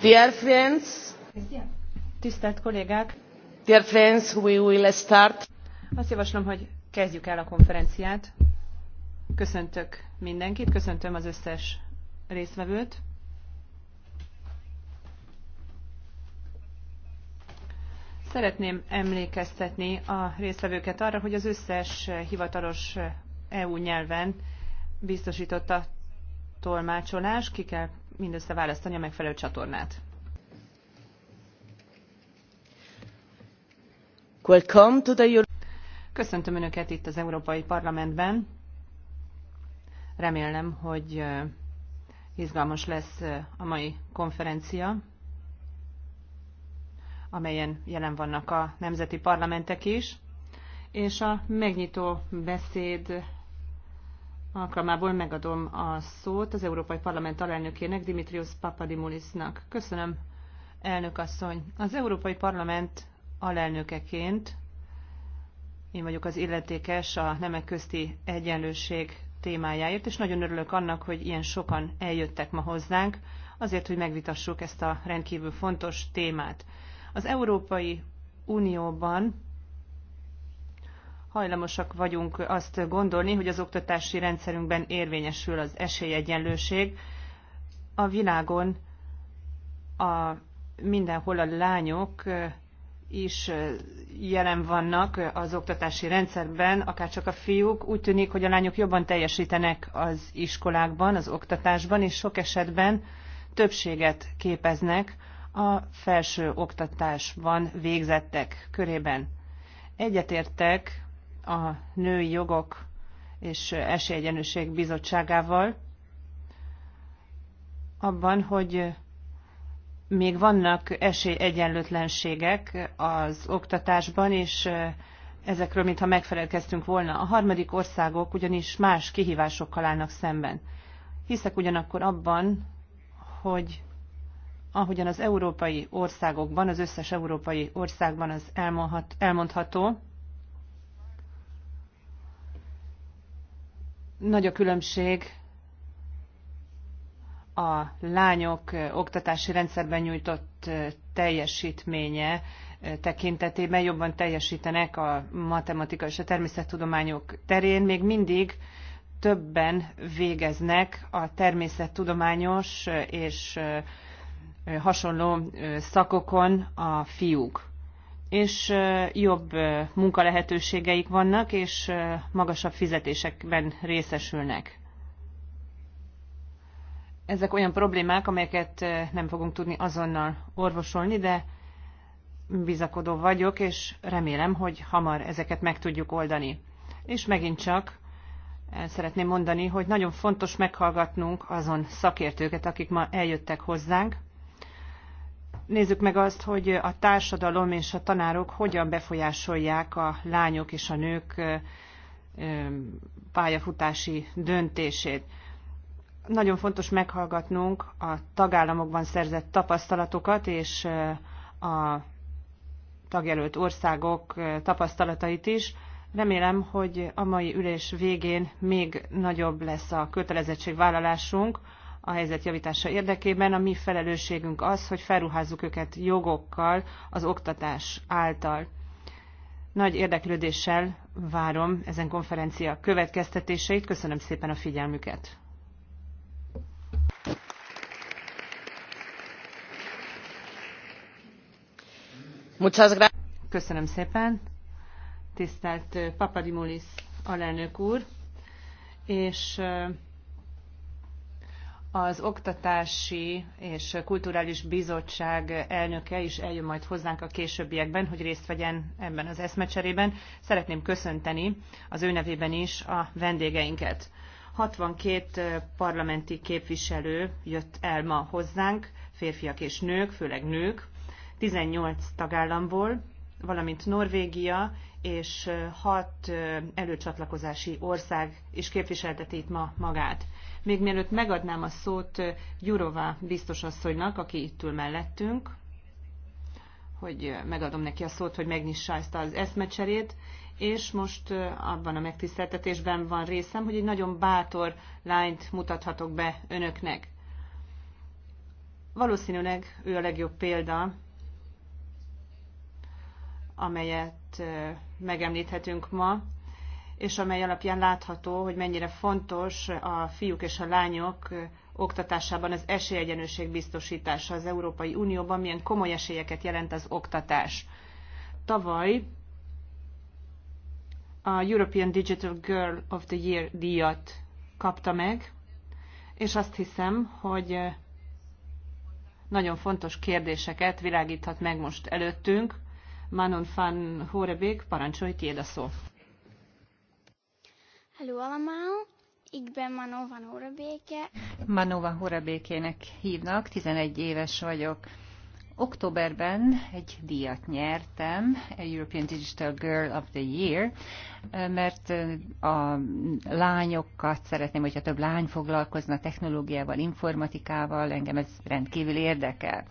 Dear friends, tisztelt kollégák, dear friends, we will start. Azt javaslom, hogy kezdjük el a konferenciát. Köszöntök mindenkit, köszöntöm az összes résztvevőt. Szeretném emlékeztetni a résztvevőket arra, hogy az összes hivatalos EU nyelven biztosította tolmácsolás, ki kell mindössze választani a megfelelő csatornát. Welcome to the Köszöntöm Önöket itt az Európai Parlamentben. Remélem, hogy izgalmas lesz a mai konferencia, amelyen jelen vannak a nemzeti parlamentek is, és a megnyitó beszéd alkalmából megadom a szót az Európai Parlament alelnökének, Dimitrios Papadimulisnak. Köszönöm, elnök asszony. Az Európai Parlament alelnökeként én vagyok az illetékes a nemek közti egyenlőség témájáért, és nagyon örülök annak, hogy ilyen sokan eljöttek ma hozzánk, azért, hogy megvitassuk ezt a rendkívül fontos témát. Az Európai Unióban hajlamosak vagyunk azt gondolni, hogy az oktatási rendszerünkben érvényesül az esélyegyenlőség. A világon a, mindenhol a lányok is jelen vannak az oktatási rendszerben, akár csak a fiúk. Úgy tűnik, hogy a lányok jobban teljesítenek az iskolákban, az oktatásban, és sok esetben többséget képeznek a felső oktatásban végzettek körében. Egyetértek a Női Jogok és Esélyegyenlőség Bizottságával abban, hogy még vannak esélyegyenlőtlenségek az oktatásban, és ezekről mintha megfelelkeztünk volna. A harmadik országok ugyanis más kihívásokkal állnak szemben. Hiszek ugyanakkor abban, hogy ahogyan az európai országokban, az összes európai országban az elmondható, Nagy a különbség a lányok oktatási rendszerben nyújtott teljesítménye tekintetében jobban teljesítenek a matematika és a természettudományok terén. Még mindig többen végeznek a természettudományos és hasonló szakokon a fiúk és jobb munkalehetőségeik vannak, és magasabb fizetésekben részesülnek. Ezek olyan problémák, amelyeket nem fogunk tudni azonnal orvosolni, de bizakodó vagyok, és remélem, hogy hamar ezeket meg tudjuk oldani. És megint csak szeretném mondani, hogy nagyon fontos meghallgatnunk azon szakértőket, akik ma eljöttek hozzánk, nézzük meg azt, hogy a társadalom és a tanárok hogyan befolyásolják a lányok és a nők pályafutási döntését. Nagyon fontos meghallgatnunk a tagállamokban szerzett tapasztalatokat és a tagjelölt országok tapasztalatait is. Remélem, hogy a mai ülés végén még nagyobb lesz a kötelezettségvállalásunk, a helyzet javítása érdekében. A mi felelősségünk az, hogy felruházzuk őket jogokkal az oktatás által. Nagy érdeklődéssel várom ezen konferencia következtetéseit. Köszönöm szépen a figyelmüket. Köszönöm szépen. Tisztelt Papadimulis alelnök úr, és az Oktatási és Kulturális Bizottság elnöke is eljön majd hozzánk a későbbiekben, hogy részt vegyen ebben az eszmecserében. Szeretném köszönteni az ő nevében is a vendégeinket. 62 eh, parlamenti képviselő jött el ma hozzánk, férfiak és nők, főleg nők, 18 tagállamból, valamint Norvégia és 6 eh, eh, előcsatlakozási ország is képviselteti itt ma magát. Még mielőtt megadnám a szót Jurová biztosasszonynak, aki itt ül mellettünk, hogy megadom neki a szót, hogy megnyissa ezt az eszmecserét, és most abban a megtiszteltetésben van részem, hogy egy nagyon bátor lányt mutathatok be önöknek. Valószínűleg ő a legjobb példa, amelyet megemlíthetünk ma, és amely alapján látható, hogy mennyire fontos a fiúk és a lányok oktatásában az esélyegyenlőség biztosítása az Európai Unióban, milyen komoly esélyeket jelent az oktatás. Tavaly a European Digital Girl of the Year díjat kapta meg, és azt hiszem, hogy nagyon fontos kérdéseket világíthat meg most előttünk. Manon van Horebék, parancsolj, tiéd a szó. Hello allemaal, ik ben Manó Manova Horabéke. Horabékének hívnak, 11 éves vagyok. Októberben egy díjat nyertem, a European Digital Girl of the Year, mert a lányokat szeretném, hogyha több lány foglalkozna technológiával, informatikával, engem ez rendkívül érdekel.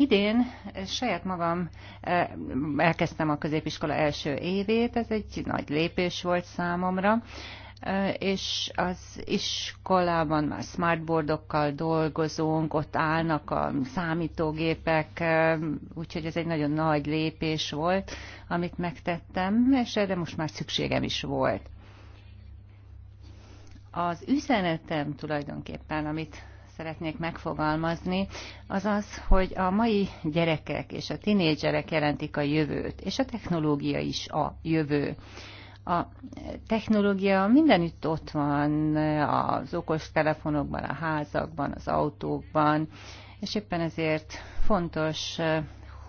Idén eh, saját magam eh, elkezdtem a középiskola első évét, ez egy nagy lépés volt számomra, eh, és az iskolában már smartboardokkal dolgozunk, ott állnak a számítógépek, úgyhogy ez egy nagyon nagy lépés volt, amit megtettem, és erre most már szükségem is volt. Az üzenetem tulajdonképpen, amit szeretnék megfogalmazni, az az, hogy a mai gyerekek és a tinédzserek jelentik a jövőt, és a technológia is a jövő. A technológia mindenütt ott van, az telefonokban, a házakban, az autókban, és éppen ezért fontos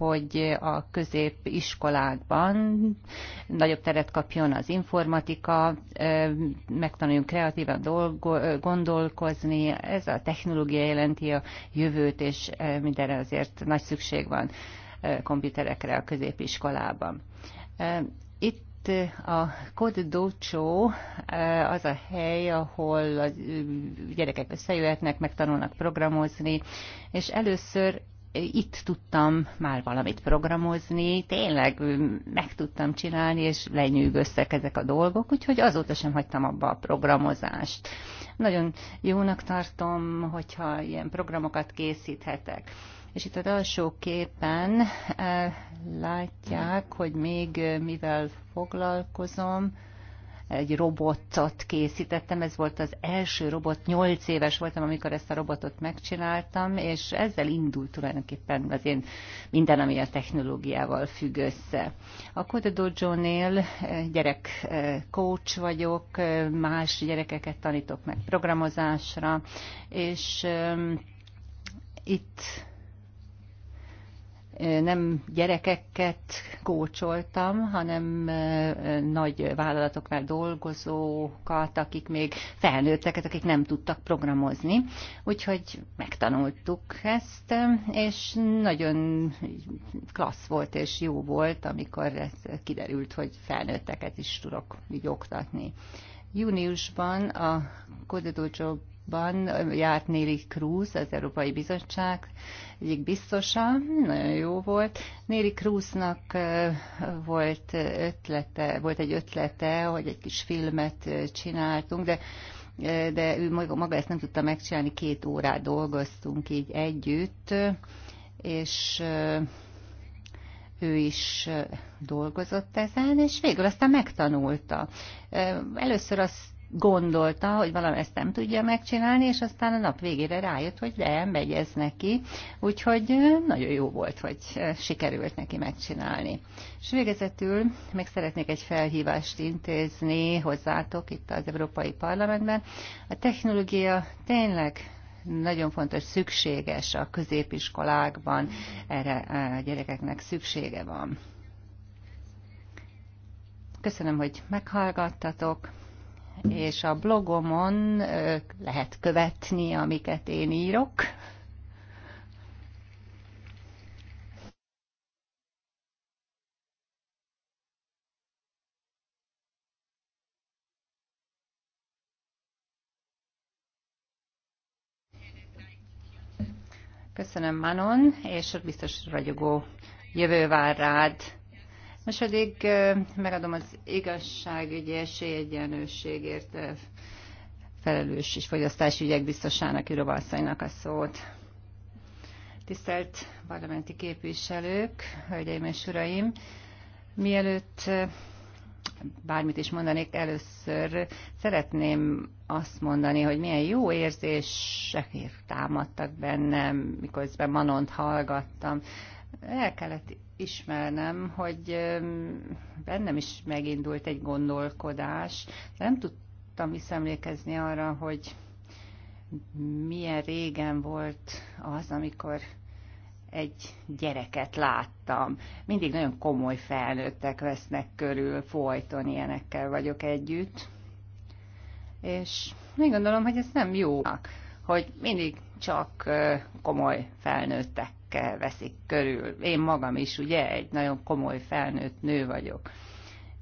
hogy a középiskolákban nagyobb teret kapjon az informatika, megtanuljunk kreatívan gondolkozni, ez a technológia jelenti a jövőt, és mindenre azért nagy szükség van komputerekre a középiskolában. Itt a Koddocsó az a hely, ahol a gyerekek összejöhetnek, megtanulnak programozni, és először itt tudtam már valamit programozni, tényleg meg tudtam csinálni, és lenyűgöztek ezek a dolgok, úgyhogy azóta sem hagytam abba a programozást. Nagyon jónak tartom, hogyha ilyen programokat készíthetek. És itt az alsó képen eh, látják, hogy még eh, mivel foglalkozom, egy robotot készítettem, ez volt az első robot, nyolc éves voltam, amikor ezt a robotot megcsináltam, és ezzel indult tulajdonképpen az én minden, ami a technológiával függ össze. A Koda Dojo-nél eh, gyerek eh, coach vagyok, eh, más gyerekeket tanítok meg programozásra, és itt nem gyerekeket kócsoltam, hanem nagy vállalatoknál dolgozókat, akik még felnőtteket, akik nem tudtak programozni. Úgyhogy megtanultuk ezt, és nagyon klassz volt és jó volt, amikor ez kiderült, hogy felnőtteket is tudok így oktatni. Júniusban a Kododócsó ban járt Néli Krúz, az Európai Bizottság egyik biztosa, nagyon jó volt. Néli Krúznak volt ötlete, volt egy ötlete, hogy egy kis filmet csináltunk, de de ő maga, maga ezt nem tudta megcsinálni, két órát dolgoztunk így együtt, és ő is dolgozott ezen, és végül aztán megtanulta. Először azt gondolta, hogy valami ezt nem tudja megcsinálni, és aztán a nap végére rájött, hogy de, megy ez neki. Úgyhogy nagyon jó volt, hogy sikerült neki megcsinálni. És végezetül meg szeretnék egy felhívást intézni hozzátok itt az Európai Parlamentben. A technológia tényleg nagyon fontos, szükséges a középiskolákban, erre a gyerekeknek szüksége van. Köszönöm, hogy meghallgattatok és a blogomon lehet követni, amiket én írok. Köszönöm Manon, és biztos ragyogó jövő vár rád. Most pedig megadom az igazságügyi esélyegyenlőségért felelős és fogyasztási ügyek biztosának, Irovalszainak a szót. Tisztelt parlamenti képviselők, hölgyeim és uraim! Mielőtt bármit is mondanék, először szeretném azt mondani, hogy milyen jó érzések támadtak bennem, miközben Manont hallgattam. El kellett ismernem, hogy bennem is megindult egy gondolkodás. Nem tudtam visszaemlékezni arra, hogy milyen régen volt az, amikor egy gyereket láttam. Mindig nagyon komoly felnőttek vesznek körül, folyton ilyenekkel vagyok együtt. És még gondolom, hogy ez nem jó, hogy mindig csak komoly felnőttek veszik körül. Én magam is, ugye, egy nagyon komoly felnőtt nő vagyok.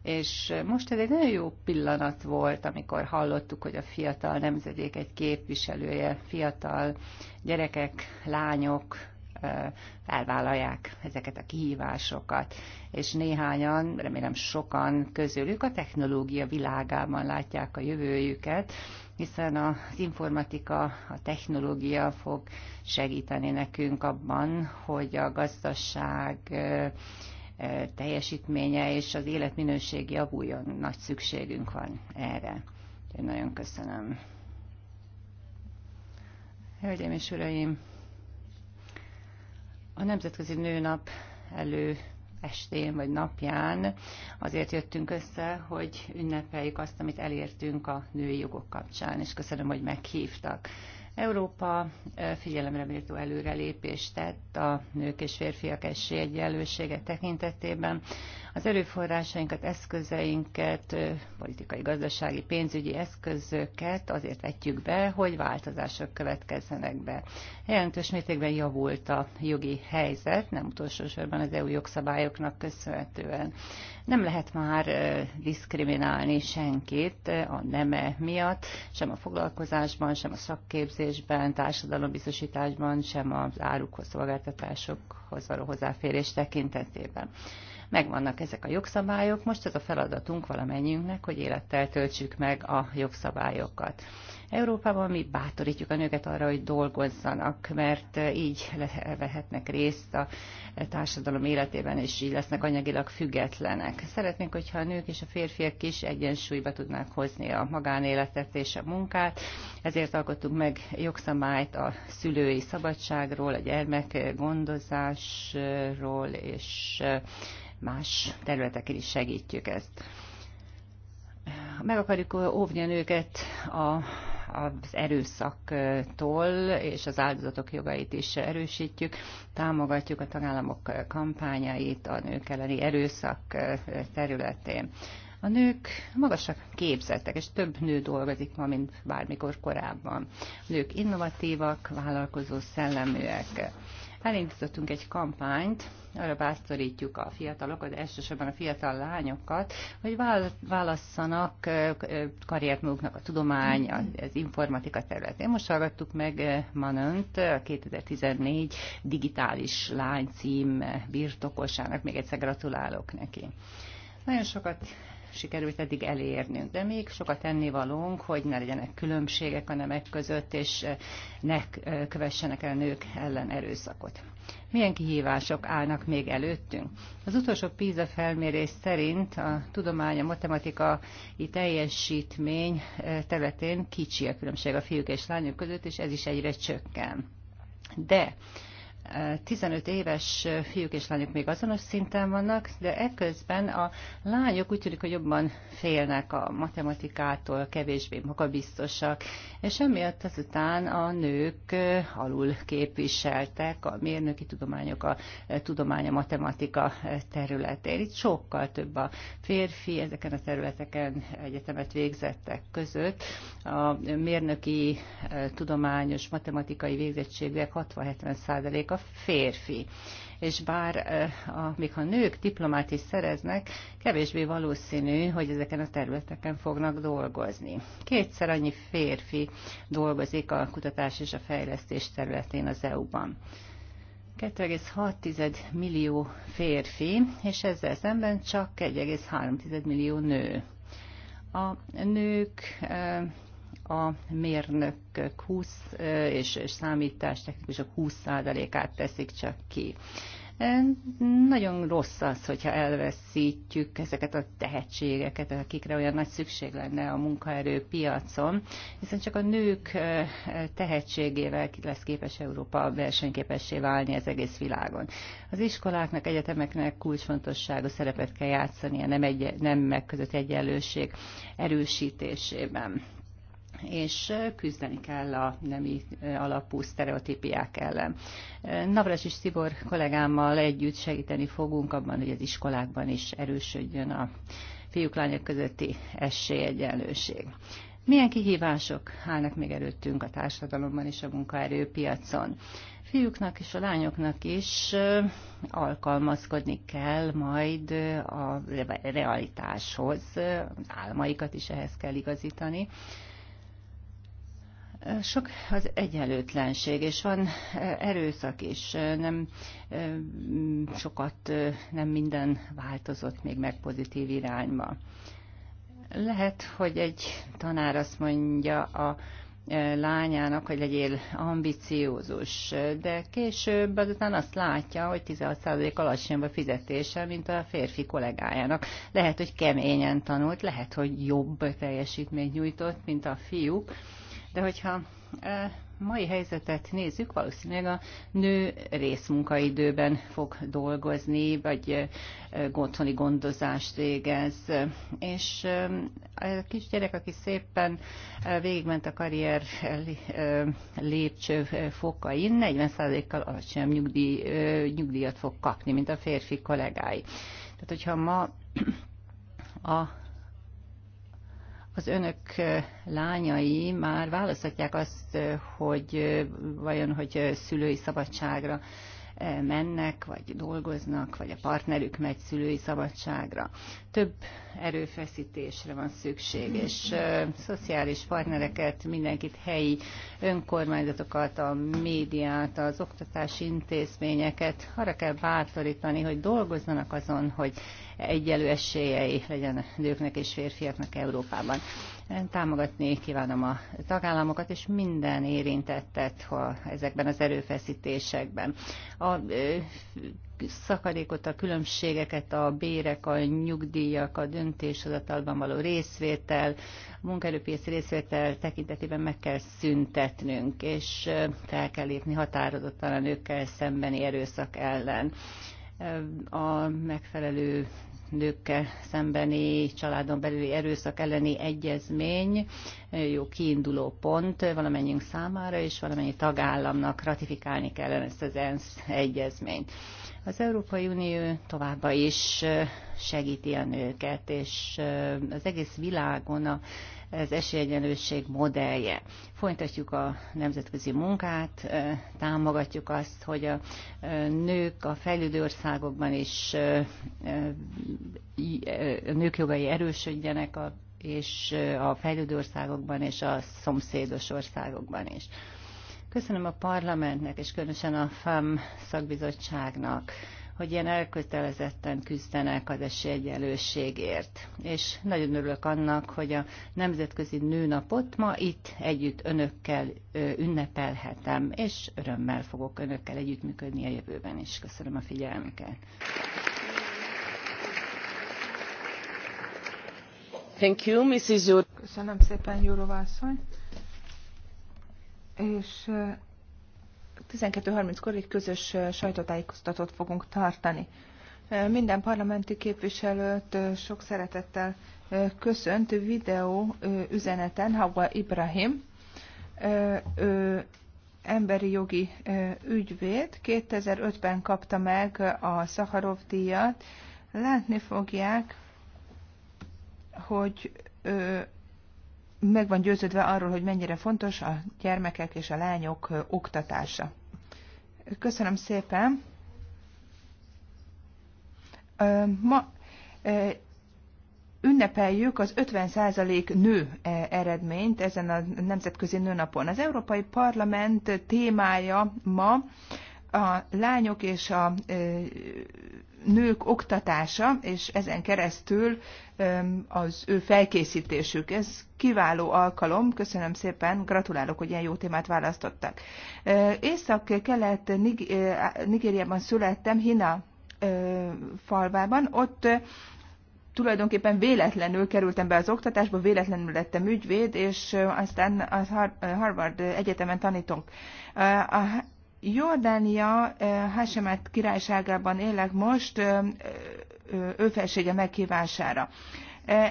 És most ez egy nagyon jó pillanat volt, amikor hallottuk, hogy a fiatal nemzedék egy képviselője, fiatal gyerekek, lányok, elvállalják ezeket a kihívásokat. És néhányan, remélem sokan közülük a technológia világában látják a jövőjüket, hiszen az informatika, a technológia fog segíteni nekünk abban, hogy a gazdaság teljesítménye és az életminőség javuljon. Nagy szükségünk van erre. Én nagyon köszönöm. Hölgyeim és Uraim! A Nemzetközi Nőnap elő estén vagy napján azért jöttünk össze, hogy ünnepeljük azt, amit elértünk a női jogok kapcsán, és köszönöm, hogy meghívtak. Európa figyelemre méltó előrelépést tett a nők és férfiak esélyegyenlősége tekintetében. Az erőforrásainkat, eszközeinket, politikai, gazdasági, pénzügyi eszközöket azért vetjük be, hogy változások következzenek be. Jelentős mértékben javult a jogi helyzet, nem utolsó sorban az EU jogszabályoknak köszönhetően. Nem lehet már diszkriminálni senkit a neme miatt, sem a foglalkozásban, sem a szakképzésben, társadalombiztosításban, sem az árukhoz, szolgáltatásokhoz való hozzáférés tekintetében. Megvannak ezek a jogszabályok, most ez a feladatunk valamennyiünknek, hogy élettel töltsük meg a jogszabályokat. Európában mi bátorítjuk a nőket arra, hogy dolgozzanak, mert így vehetnek részt a társadalom életében, és így lesznek anyagilag függetlenek. Szeretnénk, hogyha a nők és a férfiak is egyensúlyba tudnák hozni a magánéletet és a munkát, ezért alkottuk meg jogszabályt a szülői szabadságról, a gyermek gondozásról és más területeken is segítjük ezt. Meg akarjuk óvni a nőket a az erőszaktól és az áldozatok jogait is erősítjük. Támogatjuk a tagállamok kampányait a nők elleni erőszak területén. A nők magasak képzettek, és több nő dolgozik ma, mint bármikor korábban. A nők innovatívak, vállalkozó szelleműek. Elindítottunk egy kampányt, arra bátorítjuk a fiatalokat, elsősorban a fiatal lányokat, hogy válasszanak karriert maguknak a tudomány, az informatika területén. Most hallgattuk meg Manönt, a 2014 digitális lány cím birtokosának. Még egyszer gratulálok neki. Nagyon sokat sikerült eddig elérnünk. De még sokat tennivalónk, hogy ne legyenek különbségek a nemek között, és eh, ne eh, kövessenek el nők ellen erőszakot. Milyen kihívások állnak még előttünk? Az utolsó PISA felmérés szerint a tudomány, a matematikai teljesítmény eh, területén kicsi a különbség a fiúk és lányok között, és ez is egyre csökken. De 15 éves fiúk és lányok még azonos szinten vannak, de ekközben a lányok úgy tűnik, hogy jobban félnek a matematikától, kevésbé magabiztosak, és emiatt azután a nők alul képviseltek a mérnöki tudományok, a tudomány, a matematika területén. Itt sokkal több a férfi ezeken a területeken egyetemet végzettek között. A mérnöki, eh, tudományos, matematikai végzettségűek 60-70 a férfi. És bár amik a nők diplomát is szereznek, kevésbé valószínű, hogy ezeken a területeken fognak dolgozni. Kétszer annyi férfi dolgozik a kutatás és a fejlesztés területén az EU-ban. 2,6 millió férfi, és ezzel szemben csak 1,3 millió nő. A nők a mérnökök 20 és, és számítástechnikusok 20%-át teszik csak ki. Nagyon rossz az, hogyha elveszítjük ezeket a tehetségeket, akikre olyan nagy szükség lenne a munkaerő piacon, hiszen csak a nők tehetségével lesz képes Európa versenyképessé válni az egész világon. Az iskoláknak, egyetemeknek kulcsfontosságú szerepet kell játszani a nem, egy, nem megközött egyenlőség erősítésében és küzdeni kell a nemi alapú sztereotípiák ellen. Navras és Szibor kollégámmal együtt segíteni fogunk abban, hogy az iskolákban is erősödjön a fiúk-lányok közötti esélyegyenlőség. Milyen kihívások állnak még előttünk a társadalomban és a munkaerőpiacon? fiúknak és a lányoknak is alkalmazkodni kell majd a realitáshoz, az álmaikat is ehhez kell igazítani. Sok az egyenlőtlenség, és van e, erőszak is. E, nem e, sokat, nem minden változott még meg pozitív irányba. Lehet, hogy egy tanár azt mondja a lányának, hogy legyél ambiciózus, de később azután azt látja, hogy 16% alacsonyabb a fizetése, mint a férfi kollégájának. Lehet, hogy keményen tanult, lehet, hogy jobb teljesítményt nyújtott, mint a fiúk, de hogyha mai helyzetet nézzük, valószínűleg a nő részmunkaidőben fog dolgozni, vagy otthoni gondozást végez. És a kisgyerek, aki szépen végigment a karrier lépcső fokain, 40%-kal alacsonyabb nyugdíj, nyugdíjat fog kapni, mint a férfi kollégái. Tehát, hogyha ma a az önök lányai már választhatják azt, hogy vajon, hogy szülői szabadságra mennek, vagy dolgoznak, vagy a partnerük megy szülői szabadságra. Több erőfeszítésre van szükség, és szociális partnereket, mindenkit, helyi önkormányzatokat, a médiát, az oktatási intézményeket arra kell bátorítani, hogy dolgozzanak azon, hogy egyelő esélyei legyen nőknek és férfiaknak Európában. Támogatni kívánom a tagállamokat és minden érintettet ha ezekben az erőfeszítésekben. A szakadékot, a különbségeket, a bérek, a nyugdíjak, a döntéshozatalban való részvétel, a munkaerőpiaci részvétel tekintetében meg kell szüntetnünk, és fel kell lépni határozottan a nőkkel szembeni erőszak ellen a megfelelő nőkkel szembeni családon belüli erőszak elleni egyezmény jó kiinduló pont valamennyiünk számára, és valamennyi tagállamnak ratifikálni kellene ezt az ENSZ egyezményt. Az Európai Unió továbbá is segíti a nőket, és az egész világon a az esélyegyenlőség modellje. Folytatjuk a nemzetközi munkát, támogatjuk azt, hogy a nők a fejlődő országokban is nők jogai erősödjenek a és a fejlődő országokban és a szomszédos országokban is. Köszönöm a parlamentnek, és különösen a FAM szakbizottságnak hogy ilyen elkötelezetten küzdenek az esélyegyenlőségért. És nagyon örülök annak, hogy a Nemzetközi Nőnapot ma itt együtt önökkel ünnepelhetem, és örömmel fogok önökkel együttműködni a jövőben is. Köszönöm a figyelmüket. Thank you, Mrs. Köszönöm szépen, Jurova És 12.30-kor egy közös sajtótájékoztatót fogunk tartani. Minden parlamenti képviselőt sok szeretettel köszönt videó üzeneten Hawa Ibrahim, ő emberi jogi ügyvéd. 2005-ben kapta meg a Szaharov díjat. Látni fogják, hogy meg van győződve arról, hogy mennyire fontos a gyermekek és a lányok oktatása. Köszönöm szépen. Ma ünnepeljük az 50% nő e, eredményt ezen a Nemzetközi Nőnapon. Az Európai Parlament témája ma a lányok és a nők oktatása, és ezen keresztül az ő felkészítésük. Ez kiváló alkalom, köszönöm szépen, gratulálok, hogy ilyen jó témát választottak. Észak-kelet Nigériában születtem, Hina falvában, ott tulajdonképpen véletlenül kerültem be az oktatásba, véletlenül lettem ügyvéd, és aztán a Harvard Egyetemen tanítunk. Jordánia eh, Hasemet királyságában élek most eh, eh, ő felsége meghívására.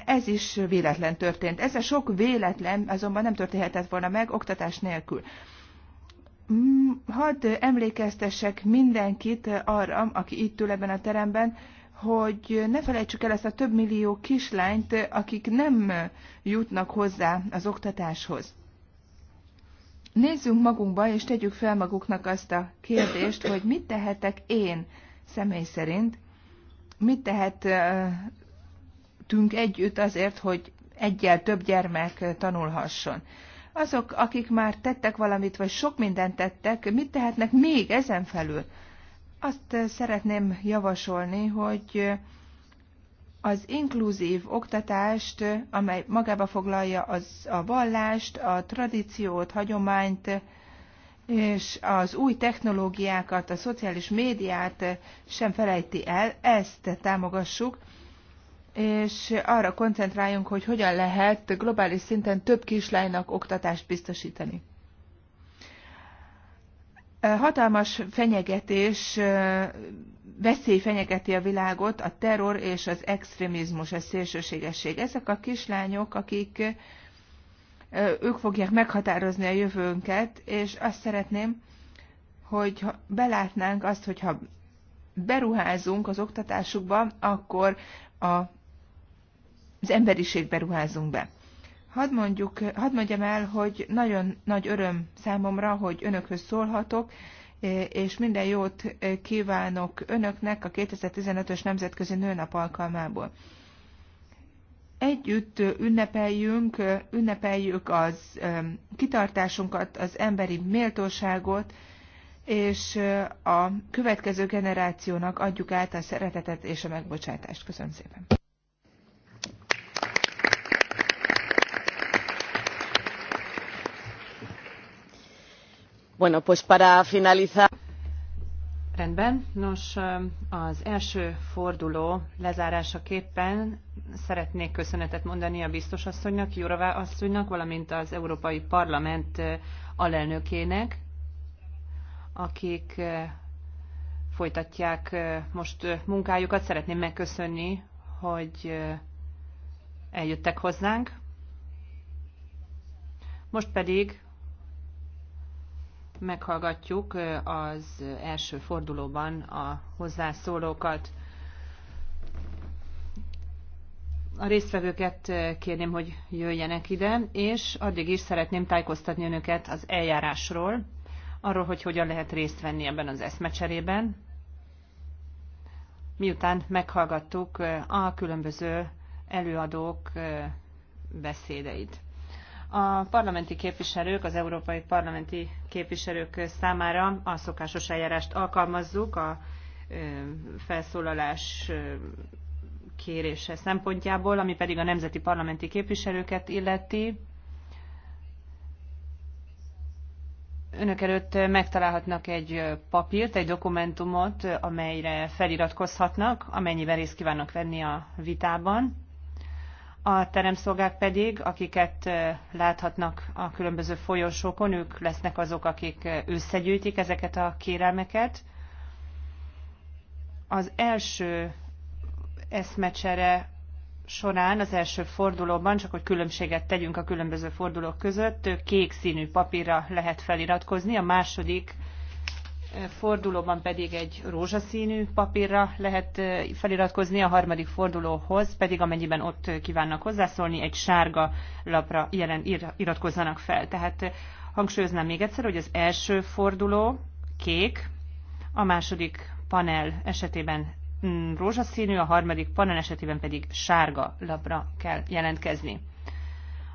Ez is véletlen történt. Ez a sok véletlen azonban nem történhetett volna meg oktatás nélkül. Mm, hadd emlékeztessek mindenkit arra, aki itt ül ebben a teremben, hogy ne felejtsük el ezt a több millió kislányt, akik nem jutnak hozzá az oktatáshoz. Nézzünk magunkba, és tegyük fel maguknak azt a kérdést, hogy mit tehetek én személy szerint, mit tehetünk együtt azért, hogy egyel több gyermek tanulhasson. Azok, akik már tettek valamit, vagy sok mindent tettek, mit tehetnek még ezen felül? Azt szeretném javasolni, hogy az inkluzív oktatást, amely magába foglalja az, a vallást, a tradíciót, hagyományt, és az új technológiákat, a szociális médiát sem felejti el, ezt támogassuk, és arra koncentráljunk, hogy hogyan lehet globális szinten több kislánynak oktatást biztosítani. Hatalmas fenyegetés veszély fenyegeti a világot, a terror és az extrémizmus, a szélsőségesség. Ezek a kislányok, akik ők fogják meghatározni a jövőnket, és azt szeretném, hogy belátnánk azt, hogyha beruházunk az oktatásukba, akkor a, az emberiség beruházunk be. Hadd, mondjuk, hadd mondjam el, hogy nagyon nagy öröm számomra, hogy önökhöz szólhatok, és minden jót eh, kívánok önöknek a 2015-ös Nemzetközi Nőnap alkalmából. Együtt eh, ünnepeljünk, eh, ünnepeljük az kitartásunkat, az emberi méltóságot, és a következő generációnak adjuk át a szeretetet és a megbocsátást. Köszönöm szépen! Bueno, pues para finalizar... Rendben. Nos, az első forduló lezárásaképpen szeretnék köszönetet mondani a biztos asszonynak, Jurová asszonynak, valamint az Európai Parlament alelnökének, akik folytatják most munkájukat. Szeretném megköszönni, hogy eljöttek hozzánk. Most pedig meghallgatjuk az első fordulóban a hozzászólókat. A résztvevőket kérném, hogy jöjjenek ide, és addig is szeretném tájékoztatni önöket az eljárásról, arról, hogy hogyan lehet részt venni ebben az eszmecserében. Miután meghallgattuk a különböző előadók beszédeit. A parlamenti képviselők, az európai parlamenti képviselők számára a szokásos eljárást alkalmazzuk a felszólalás kérése szempontjából, ami pedig a nemzeti parlamenti képviselőket illeti. Önök előtt megtalálhatnak egy papírt, egy dokumentumot, amelyre feliratkozhatnak, amennyiben részt kívánnak venni a vitában a teremszolgák pedig, akiket láthatnak a különböző folyosókon, ők lesznek azok, akik összegyűjtik ezeket a kérelmeket. Az első eszmecsere során, az első fordulóban, csak hogy különbséget tegyünk a különböző fordulók között, kék színű papírra lehet feliratkozni, a második fordulóban pedig egy rózsaszínű papírra lehet feliratkozni, a harmadik fordulóhoz pedig, amennyiben ott kívánnak hozzászólni, egy sárga lapra jelen iratkozzanak fel. Tehát hangsúlyoznám még egyszer, hogy az első forduló kék, a második panel esetében mm, rózsaszínű, a harmadik panel esetében pedig sárga lapra kell jelentkezni.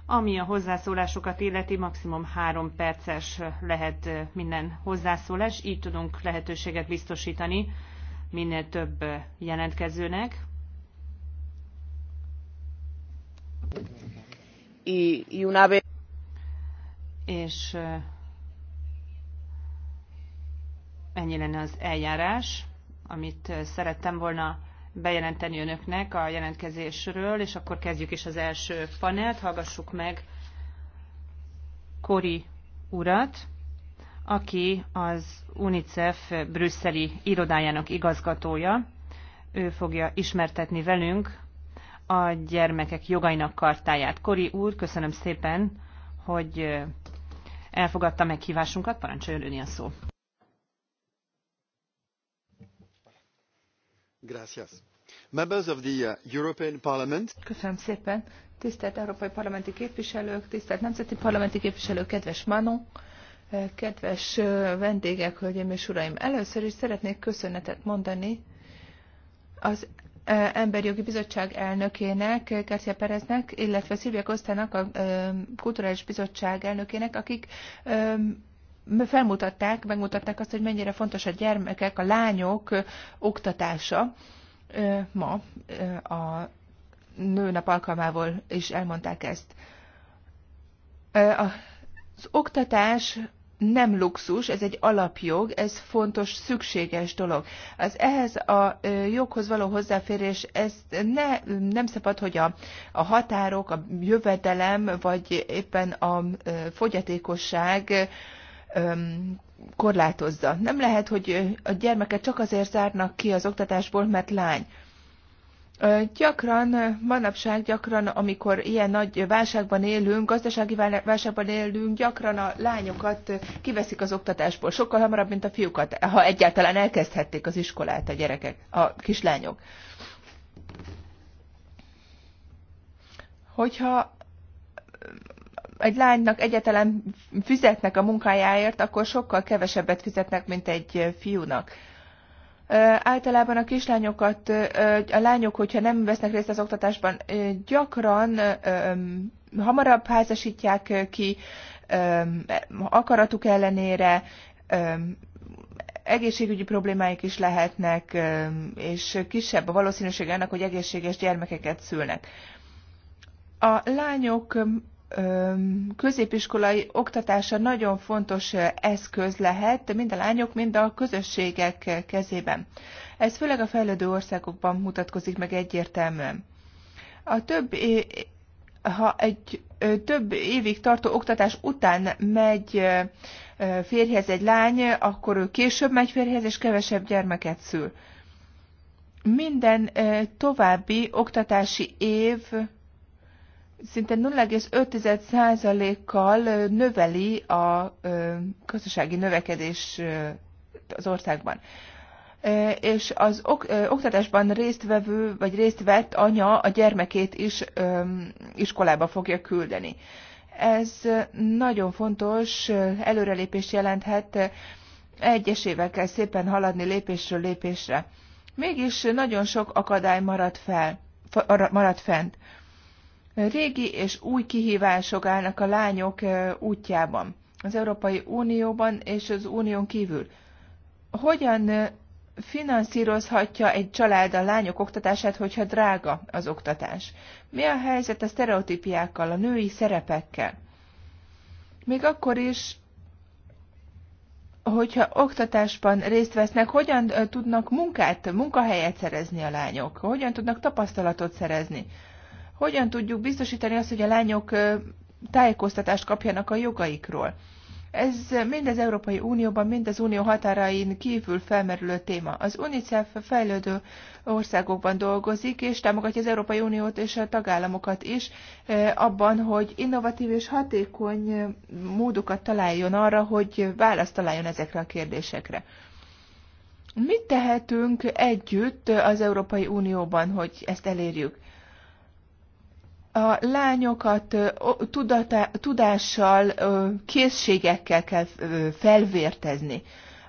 Ami a hozzászólásokat illeti, maximum három perces lehet minden hozzászólás, így tudunk lehetőséget biztosítani minél több jelentkezőnek. És ennyi lenne az eljárás, amit szerettem volna bejelenteni önöknek a jelentkezésről, és akkor kezdjük is az első panelt. Hallgassuk meg Kori urat, aki az UNICEF brüsszeli irodájának igazgatója. Ő fogja ismertetni velünk a gyermekek jogainak kartáját. Kori úr, köszönöm szépen, hogy elfogadta meghívásunkat, parancsoljon öni a szó. Uh, Köszönöm szépen. Tisztelt Európai Parlamenti Képviselők, tisztelt Nemzeti Parlamenti Képviselők, kedves Manon, eh, kedves eh, vendégek, hölgyeim és uraim. Először is szeretnék köszönetet mondani az eh, emberi jogi Bizottság elnökének, garca Pereznek, illetve Szilvia Kosztának, a Kulturális Bizottság elnökének, akik felmutatták, megmutatták azt, hogy mennyire fontos a gyermekek, a lányok oktatása ma a nőnap alkalmával is elmondták ezt. Az oktatás nem luxus, ez egy alapjog, ez fontos, szükséges dolog. Az ehhez a joghoz való hozzáférés, ez ne, nem szabad, hogy a, a határok, a jövedelem, vagy éppen a fogyatékosság korlátozza. Nem lehet, hogy a gyermeket csak azért zárnak ki az oktatásból, mert lány. Gyakran, manapság gyakran, amikor ilyen nagy válságban élünk, gazdasági válságban élünk, gyakran a lányokat kiveszik az oktatásból, sokkal hamarabb, mint a fiúkat, ha egyáltalán elkezdhették az iskolát a gyerekek, a kislányok. Hogyha egy lánynak egyetlen fizetnek a munkájáért, akkor sokkal kevesebbet fizetnek, mint egy fiúnak. Általában a kislányokat, a lányok, hogyha nem vesznek részt az oktatásban, gyakran hamarabb házasítják ki, akaratuk ellenére, egészségügyi problémáik is lehetnek, és kisebb a valószínűség annak, hogy egészséges gyermekeket szülnek. A lányok középiskolai oktatása nagyon fontos eszköz lehet mind a lányok, mind a közösségek kezében. Ez főleg a fejlődő országokban mutatkozik meg egyértelműen. A több, ha egy több évig tartó oktatás után megy férjhez egy lány, akkor ő később megy férjhez, és kevesebb gyermeket szül. Minden további oktatási év szinte 0,5%-kal növeli a gazdasági növekedés az országban. És az oktatásban résztvevő, vagy részt vett anya a gyermekét is iskolába fogja küldeni. Ez nagyon fontos előrelépést jelenthet, egyesével kell szépen haladni lépésről lépésre. Mégis nagyon sok akadály maradt, fel, maradt fent Régi és új kihívások állnak a lányok útjában, az Európai Unióban és az Unión kívül. Hogyan finanszírozhatja egy család a lányok oktatását, hogyha drága az oktatás? Mi a helyzet a sztereotípiákkal, a női szerepekkel? Még akkor is, hogyha oktatásban részt vesznek, hogyan tudnak munkát, munkahelyet szerezni a lányok? Hogyan tudnak tapasztalatot szerezni? hogyan tudjuk biztosítani azt, hogy a lányok tájékoztatást kapjanak a jogaikról. Ez mind az Európai Unióban, mind az Unió határain kívül felmerülő téma. Az UNICEF fejlődő országokban dolgozik, és támogatja az Európai Uniót és a tagállamokat is abban, hogy innovatív és hatékony módokat találjon arra, hogy választ találjon ezekre a kérdésekre. Mit tehetünk együtt az Európai Unióban, hogy ezt elérjük? a lányokat tudata, tudással, készségekkel kell felvértezni.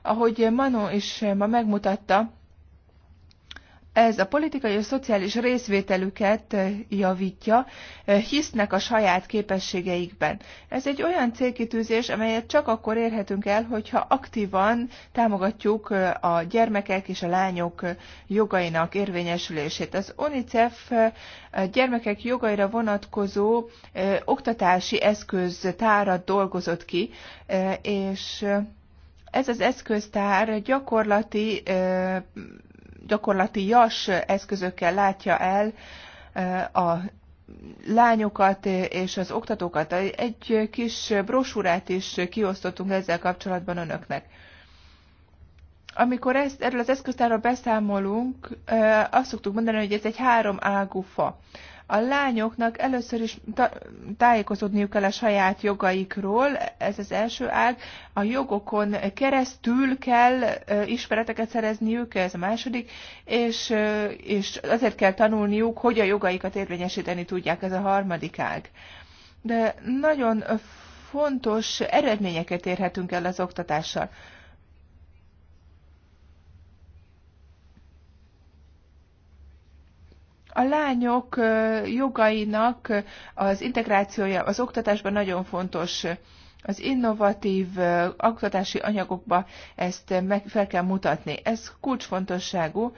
Ahogy Mano is ma megmutatta, ez a politikai és szociális részvételüket eh, javítja, eh, hisznek a saját képességeikben. Ez egy olyan célkitűzés, amelyet csak akkor érhetünk el, hogyha aktívan támogatjuk eh, a gyermekek és a lányok jogainak érvényesülését. Az UNICEF gyermekek jogaira vonatkozó oktatási eszköztárat dolgozott ki, és ez az eszköztár gyakorlati gyakorlatias eszközökkel látja el eh, a lányokat és az oktatókat. Egy kis brosúrát is kiosztottunk ezzel kapcsolatban önöknek. Amikor ezt, erről az eszköztárról beszámolunk, eh, azt szoktuk mondani, hogy ez egy három ágú fa. A lányoknak először is tájékozódniuk kell a saját jogaikról, ez az első ág. A jogokon keresztül kell ismereteket szerezniük, ez a második, és, és azért kell tanulniuk, hogy a jogaikat érvényesíteni tudják, ez a harmadik ág. De nagyon fontos eredményeket érhetünk el az oktatással. A lányok jogainak az integrációja az oktatásban nagyon fontos. Az innovatív oktatási anyagokba ezt meg fel kell mutatni. Ez kulcsfontosságú.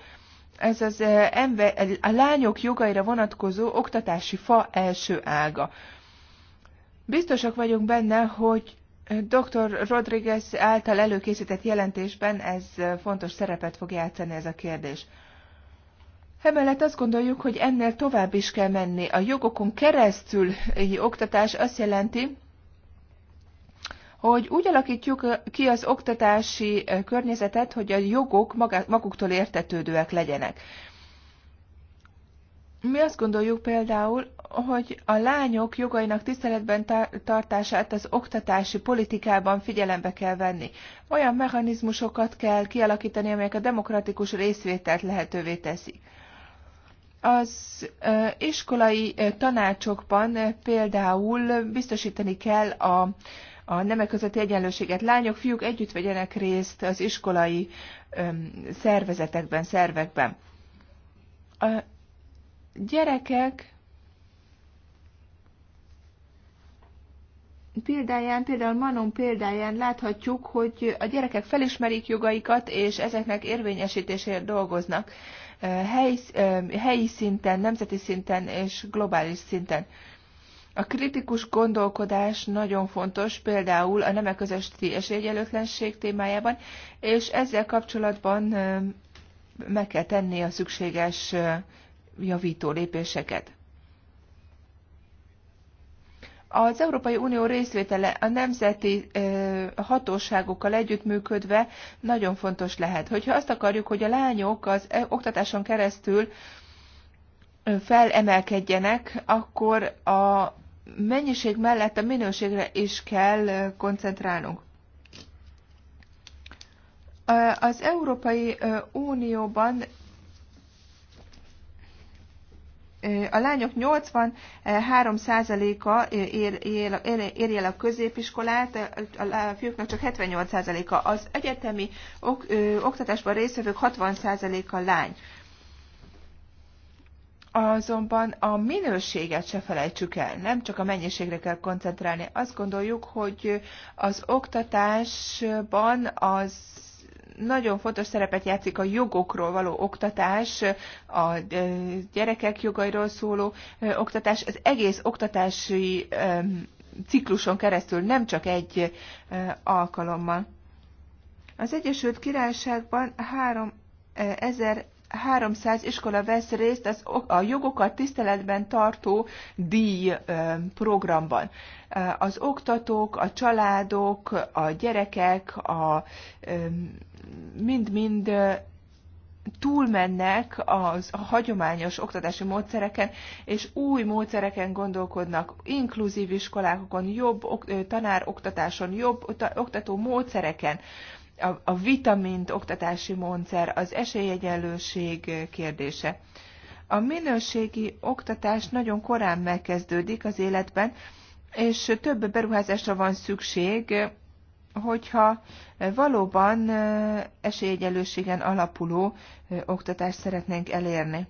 Ez az ember, a lányok jogaira vonatkozó oktatási fa első ága. Biztosak vagyunk benne, hogy Dr. Rodriguez által előkészített jelentésben ez fontos szerepet fog játszani ez a kérdés. Emellett azt gondoljuk, hogy ennél tovább is kell menni. A jogokon keresztül oktatás azt jelenti, hogy úgy alakítjuk ki az oktatási környezetet, hogy a jogok maguktól értetődőek legyenek. Mi azt gondoljuk például, hogy a lányok jogainak tiszteletben tartását az oktatási politikában figyelembe kell venni. Olyan mechanizmusokat kell kialakítani, amelyek a demokratikus részvételt lehetővé teszik. Az iskolai tanácsokban például biztosítani kell a, a nemek közötti egyenlőséget. Lányok, fiúk együtt vegyenek részt az iskolai szervezetekben, szervekben. A gyerekek példáján, például Manon példáján láthatjuk, hogy a gyerekek felismerik jogaikat, és ezeknek érvényesítésért dolgoznak helyi, helyi szinten, nemzeti szinten és globális szinten. A kritikus gondolkodás nagyon fontos, például a nemek közötti esélyegyenlőtlenség témájában, és ezzel kapcsolatban meg kell tenni a szükséges javító lépéseket. Az Európai Unió részvétele a nemzeti hatóságokkal együttműködve nagyon fontos lehet. Hogyha azt akarjuk, hogy a lányok az oktatáson keresztül felemelkedjenek, akkor a mennyiség mellett a minőségre is kell koncentrálnunk. Az Európai Unióban a lányok 83%-a ér, ér, ér, érje el a középiskolát, a fiúknak csak 78%-a. Az egyetemi ok, ö, oktatásban résztvevők 60%-a lány. Azonban a minőséget se felejtsük el, nem csak a mennyiségre kell koncentrálni. Azt gondoljuk, hogy az oktatásban az nagyon fontos szerepet játszik a jogokról való oktatás, a e, gyerekek jogairól szóló e, oktatás, az egész oktatási e, cikluson keresztül, nem csak egy alkalommal. Az Egyesült Királyságban 3300 iskola vesz részt az, a jogokat tiszteletben tartó díj programban. Az oktatók, a családok, a gyerekek, a mind-mind túlmennek az a hagyományos oktatási módszereken, és új módszereken gondolkodnak, inkluzív iskolákon, jobb ok, tanároktatáson, jobb oktató módszereken, a, a vitamint oktatási módszer, az esélyegyenlőség kérdése. A minőségi oktatás nagyon korán megkezdődik az életben, és több beruházásra van szükség, hogyha Valóban esélyegyelőségen alapuló oktatást szeretnénk elérni.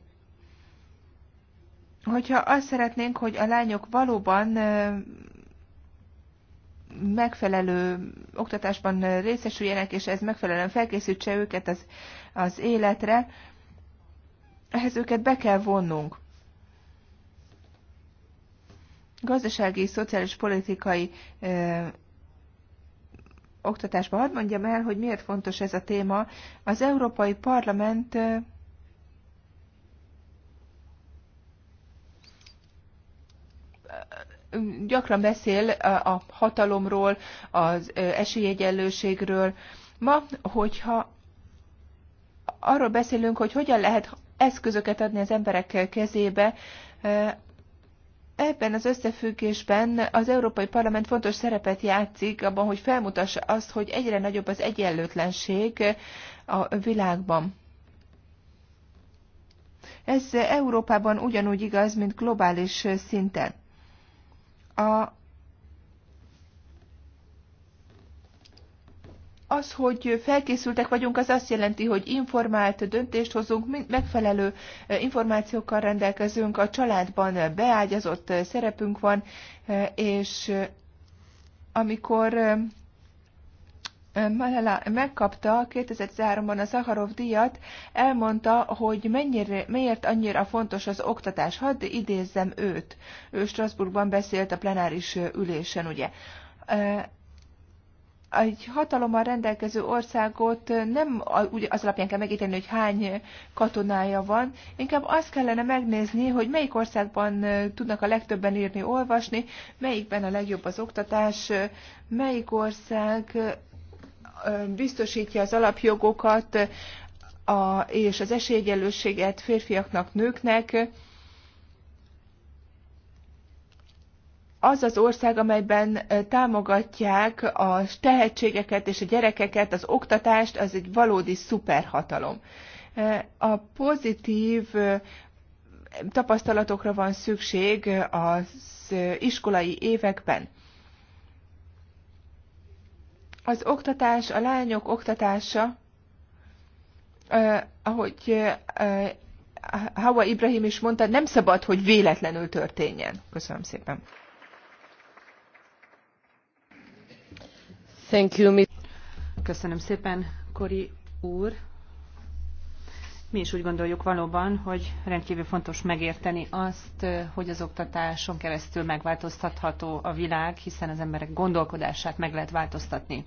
Hogyha azt szeretnénk, hogy a lányok valóban megfelelő oktatásban részesüljenek, és ez megfelelően felkészítse őket az, az életre, ehhez őket be kell vonnunk. Gazdasági, szociális, politikai Oktatásban, Hadd mondjam el, hogy miért fontos ez a téma. Az Európai Parlament gyakran beszél a hatalomról, az esélyegyenlőségről. Ma, hogyha arról beszélünk, hogy hogyan lehet eszközöket adni az emberek kezébe, Ebben az összefüggésben az Európai Parlament fontos szerepet játszik abban, hogy felmutassa azt, hogy egyre nagyobb az egyenlőtlenség a világban. Ez Európában ugyanúgy igaz, mint globális szinten. A Az, hogy felkészültek vagyunk, az azt jelenti, hogy informált döntést hozunk, megfelelő információkkal rendelkezünk, a családban beágyazott szerepünk van, és amikor Malala megkapta 2003-ban a Szaharov díjat, elmondta, hogy mennyire, miért annyira fontos az oktatás. Hadd idézzem őt. Ő Strasbourgban beszélt a plenáris ülésen, ugye egy hatalommal rendelkező országot nem az alapján kell megítélni, hogy hány katonája van, inkább azt kellene megnézni, hogy melyik országban tudnak a legtöbben írni, olvasni, melyikben a legjobb az oktatás, melyik ország biztosítja az alapjogokat a, és az esélyegyenlőséget férfiaknak, nőknek, az az ország, amelyben támogatják a tehetségeket és a gyerekeket, az oktatást, az egy valódi szuperhatalom. A pozitív tapasztalatokra van szükség az iskolai években. Az oktatás, a lányok oktatása, ahogy Hawa Ibrahim is mondta, nem szabad, hogy véletlenül történjen. Köszönöm szépen. Köszönöm szépen, Kori Mi is úgy gondoljuk valóban, hogy rendkvül fontos megérteni azt, hogy az oktatáson keresztül megváltoztatható a világ, hiszen az emberek gondolkodását meg lehet változtatni.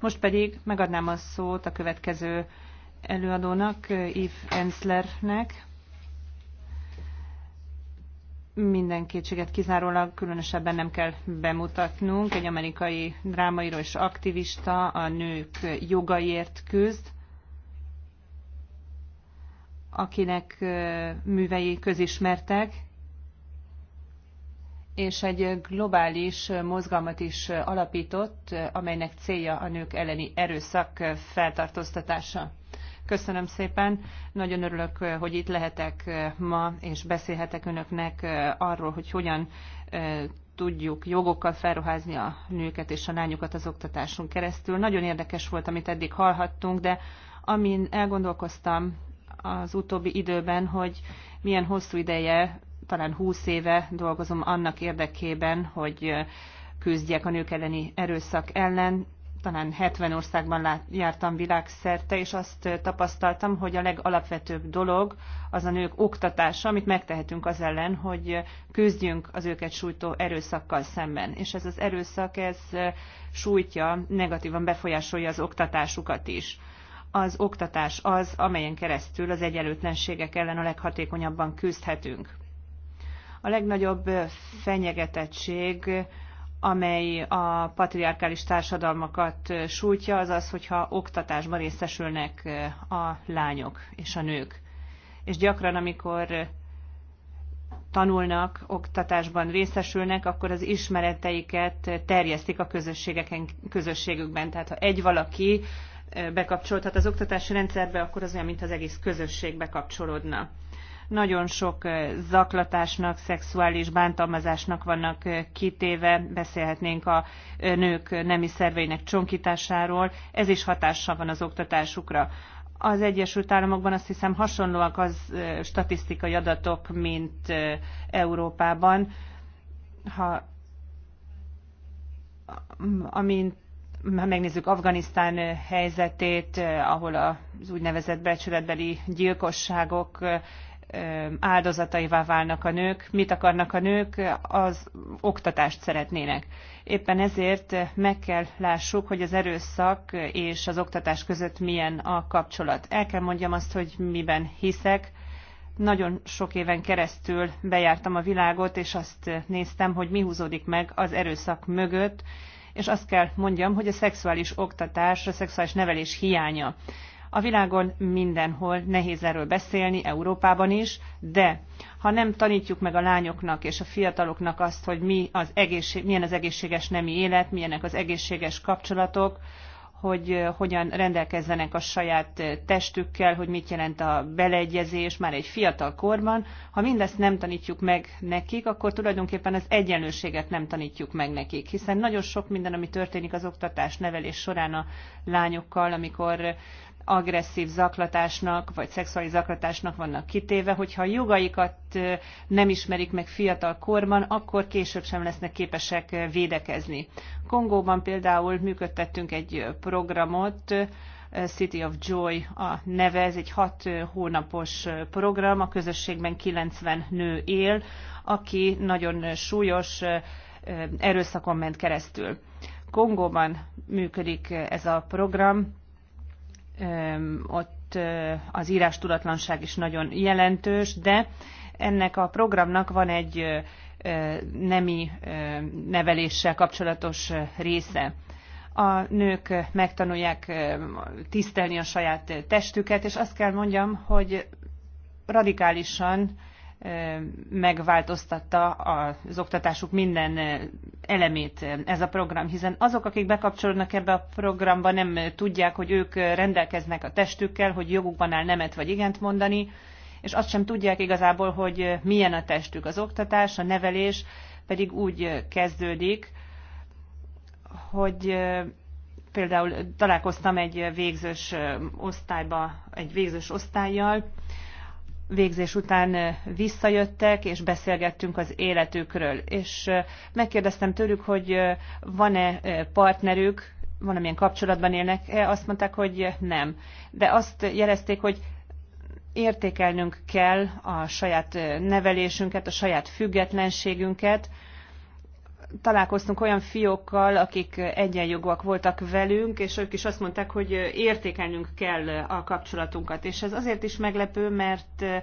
Most pedig megadnám a szót a következő előadónak, Yves Enslernek, minden kétséget kizárólag különösebben nem kell bemutatnunk. Egy amerikai drámaíró és aktivista a nők jogaiért küzd, akinek művei közismertek, és egy globális mozgalmat is alapított, amelynek célja a nők elleni erőszak feltartóztatása. Köszönöm szépen, nagyon örülök, eh, hogy itt lehetek eh, ma, és beszélhetek önöknek eh, arról, hogy hogyan tudjuk jogokkal felruházni a nőket és a lányokat az oktatásunk keresztül. Nagyon érdekes volt, amit eddig hallhattunk, de amin elgondolkoztam az utóbbi időben, hogy milyen hosszú ideje, talán húsz éve dolgozom annak érdekében, hogy küzdjek a nők elleni erőszak ellen, talán 70 országban lát, jártam világszerte, és azt tapasztaltam, hogy a legalapvetőbb dolog az a nők oktatása, amit megtehetünk az ellen, hogy küzdjünk az őket sújtó erőszakkal szemben. És ez az erőszak, ez sújtja, negatívan befolyásolja az oktatásukat is. Az oktatás az, amelyen keresztül az egyenlőtlenségek ellen a leghatékonyabban küzdhetünk. A legnagyobb fenyegetettség amely a patriarkális társadalmakat sújtja, az az, hogyha oktatásban részesülnek eh, a lányok és a nők. És gyakran, amikor tanulnak, oktatásban részesülnek, akkor az ismereteiket terjesztik a közösségeken, közösségükben. Tehát ha egy valaki eh, bekapcsolódhat az oktatási rendszerbe, akkor az olyan, mint az egész közösség bekapcsolódna. Nagyon sok zaklatásnak, szexuális bántalmazásnak vannak kitéve, beszélhetnénk a nők nemi szerveinek csonkításáról, ez is hatással van az oktatásukra. Az Egyesült Államokban azt hiszem hasonlóak az statisztikai adatok, mint Európában. Ha amint ha megnézzük Afganisztán helyzetét, ahol az úgynevezett becsületbeli gyilkosságok áldozataivá válnak a nők, mit akarnak a nők, az oktatást szeretnének. Éppen ezért meg kell lássuk, hogy az erőszak és az oktatás között milyen a kapcsolat. El kell mondjam azt, hogy miben hiszek. Nagyon sok éven keresztül bejártam a világot, és azt néztem, hogy mi húzódik meg az erőszak mögött, és azt kell mondjam, hogy a szexuális oktatás, a szexuális nevelés hiánya. A világon mindenhol nehéz erről beszélni, Európában is, de ha nem tanítjuk meg a lányoknak és a fiataloknak azt, hogy mi az egészség, milyen az egészséges nemi élet, milyenek az egészséges kapcsolatok, hogy hogyan rendelkezzenek a saját testükkel, hogy mit jelent a beleegyezés már egy fiatal korban. Ha mindezt nem tanítjuk meg nekik, akkor tulajdonképpen az egyenlőséget nem tanítjuk meg nekik, hiszen nagyon sok minden, ami történik az oktatás nevelés során a lányokkal, amikor agresszív zaklatásnak vagy szexuális zaklatásnak vannak kitéve, hogyha a jogaikat nem ismerik meg fiatal korban, akkor később sem lesznek képesek védekezni. Kongóban például működtettünk egy programot, City of Joy a neve, ez egy hat hónapos program, a közösségben 90 nő él, aki nagyon súlyos erőszakon ment keresztül. Kongóban működik ez a program, ott az írás tudatlanság is nagyon jelentős, de ennek a programnak van egy nemi neveléssel kapcsolatos része. A nők megtanulják tisztelni a saját testüket, és azt kell mondjam, hogy radikálisan megváltoztatta az oktatásuk minden elemét ez a program, hiszen azok, akik bekapcsolódnak ebbe a programba, nem tudják, hogy ők rendelkeznek a testükkel, hogy jogukban áll nemet vagy igent mondani, és azt sem tudják igazából, hogy milyen a testük. Az oktatás, a nevelés pedig úgy kezdődik, hogy például találkoztam egy végzős osztályba, egy végzős osztályjal, végzés után eh, visszajöttek, és beszélgettünk az életükről. És eh, megkérdeztem tőlük, hogy eh, van-e partnerük, valamilyen kapcsolatban élnek -e? azt mondták, hogy nem. De azt jelezték, hogy értékelnünk kell a saját nevelésünket, a saját függetlenségünket, találkoztunk olyan fiókkal, akik egyenjogúak voltak velünk, és ők is azt mondták, hogy értékelnünk kell a kapcsolatunkat. És ez azért is meglepő, mert eh,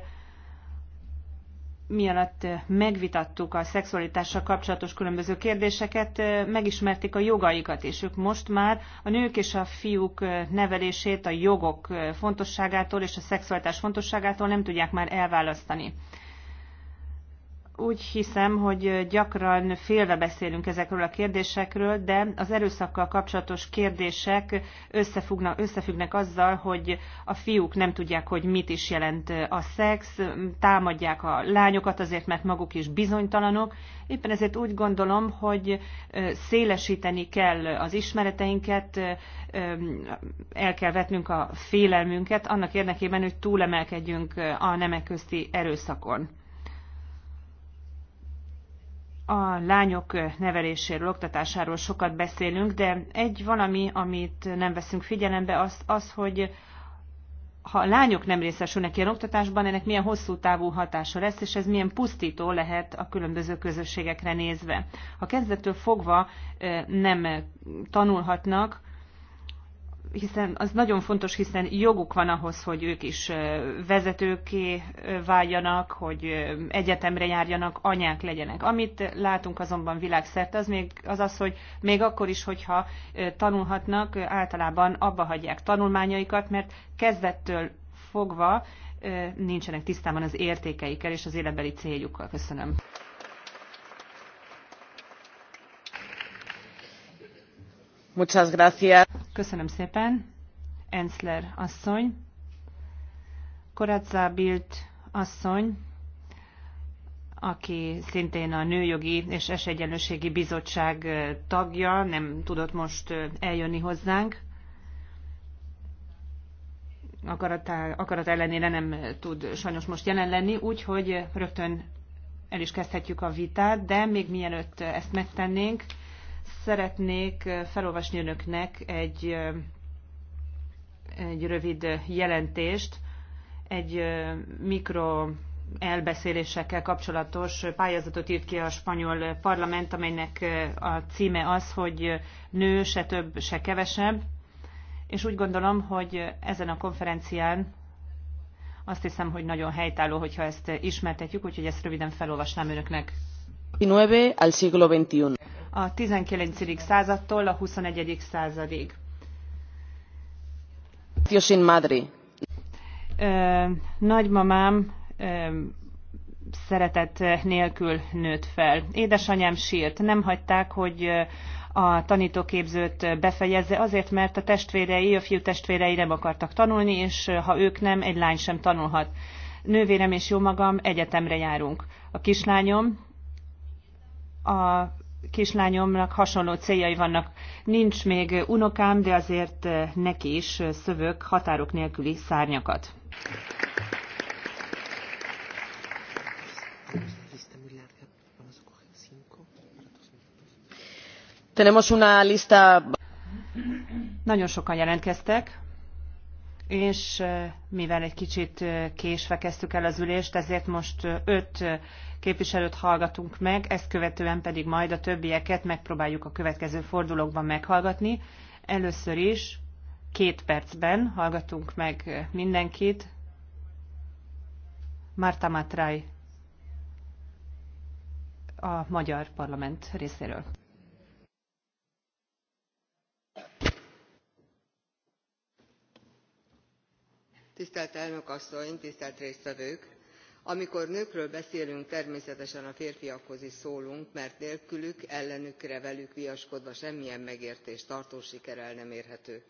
mi alatt eh, megvitattuk a szexualitással kapcsolatos különböző kérdéseket, eh, megismerték a jogaikat, és ők most már a nők és a fiúk nevelését a jogok fontosságától és a szexualitás fontosságától nem tudják már elválasztani úgy hiszem, hogy gyakran félve beszélünk ezekről a kérdésekről, de az erőszakkal kapcsolatos kérdések összefugnak, összefüggnek azzal, hogy a fiúk nem tudják, hogy mit is jelent a szex, támadják a lányokat azért, mert maguk is bizonytalanok. Éppen ezért úgy gondolom, hogy szélesíteni kell az ismereteinket, el kell vetnünk a félelmünket annak érdekében, hogy túlemelkedjünk a nemek közti erőszakon a lányok neveléséről, oktatásáról sokat beszélünk, de egy valami, amit nem veszünk figyelembe, az, az hogy ha a lányok nem részesülnek ilyen oktatásban, ennek milyen hosszú távú hatása lesz, és ez milyen pusztító lehet a különböző közösségekre nézve. Ha kezdettől fogva nem tanulhatnak, hiszen az nagyon fontos, hiszen joguk van ahhoz, hogy ők is vezetőké váljanak, hogy egyetemre járjanak, anyák legyenek. Amit látunk azonban világszerte, az még az az, hogy még akkor is, hogyha tanulhatnak, általában abba hagyják tanulmányaikat, mert kezdettől fogva nincsenek tisztában az értékeikkel és az életbeli céljukkal. Köszönöm. Muchas gracias. Köszönöm szépen. Enzler asszony. Koratza Bild asszony, aki szintén a Nőjogi és Esegyenlőségi Bizottság tagja, nem tudott most eljönni hozzánk. Akarat, akarat ellenére nem tud sajnos most jelen lenni, úgyhogy rögtön el is kezdhetjük a vitát, de még mielőtt ezt megtennénk, Szeretnék felolvasni önöknek egy, egy rövid jelentést, egy mikro elbeszélésekkel kapcsolatos pályázatot írt ki a spanyol parlament, amelynek a címe az, hogy nő se több, se kevesebb. És úgy gondolom, hogy ezen a konferencián azt hiszem, hogy nagyon helytálló, hogyha ezt ismertetjük, úgyhogy ezt röviden felolvasnám önöknek. 19 al siglo XXI a 19. századtól a 21. századig. In Madrid. Nagymamám szeretet nélkül nőtt fel. Édesanyám sírt. Nem hagyták, hogy a tanítóképzőt befejezze, azért, mert a testvérei, a fiú testvérei nem akartak tanulni, és ha ők nem, egy lány sem tanulhat. Nővérem és jó magam egyetemre járunk. A kislányom a kislányomnak hasonló céljai vannak. Nincs még unokám, de azért eh, neki is eh, szövök határok nélküli szárnyakat. Tenemos una lista... Nagyon sokan jelentkeztek, és eh, mivel egy kicsit késve kezdtük el az ülést, ezért most öt képviselőt hallgatunk meg, ezt követően pedig majd a többieket megpróbáljuk a következő fordulókban meghallgatni. Először is két percben hallgatunk meg mindenkit. Marta Matrai a Magyar Parlament részéről. Tisztelt elnök asszony, tisztelt résztvevők! amikor nőkről beszélünk természetesen a férfiakhoz is szólunk mert nélkülük ellenükre velük viaskodva semmilyen megértés tartós siker el nem érhető.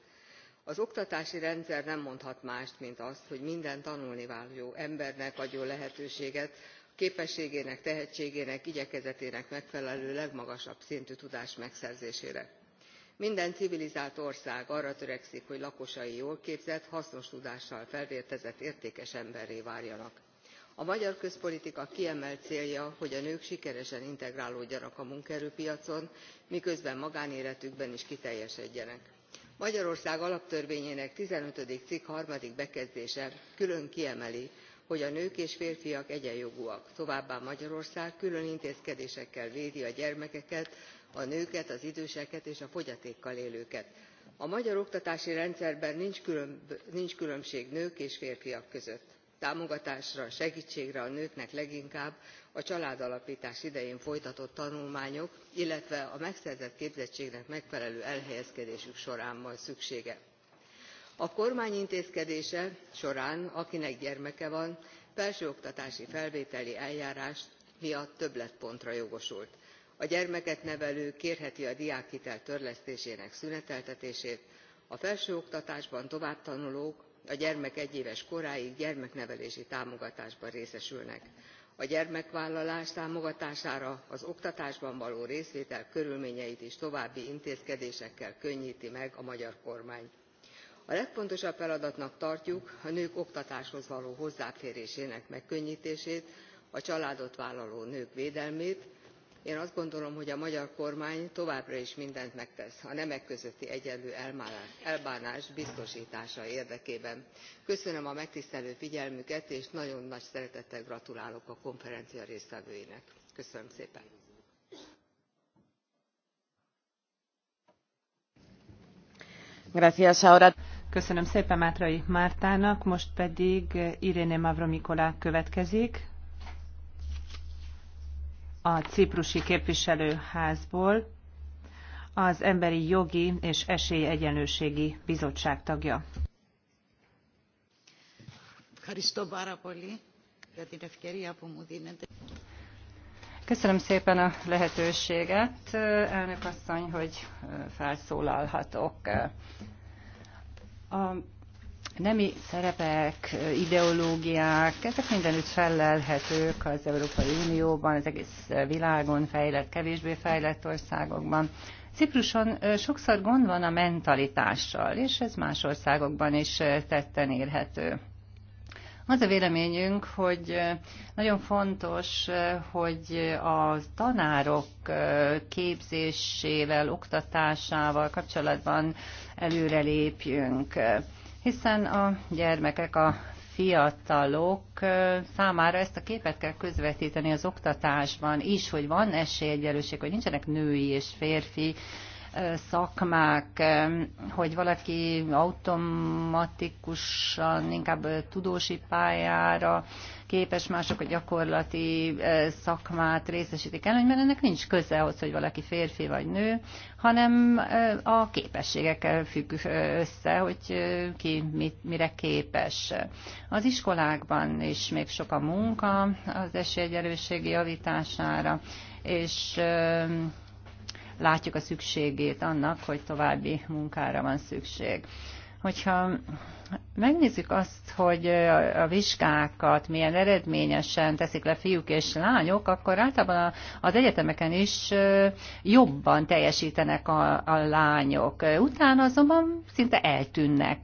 az oktatási rendszer nem mondhat mást mint azt hogy minden tanulnivaló embernek adjon lehetőséget képességének tehetségének igyekezetének megfelelő legmagasabb szintű tudás megszerzésére. minden civilizált ország arra törekszik hogy lakosai jól képzett hasznos tudással felvértezett értékes emberré váljanak a magyar közpolitika kiemelt célja hogy a nők sikeresen integrálódjanak a munkaerőpiacon miközben magánéletükben is kiteljesedjenek. magyarország alaptörvényének fifteen cikk harmadik bekezdése külön kiemeli hogy a nők és férfiak egyenjogúak továbbá magyarország külön intézkedésekkel védi a gyermekeket a nőket az időseket és a fogyatékkal élőket. a magyar oktatási rendszerben nincs különbség nők és férfiak között támogatásra segtségre a nőknek leginkább a családalaptás idején folytatott tanulmányok illetve a megszerzett képzettségnek megfelelő elhelyezkedésük során van szüksége. a kormány intézkedése során akinek gyermeke van felsőoktatási felvételi eljárás miatt többletpontra jogosult. a gyermeket nevelő kérheti a diákhitel törlesztésének szüneteltetését a felsőoktatásban továbbtanulók a gyermek egyéves koráig gyermeknevelési támogatásban részesülnek. a gyermekvállalás támogatására az oktatásban való részvétel körülményeit is további intézkedésekkel könnyti meg a magyar kormány. a legfontosabb feladatnak tartjuk a nők oktatáshoz való hozzáférésének megkönnytését a családot vállaló nők védelmét én azt gondolom hogy a magyar kormány továbbra is mindent megtesz a nemek közötti egyenlő elbánás biztostása érdekében. köszönöm a megtisztelő figyelmüket és nagyon nagy szeretettel gratulálok a konferencia résztvevőinek. köszönöm szépen! Köszönöm szépen Mátrai Mártának, most pedig Iréné Mavromikola következik a ciprusi képviselőházból, az Emberi Jogi és Esélyegyenlőségi Bizottság tagja. Köszönöm szépen a lehetőséget, elnök asszony, hogy felszólalhatok. A nemi szerepek, ideológiák, ezek mindenütt felelhetők az Európai Unióban, az egész világon fejlett, kevésbé fejlett országokban. Cipruson sokszor gond van a mentalitással, és ez más országokban is tetten érhető. Az a véleményünk, hogy nagyon fontos, hogy a tanárok képzésével, oktatásával kapcsolatban előrelépjünk hiszen a gyermekek, a fiatalok számára ezt a képet kell közvetíteni az oktatásban is, hogy van esélyegyenlőség, hogy nincsenek női és férfi szakmák, hogy valaki automatikusan inkább tudósi pályára képes, mások a gyakorlati e, szakmát részesítik el, mert ennek nincs köze ahhoz, hogy valaki férfi vagy nő, hanem e, a képességekkel függ e, össze, hogy ki mit, mire képes. Az iskolákban is még sok a munka az esélyegyelőségi javítására, és látjuk a szükségét annak, hogy további munkára van szükség. Hogyha megnézzük azt, hogy a vizsgákat milyen eredményesen teszik le fiúk és lányok, akkor általában az egyetemeken is jobban teljesítenek a, a lányok. Utána azonban szinte eltűnnek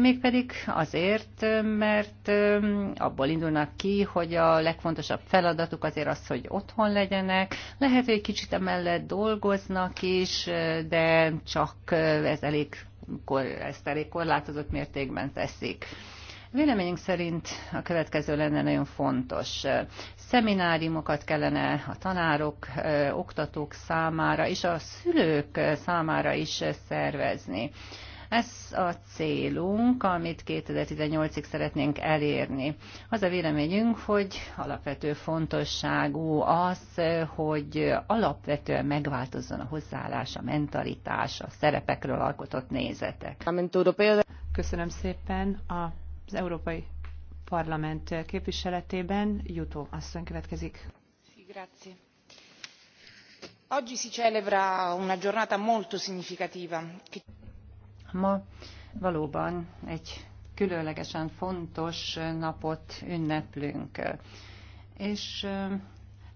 mégpedig azért, mert abból indulnak ki, hogy a legfontosabb feladatuk azért az, hogy otthon legyenek, lehet, hogy egy kicsit emellett dolgoznak is, de csak ez elég kor, ezt elég korlátozott mértékben teszik. Véleményünk szerint a következő lenne nagyon fontos. Szemináriumokat kellene a tanárok, oktatók számára és a szülők számára is szervezni. Ez a célunk, amit 2018-ig szeretnénk elérni. Az a véleményünk, hogy alapvető fontosságú az, hogy alapvetően megváltozzon a hozzáállás, a mentalitás, a szerepekről alkotott nézetek. Köszönöm szépen az Európai Parlament képviseletében. Jutó asszony következik. Grazie oggi si celebra una giornata molto significativa ma valóban egy különlegesen fontos napot ünneplünk. És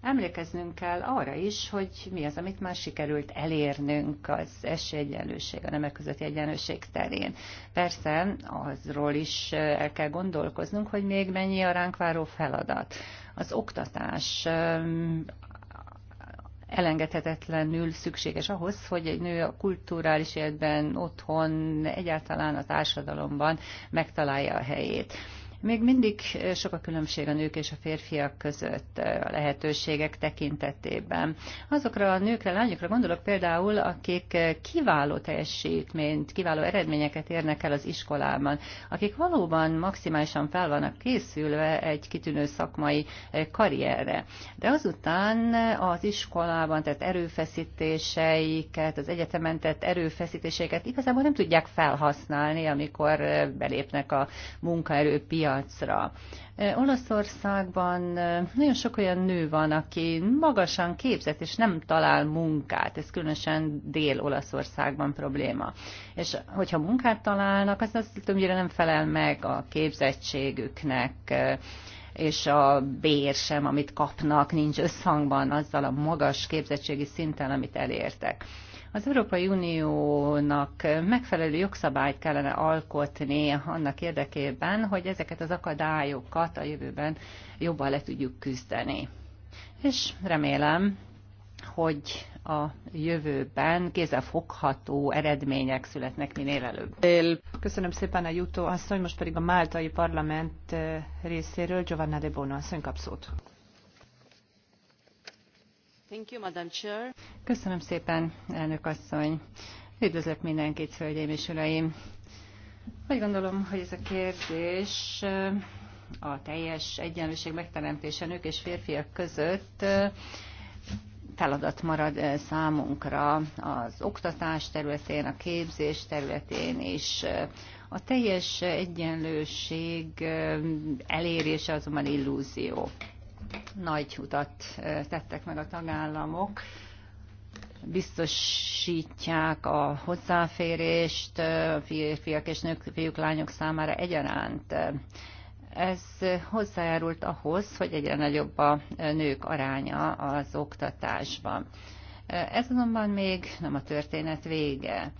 emlékeznünk kell arra is, hogy mi az, amit már sikerült elérnünk az esélyegyenlőség, a nemek közötti egyenlőség terén. Persze azról is el kell gondolkoznunk, hogy még mennyi a ránk váró feladat. Az oktatás elengedhetetlenül szükséges ahhoz, hogy egy nő a kulturális életben, otthon, egyáltalán a társadalomban megtalálja a helyét. Még mindig sok a különbség a nők és a férfiak között a lehetőségek tekintetében. Azokra a nőkre, lányokra gondolok például, akik kiváló teljesítményt, kiváló eredményeket érnek el az iskolában, akik valóban maximálisan fel vannak készülve egy kitűnő szakmai karrierre. De azután az iskolában tett erőfeszítéseiket, az egyetemen tett erőfeszítéseiket igazából nem tudják felhasználni, amikor belépnek a munkaerőpiacra piacra. Olaszországban nagyon sok olyan nő van, aki magasan képzett és nem talál munkát. Ez különösen Dél-Olaszországban probléma. És hogyha munkát találnak, az azt többnyire nem felel meg a képzettségüknek és a bér sem, amit kapnak, nincs összhangban azzal a magas képzettségi szinten, amit elértek. Az Európai Uniónak megfelelő jogszabályt kellene alkotni annak érdekében, hogy ezeket az akadályokat a jövőben jobban le tudjuk küzdeni. És remélem, hogy a jövőben kézzelfogható eredmények születnek minél előbb. Köszönöm szépen a jutó asszony, most pedig a Máltai Parlament részéről Giovanna de Bono asszony kap szót. Köszönöm szépen, elnök asszony. Üdvözlök mindenkit, hölgyeim és uraim. Úgy gondolom, hogy ez a kérdés eh, a teljes egyenlőség megteremtése nők és férfiak között eh, feladat marad eh, számunkra az oktatás területén, a képzés területén is. A teljes egyenlőség elérése azonban illúzió nagy utat tettek meg a tagállamok, biztosítják a hozzáférést fiak és nők, fiúk, lányok számára egyaránt. Ez hozzájárult ahhoz, hogy egyre nagyobb a nők aránya az oktatásban. Ez azonban még nem a történet vége.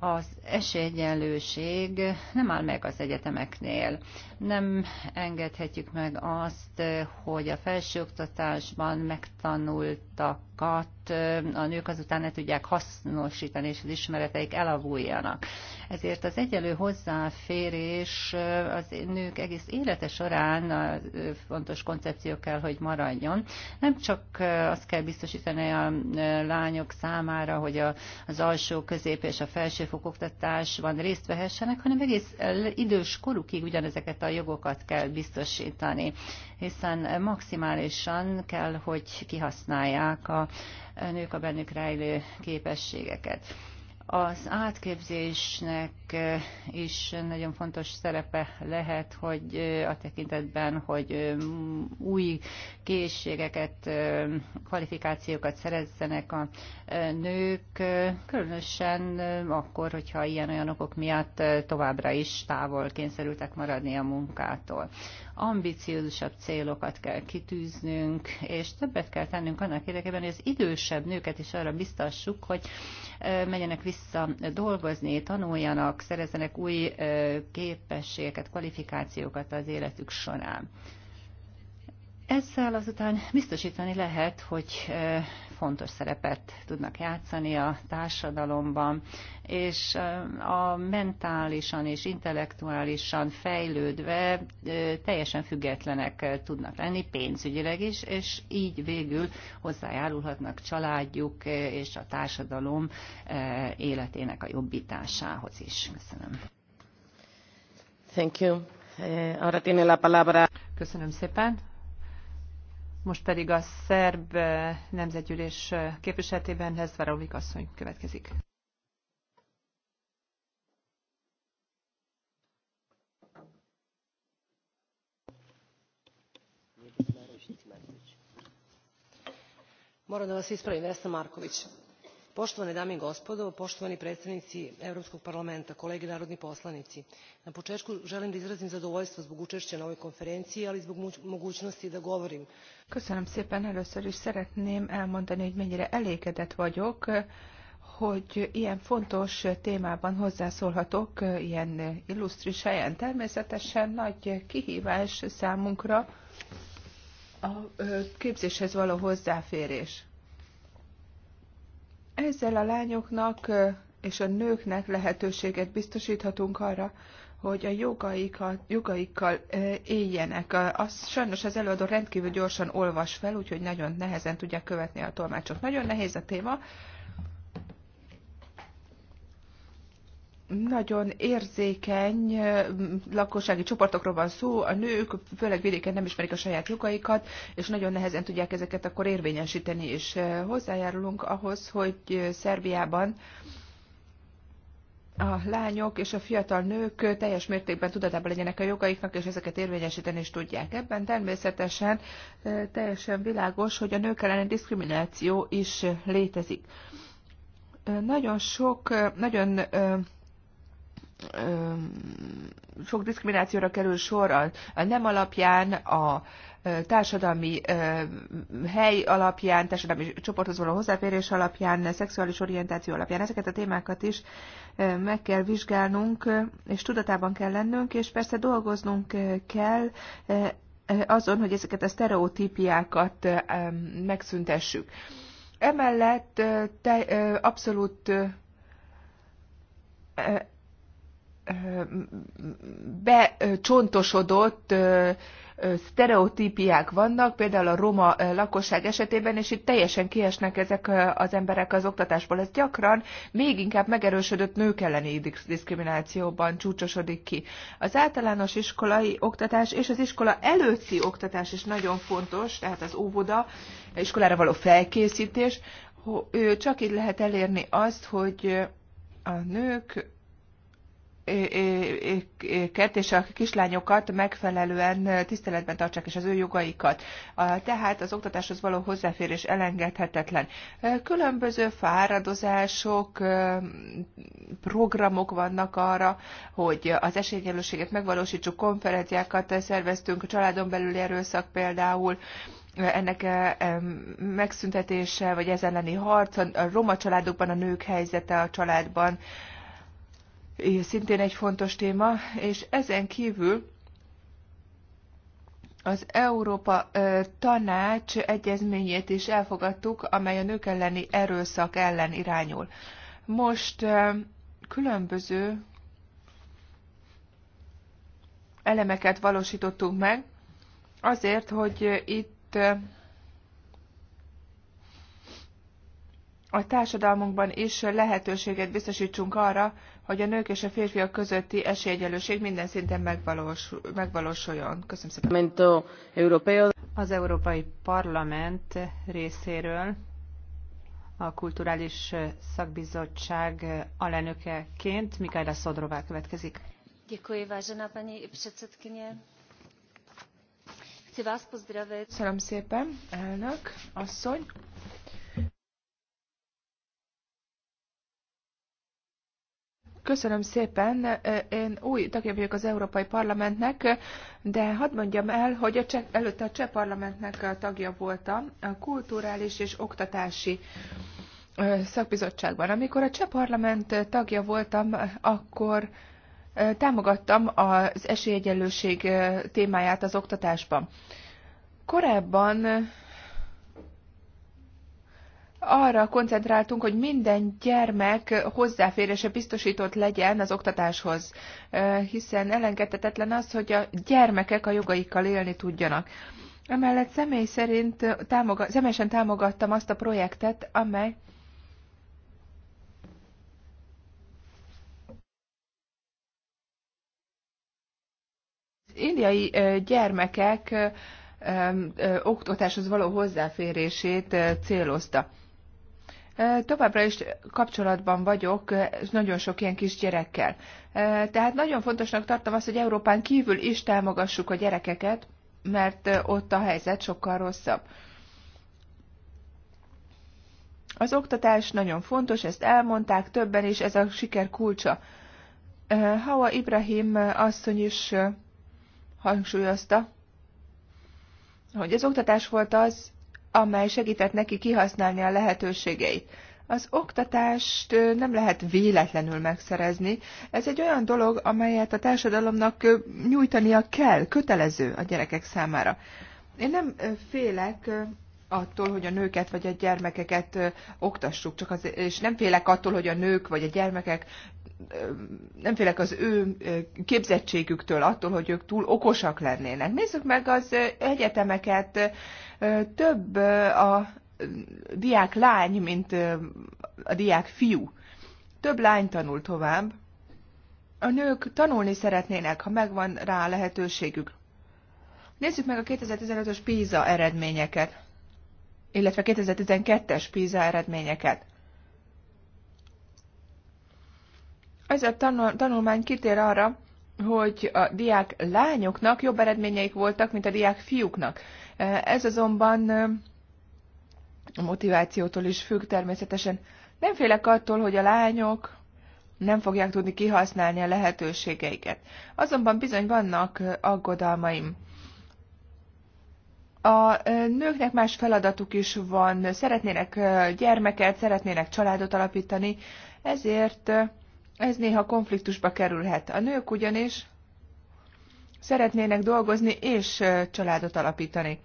Az esélyegyenlőség nem áll meg az egyetemeknél. Nem engedhetjük meg azt, hogy a felsőoktatásban megtanultakat a nők azután ne tudják hasznosítani, és az ismereteik elavuljanak. Ezért az egyenlő hozzáférés az nők egész élete során fontos koncepció kell, hogy maradjon. Nem csak azt kell biztosítani a lányok számára, hogy az alsó, közép és a felsőfokoktatásban részt vehessenek, hanem egész idős korukig ugyanezeket a jogokat kell biztosítani, hiszen maximálisan kell, hogy kihasználják a nők a bennük rejlő képességeket. Az átképzésnek eh, is nagyon fontos szerepe lehet, hogy eh, a tekintetben, hogy eh, új készségeket, kvalifikációkat szerezzenek a nők, különösen akkor, hogyha ilyen-olyan okok miatt továbbra is távol kényszerültek maradni a munkától ambiciózusabb célokat kell kitűznünk, és többet kell tennünk annak érdekében, hogy az idősebb nőket is arra biztassuk, hogy menjenek vissza dolgozni, tanuljanak, szerezzenek új képességeket, kvalifikációkat az életük során. Ezzel azután biztosítani lehet, hogy fontos szerepet tudnak játszani a társadalomban, és a mentálisan és intellektuálisan fejlődve teljesen függetlenek tudnak lenni pénzügyileg is, és így végül hozzájárulhatnak családjuk és a társadalom életének a jobbításához is. Köszönöm. Thank you. Eh, Köszönöm szépen. Most pedig a szerb eh, nemzetgyűlés eh, képviseletében Hezvarovik asszony következik. moram da vas ispravim Markovics potovane dame i gospodo potovani predstavnici evropskog parlamenta kolege narodni poslanici na poetku elim da izrazim zadovoljstvo zbog uea na ovoj konferenciji ali i zbog mogunosti da govorim Köszönöm szépen, elmondani, hogy mennyire elégedett vagyok, hogy ilyen fontos témában hozzászólhatok, ilyen illusztris helyen. Természetesen nagy kihívás számunkra a képzéshez való hozzáférés. Ezzel a lányoknak és a nőknek lehetőséget biztosíthatunk arra, hogy a jogaikat, jogaikkal éljenek. Az, sajnos az előadó rendkívül gyorsan olvas fel, úgyhogy nagyon nehezen tudják követni a tolmácsok. Nagyon nehéz a téma, nagyon érzékeny lakossági csoportokról van szó, a nők főleg vidéken nem ismerik a saját jogaikat, és nagyon nehezen tudják ezeket akkor érvényesíteni, és hozzájárulunk ahhoz, hogy Szerbiában a lányok és a fiatal nők teljes mértékben tudatában legyenek a jogaiknak, és ezeket érvényesíteni is tudják. Ebben természetesen teljesen világos, hogy a nők elleni diszkrimináció is létezik. Nagyon sok, nagyon sok diszkriminációra kerül sor a, nem alapján, a társadalmi hely alapján, társadalmi csoporthoz való hozzáférés alapján, szexuális orientáció alapján. Ezeket a témákat is meg kell vizsgálnunk, és tudatában kell lennünk, és persze dolgoznunk kell azon, hogy ezeket a sztereotípiákat megszüntessük. Emellett te, abszolút becsontosodott sztereotípiák vannak, például a roma lakosság esetében, és itt teljesen kiesnek ezek az emberek az oktatásból. Ez gyakran még inkább megerősödött nők elleni diszkriminációban csúcsosodik ki. Az általános iskolai oktatás és az iskola előtti oktatás is nagyon fontos, tehát az óvoda, iskolára való felkészítés, csak így lehet elérni azt, hogy a nők őket és a kislányokat megfelelően tiszteletben tartsák, és az ő jogaikat. Tehát az oktatáshoz való hozzáférés elengedhetetlen. Különböző fáradozások, programok vannak arra, hogy az esélyegyenlőséget megvalósítsuk, konferenciákat szerveztünk, a családon belüli erőszak például, ennek megszüntetése, vagy ez elleni harc, a roma családokban a nők helyzete a családban, szintén egy fontos téma, és ezen kívül az Európa Tanács egyezményét is elfogadtuk, amely a nők elleni erőszak ellen irányul. Most különböző elemeket valósítottunk meg, azért, hogy itt a társadalmunkban is lehetőséget biztosítsunk arra, hogy a nők és a férfiak közötti esélyegyenlőség minden szinten megvalósuljon. Köszönöm szépen. Az Európai Parlament részéről a Kulturális Szakbizottság alelnökeként Mikaela Szodrová következik. Köszönöm szépen, elnök, asszony. Köszönöm szépen. Én új tagja vagyok az Európai Parlamentnek, de hadd mondjam el, hogy a cseh, előtte a cseh parlamentnek a tagja voltam a kulturális és oktatási szakbizottságban. Amikor a cseh parlament tagja voltam, akkor támogattam az esélyegyenlőség témáját az oktatásban. Korábban arra koncentráltunk, hogy minden gyermek hozzáférése biztosított legyen az oktatáshoz, hiszen elengedhetetlen az, hogy a gyermekek a jogaikkal élni tudjanak. Emellett személy szerint támogat, személyesen támogattam azt a projektet, amely indiai gyermekek oktatáshoz való hozzáférését célozta. Továbbra is kapcsolatban vagyok nagyon sok ilyen kis gyerekkel. Tehát nagyon fontosnak tartom azt, hogy Európán kívül is támogassuk a gyerekeket, mert ott a helyzet sokkal rosszabb. Az oktatás nagyon fontos, ezt elmondták többen is, ez a siker kulcsa. Hawa Ibrahim asszony is hangsúlyozta, hogy az oktatás volt az, amely segített neki kihasználni a lehetőségeit. Az oktatást nem lehet véletlenül megszerezni. Ez egy olyan dolog, amelyet a társadalomnak nyújtania kell, kötelező a gyerekek számára. Én nem félek attól, hogy a nőket vagy a gyermekeket oktassuk, csak az, és nem félek attól, hogy a nők vagy a gyermekek nem félek az ő képzettségüktől, attól, hogy ők túl okosak lennének. Nézzük meg az egyetemeket, több a diák lány, mint a diák fiú. Több lány tanul tovább. A nők tanulni szeretnének, ha megvan rá a lehetőségük. Nézzük meg a 2015-ös PISA eredményeket illetve 2012-es PISA eredményeket. Ez a tanulmány kitér arra, hogy a diák lányoknak jobb eredményeik voltak, mint a diák fiúknak. Ez azonban a motivációtól is függ természetesen. Nem félek attól, hogy a lányok nem fogják tudni kihasználni a lehetőségeiket. Azonban bizony vannak aggodalmaim a nőknek más feladatuk is van, szeretnének gyermeket, szeretnének családot alapítani, ezért ez néha konfliktusba kerülhet. A nők ugyanis szeretnének dolgozni és családot alapítani.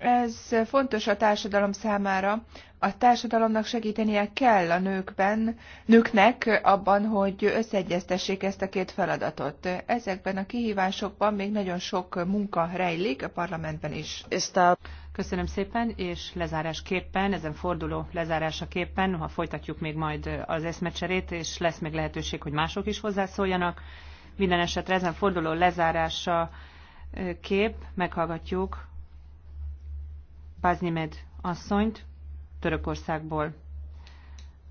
Ez fontos a társadalom számára. A társadalomnak segítenie kell a nőkben, nőknek abban, hogy összeegyeztessék ezt a két feladatot. Ezekben a kihívásokban még nagyon sok munka rejlik, a parlamentben is. Köszönöm szépen, és lezárásképpen, ezen forduló lezárásaképpen, ha folytatjuk még majd az eszmecserét, és lesz még lehetőség, hogy mások is hozzászóljanak. Minden esetre ezen forduló lezárása eh, kép, meghallgatjuk Paznimed asszonyt Törökországból.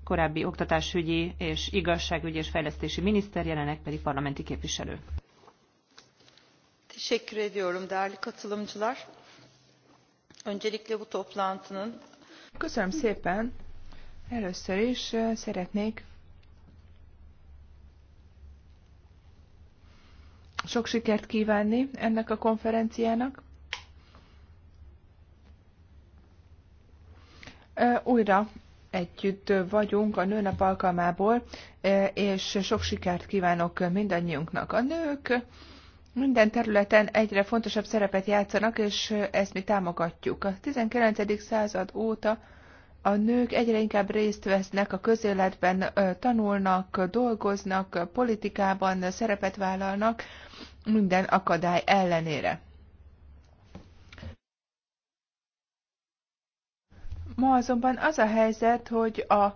Korábbi oktatásügyi és igazságügyi és fejlesztési miniszter, jelenleg pedig parlamenti képviselő. Teşekkür ediyorum değerli katılımcılar. Öncelikle bu toplantının... Köszönöm szépen. Először is eh, szeretnék sok sikert kívánni ennek a konferenciának. Újra együtt vagyunk a nőnap alkalmából, és sok sikert kívánok mindannyiunknak. A nők minden területen egyre fontosabb szerepet játszanak, és ezt mi támogatjuk. A 19. század óta a nők egyre inkább részt vesznek a közéletben, tanulnak, dolgoznak, politikában szerepet vállalnak, minden akadály ellenére. Ma azonban az a helyzet, hogy a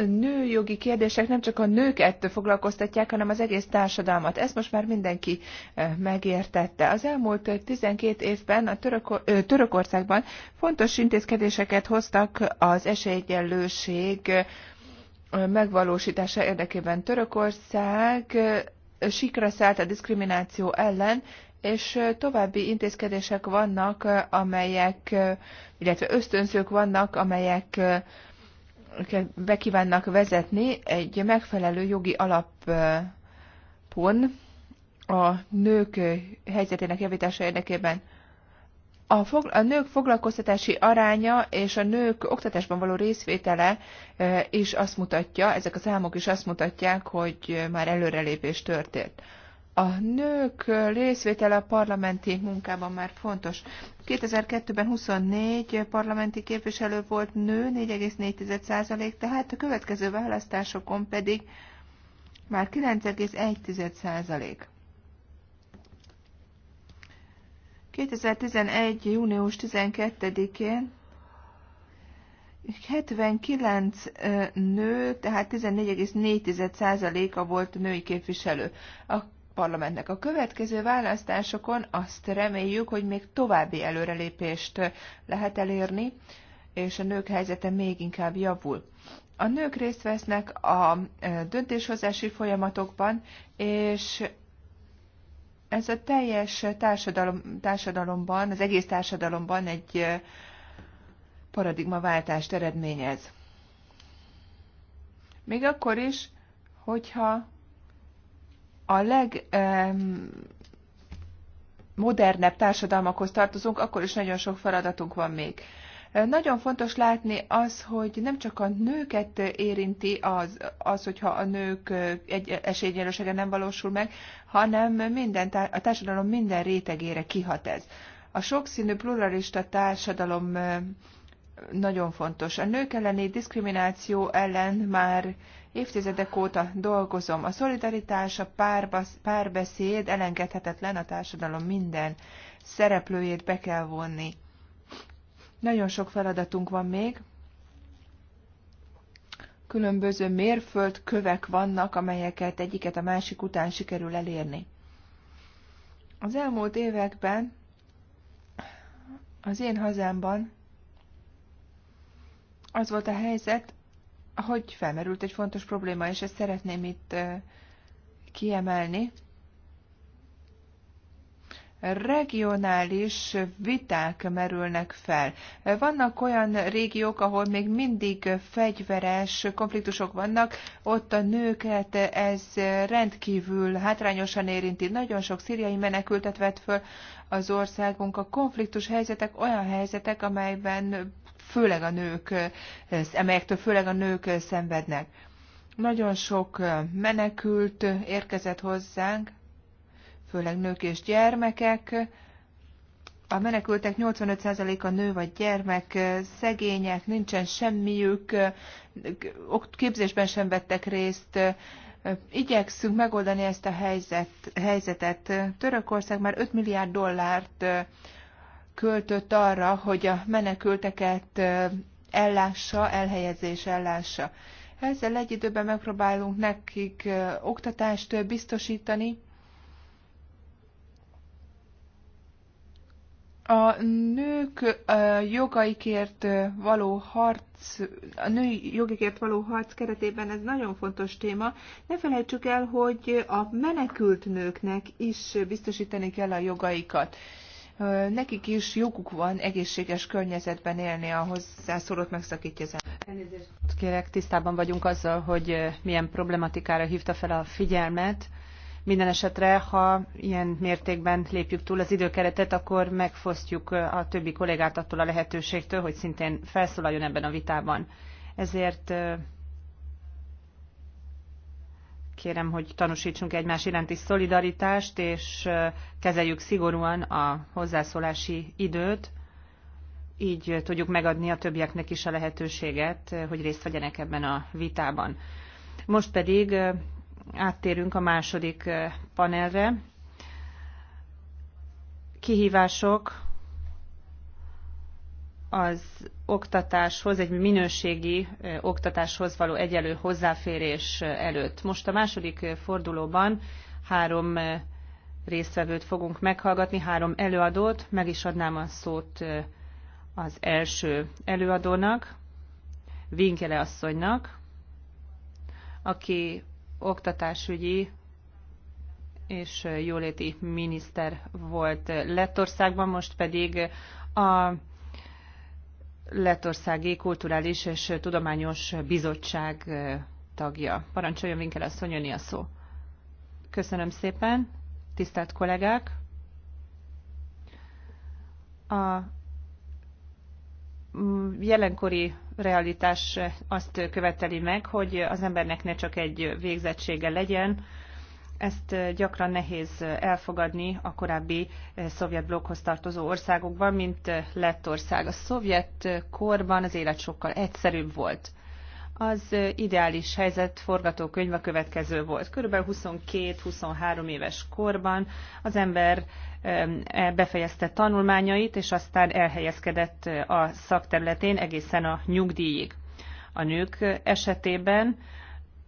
nőjogi kérdések nem csak a nők ettől foglalkoztatják, hanem az egész társadalmat. Ezt most már mindenki eh, megértette. Az elmúlt 12 eh, évben a Török, eh, Törökországban fontos intézkedéseket hoztak az esélyegyenlőség megvalósítása érdekében. Törökország sikra szállt a diszkrimináció ellen, és további intézkedések vannak, amelyek, illetve ösztönzők vannak, amelyek be kívánnak vezetni egy megfelelő jogi alapon a nők helyzetének javítása érdekében. A, fog, a nők foglalkoztatási aránya és a nők oktatásban való részvétele is azt mutatja, ezek a számok is azt mutatják, hogy már előrelépés történt a nők részvétele a parlamenti munkában már fontos. 2002-ben 24 parlamenti képviselő volt nő, 4,4%, tehát a következő választásokon pedig már 9,1%. 2011. június 12-én 79 nő, tehát 14,4%-a volt női képviselő. A parlamentnek. A következő választásokon azt reméljük, hogy még további előrelépést lehet elérni, és a nők helyzete még inkább javul. A nők részt vesznek a e, döntéshozási folyamatokban, és ez a teljes társadalom, társadalomban, az egész társadalomban egy e, paradigmaváltást eredményez. Még akkor is, hogyha a leg modernebb társadalmakhoz tartozunk, akkor is nagyon sok feladatunk van még. Nagyon fontos látni az, hogy nem csak a nőket érinti az, az hogyha a nők egy esélyegyenlősége nem valósul meg, hanem minden, a társadalom minden rétegére kihat ez. A sokszínű pluralista társadalom nagyon fontos. A nők elleni diszkrimináció ellen már évtizedek óta dolgozom. A szolidaritás, a párbeszéd elengedhetetlen, a társadalom minden szereplőjét be kell vonni. Nagyon sok feladatunk van még. Különböző mérföldkövek vannak, amelyeket egyiket a másik után sikerül elérni. Az elmúlt években az én hazámban az volt a helyzet, hogy felmerült egy fontos probléma, és ezt szeretném itt kiemelni. Regionális viták merülnek fel. Vannak olyan régiók, ahol még mindig fegyveres konfliktusok vannak, ott a nőket ez rendkívül hátrányosan érinti. Nagyon sok szíriai menekültet vett föl az országunk. A konfliktus helyzetek olyan helyzetek, amelyben főleg a nők, amelyektől főleg a nők szenvednek. Nagyon sok menekült érkezett hozzánk, főleg nők és gyermekek. A menekültek 85%-a nő vagy gyermek, szegények, nincsen semmiük, képzésben sem vettek részt, igyekszünk megoldani ezt a helyzet, helyzetet. Törökország már 5 milliárd dollárt költött arra, hogy a menekülteket ellássa, elhelyezés ellássa. Ezzel egy időben megpróbálunk nekik oktatást biztosítani. A nők jogaikért való harc, a női jogikért való harc keretében ez nagyon fontos téma. Ne felejtsük el, hogy a menekült nőknek is biztosítani kell a jogaikat nekik is joguk van egészséges környezetben élni, ahhoz hozzászólót megszakítja az Elnézést kérek, tisztában vagyunk azzal, hogy milyen problematikára hívta fel a figyelmet. Minden esetre, ha ilyen mértékben lépjük túl az időkeretet, akkor megfosztjuk a többi kollégát attól a lehetőségtől, hogy szintén felszólaljon ebben a vitában. Ezért kérem, hogy tanúsítsunk egymás iránti szolidaritást, és kezeljük szigorúan a hozzászólási időt. Így tudjuk megadni a többieknek is a lehetőséget, hogy részt vegyenek ebben a vitában. Most pedig áttérünk a második panelre. Kihívások, az oktatáshoz, egy minőségi oktatáshoz való egyelő hozzáférés előtt. Most a második fordulóban három résztvevőt fogunk meghallgatni, három előadót, meg is adnám a szót az első előadónak, Vinkele asszonynak, aki oktatásügyi és jóléti miniszter volt Lettországban, most pedig a Lettországi Kulturális és Tudományos Bizottság tagja. Parancsoljon Vinkel asszony, a szó. Köszönöm szépen, tisztelt kollégák! A jelenkori realitás azt követeli meg, hogy az embernek ne csak egy végzettsége legyen, ezt gyakran nehéz elfogadni a korábbi szovjet blokkhoz tartozó országokban, mint Lettország. A szovjet korban az élet sokkal egyszerűbb volt. Az ideális helyzet forgatókönyv a következő volt. Körülbelül 22-23 éves korban az ember e, befejezte tanulmányait, és aztán elhelyezkedett a szakterületén egészen a nyugdíjig. A nők esetében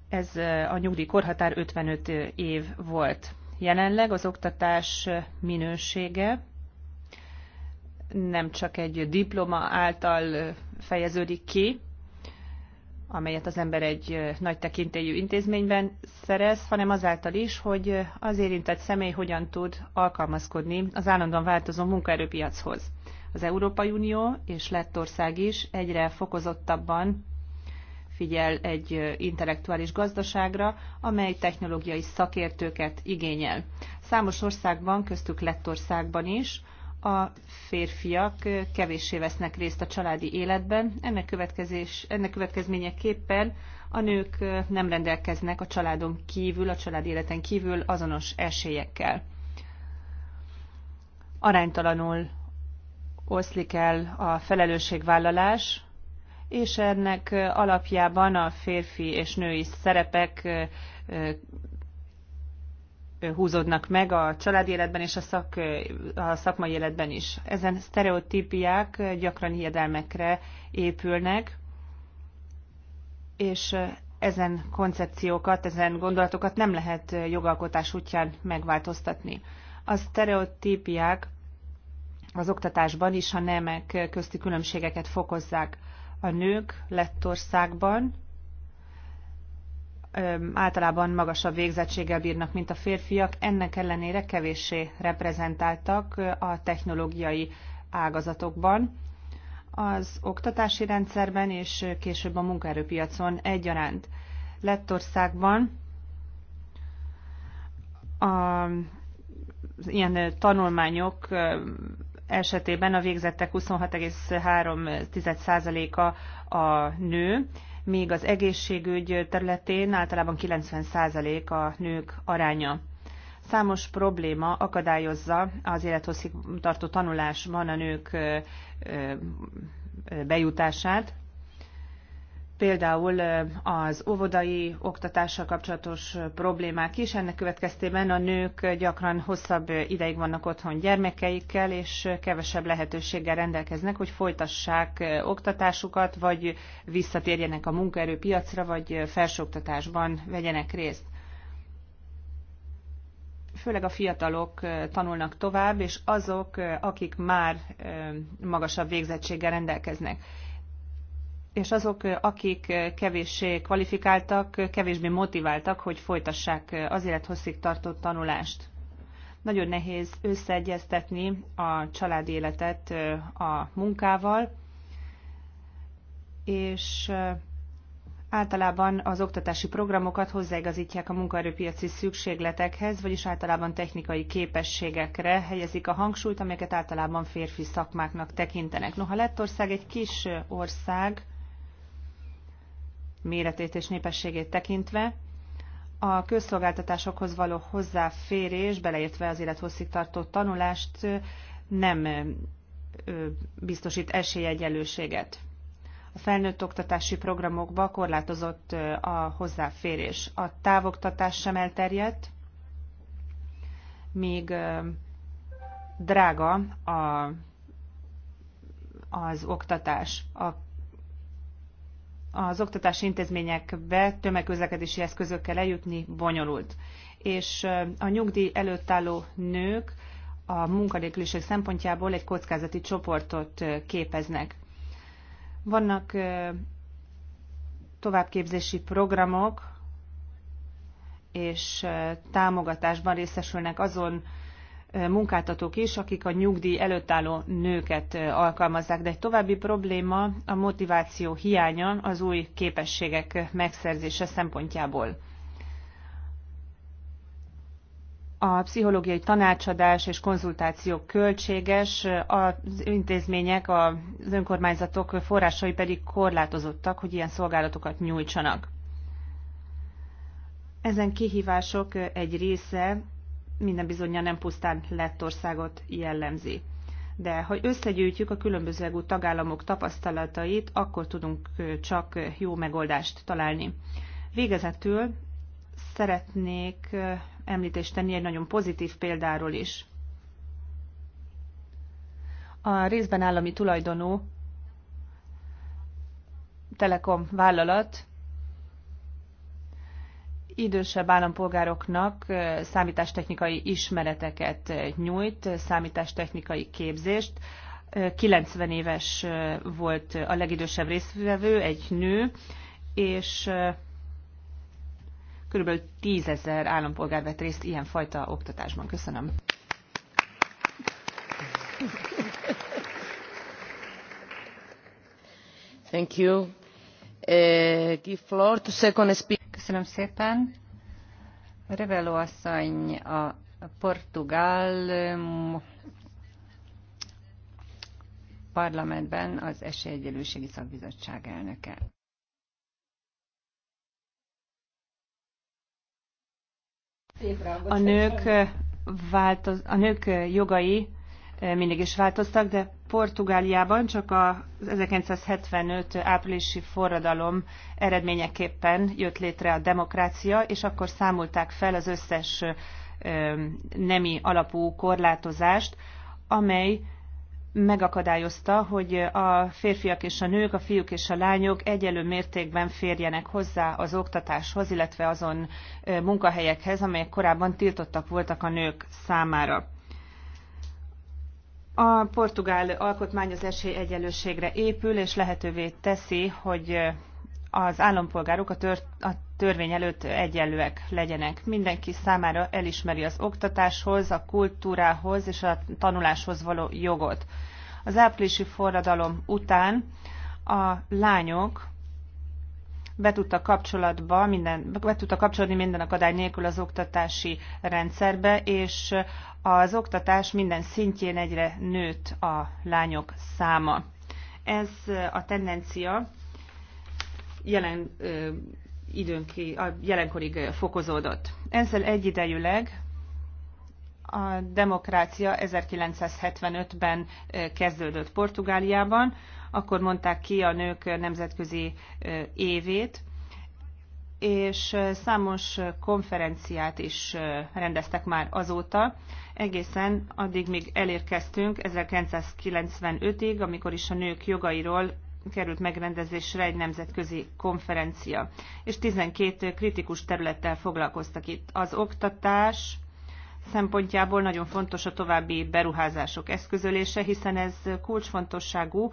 ez a nyugdíjkorhatár 55 év volt. Jelenleg az oktatás minősége nem csak egy diploma által fejeződik ki, amelyet az ember egy nagy tekintélyű intézményben szerez, hanem azáltal is, hogy az érintett személy hogyan tud alkalmazkodni az állandóan változó munkaerőpiachoz. Az Európai Unió és Lettország is egyre fokozottabban figyel egy intellektuális gazdaságra, amely technológiai szakértőket igényel. Számos országban, köztük Lettországban is, a férfiak kevéssé vesznek részt a családi életben, ennek, következés, ennek következményeképpen a nők nem rendelkeznek a családon kívül, a család életen kívül azonos esélyekkel. Aránytalanul oszlik el a felelősségvállalás, és ennek alapjában a férfi és női szerepek húzódnak meg a családi életben és a, szak, a szakmai életben is. Ezen sztereotípiák gyakran hiedelmekre épülnek, és ezen koncepciókat, ezen gondolatokat nem lehet jogalkotás útján megváltoztatni. A sztereotípiák az oktatásban is a nemek közti különbségeket fokozzák a nők Lettországban általában magasabb végzettséggel bírnak, mint a férfiak, ennek ellenére kevéssé reprezentáltak a technológiai ágazatokban, az oktatási rendszerben és később a munkaerőpiacon egyaránt. Lettországban a, ilyen tanulmányok esetében a végzettek 26,3%-a a nő, míg az egészségügy területén általában 90% a nők aránya. Számos probléma akadályozza az élethosszig tartó tanulásban a nők bejutását, például az óvodai oktatással kapcsolatos problémák is. Ennek következtében a nők gyakran hosszabb ideig vannak otthon gyermekeikkel, és kevesebb lehetőséggel rendelkeznek, hogy folytassák oktatásukat, vagy visszatérjenek a munkaerőpiacra, vagy felsőoktatásban vegyenek részt főleg a fiatalok tanulnak tovább, és azok, akik már magasabb végzettséggel rendelkeznek és azok, akik kevéssé kvalifikáltak, kevésbé motiváltak, hogy folytassák az élethosszig tartott tanulást. Nagyon nehéz összeegyeztetni a családi életet a munkával, és általában az oktatási programokat hozzáigazítják a munkaerőpiaci szükségletekhez, vagyis általában technikai képességekre helyezik a hangsúlyt, amelyeket általában férfi szakmáknak tekintenek. Noha Lettország egy kis ország, méretét és népességét tekintve, a közszolgáltatásokhoz való hozzáférés, beleértve az élethosszig tartó tanulást nem biztosít esélyegyenlőséget. A felnőtt oktatási programokba korlátozott a hozzáférés. A távoktatás sem elterjedt, még drága a, az oktatás. A az oktatási intézményekbe tömegközlekedési eszközökkel eljutni bonyolult. És a nyugdíj előtt álló nők a munkanélküliség szempontjából egy kockázati csoportot képeznek. Vannak továbbképzési programok, és támogatásban részesülnek azon munkáltatók is, akik a nyugdíj előtt álló nőket alkalmazzák. De egy további probléma a motiváció hiánya az új képességek megszerzése szempontjából. a pszichológiai tanácsadás és konzultáció költséges, az intézmények, az önkormányzatok forrásai pedig korlátozottak, hogy ilyen szolgálatokat nyújtsanak. Ezen kihívások egy része minden bizonyja nem pusztán Lettországot jellemzi. De ha összegyűjtjük a különböző EU tagállamok tapasztalatait, akkor tudunk csak jó megoldást találni. Végezetül szeretnék említést tenni egy nagyon pozitív példáról is. A részben állami tulajdonú telekom vállalat idősebb állampolgároknak számítástechnikai ismereteket nyújt, számítástechnikai képzést. 90 éves volt a legidősebb résztvevő, egy nő, és körülbelül tízezer állampolgár vett részt ilyenfajta oktatásban. Köszönöm. Thank you. Uh, give floor to second speaker. Köszönöm szépen. Reveló asszony a portugál um, parlamentben az Esélyegyelőségi Szakbizottság elnöke. A nők, uh, változ, a nők uh, jogai mindig is változtak, de Portugáliában csak az 1975 áprilisi forradalom eredményeképpen jött létre a demokrácia, és akkor számolták fel az összes nemi alapú korlátozást, amely megakadályozta, hogy a férfiak és a nők, a fiúk és a lányok egyelő mértékben férjenek hozzá az oktatáshoz, illetve azon munkahelyekhez, amelyek korábban tiltottak voltak a nők számára. A portugál alkotmány az esélyegyenlőségre épül, és lehetővé teszi, hogy az állampolgárok a, tör, a törvény előtt egyenlőek legyenek. Mindenki számára elismeri az oktatáshoz, a kultúrához és a tanuláshoz való jogot. Az áprilisi forradalom után a lányok be tudta, kapcsolatba minden, be tudta kapcsolódni minden akadály nélkül az oktatási rendszerbe, és az oktatás minden szintjén egyre nőtt a lányok száma. Ez a tendencia jelen időnki, a jelenkorig fokozódott. Ezzel egyidejűleg a demokrácia 1975-ben kezdődött Portugáliában, akkor mondták ki a nők nemzetközi évét, és számos konferenciát is rendeztek már azóta. Egészen addig még elérkeztünk 1995-ig, amikor is a nők jogairól került megrendezésre egy nemzetközi konferencia, és 12 kritikus területtel foglalkoztak itt. Az oktatás szempontjából nagyon fontos a további beruházások eszközölése, hiszen ez kulcsfontosságú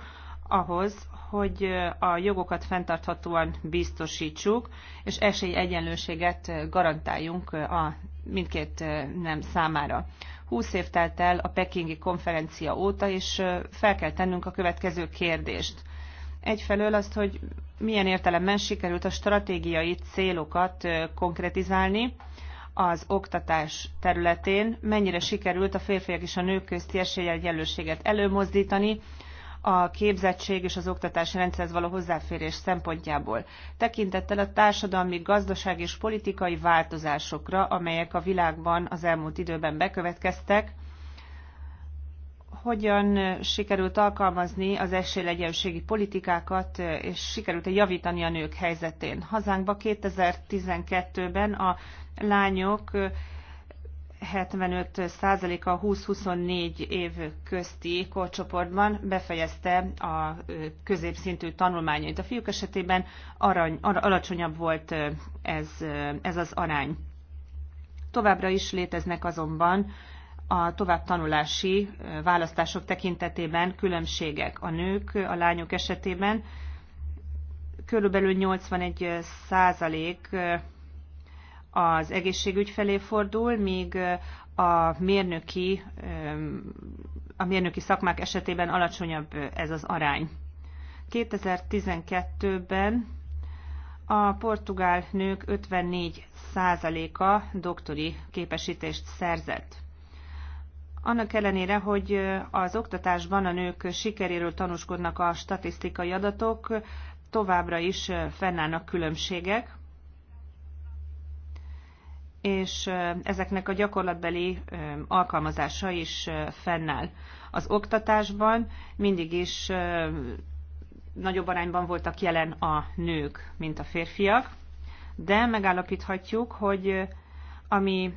ahhoz, hogy a jogokat fenntarthatóan biztosítsuk, és esélyegyenlőséget garantáljunk a mindkét nem számára. Húsz év telt el a pekingi konferencia óta, és fel kell tennünk a következő kérdést. Egyfelől azt, hogy milyen értelemben sikerült a stratégiai célokat konkretizálni, az oktatás területén mennyire sikerült a férfiak és a nők közti esélyegyenlőséget előmozdítani, a képzettség és az oktatási rendszerhez való hozzáférés szempontjából, tekintettel a társadalmi, gazdaság és politikai változásokra, amelyek a világban az elmúlt időben bekövetkeztek, hogyan sikerült alkalmazni az esélyegyenlőségi politikákat, és sikerült -e javítani a nők helyzetén. Hazánkban 2012-ben a lányok 75%-a 20-24 év közti korcsoportban befejezte a középszintű tanulmányait. A fiúk esetében arany, alacsonyabb volt ez, ez az arány. Továbbra is léteznek azonban a továbbtanulási választások tekintetében különbségek. A nők, a lányok esetében körülbelül 81 százalék az egészségügy felé fordul, míg a mérnöki, a mérnöki szakmák esetében alacsonyabb ez az arány. 2012-ben a portugál nők 54%-a doktori képesítést szerzett. Annak ellenére, hogy az oktatásban a nők sikeréről tanúskodnak a statisztikai adatok, továbbra is fennállnak különbségek, és ezeknek a gyakorlatbeli alkalmazása is fennáll. Az oktatásban mindig is nagyobb arányban voltak jelen a nők, mint a férfiak, de megállapíthatjuk, hogy ami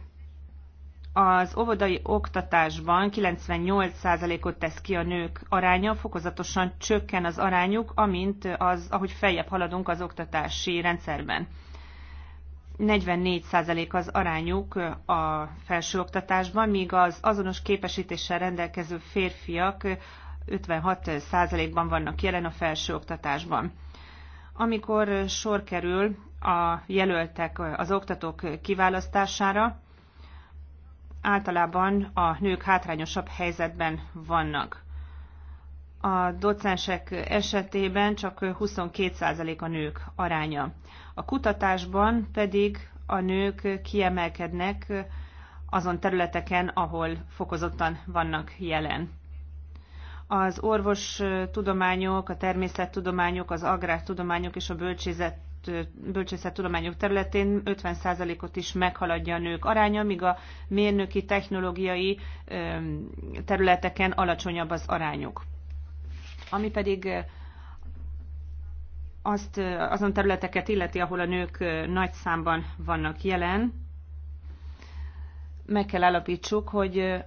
az óvodai oktatásban 98%-ot tesz ki a nők aránya, fokozatosan csökken az arányuk, amint az, ahogy feljebb haladunk az oktatási rendszerben. 44% az arányuk a felsőoktatásban, míg az azonos képesítéssel rendelkező férfiak 56%-ban vannak jelen a felsőoktatásban. Amikor sor kerül a jelöltek az oktatók kiválasztására, általában a nők hátrányosabb helyzetben vannak a docensek esetében csak 22% a nők aránya. A kutatásban pedig a nők kiemelkednek azon területeken, ahol fokozottan vannak jelen. Az orvos tudományok, a természettudományok, az agrártudományok és a bölcsészet bölcsészettudományok területén 50%-ot is meghaladja a nők aránya, míg a mérnöki, technológiai területeken alacsonyabb az arányuk. Ami pedig azt, azon területeket illeti, ahol a nők nagy számban vannak jelen, meg kell állapítsuk, hogy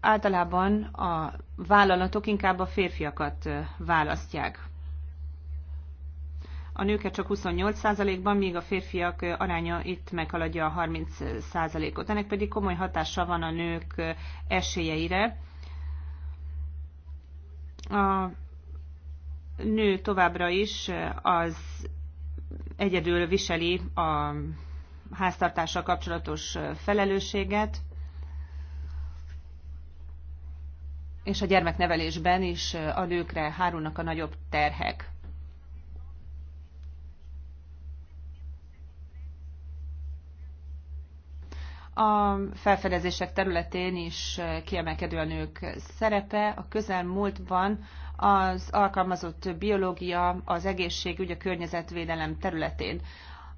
általában a vállalatok inkább a férfiakat választják. A nőket csak 28%-ban, míg a férfiak aránya itt meghaladja a 30%-ot. Ennek pedig komoly hatása van a nők esélyeire. A nő továbbra is eh, az egyedül viseli a háztartással kapcsolatos eh, felelősséget, és a gyermeknevelésben is eh, a nőkre hárulnak a nagyobb terhek. A felfedezések területén is eh, kiemelkedő a nők szerepe. A közelmúltban az alkalmazott biológia, az egészségügy, a környezetvédelem területén.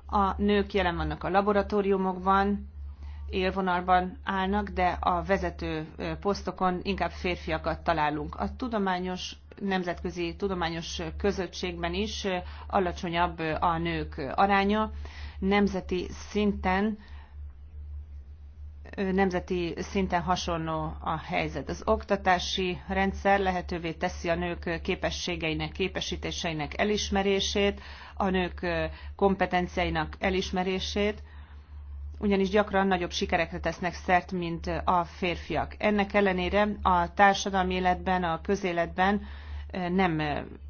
A nők jelen vannak a laboratóriumokban, élvonalban állnak, de a vezető eh, posztokon inkább férfiakat találunk. A tudományos nemzetközi tudományos közösségben is eh, alacsonyabb a nők aránya. Nemzeti szinten nemzeti szinten hasonló a helyzet. Az oktatási rendszer lehetővé teszi a nők képességeinek, képesítéseinek elismerését, a nők kompetenciáinak elismerését, ugyanis gyakran nagyobb sikerekre tesznek szert, mint a férfiak. Ennek ellenére a társadalmi életben, a közéletben nem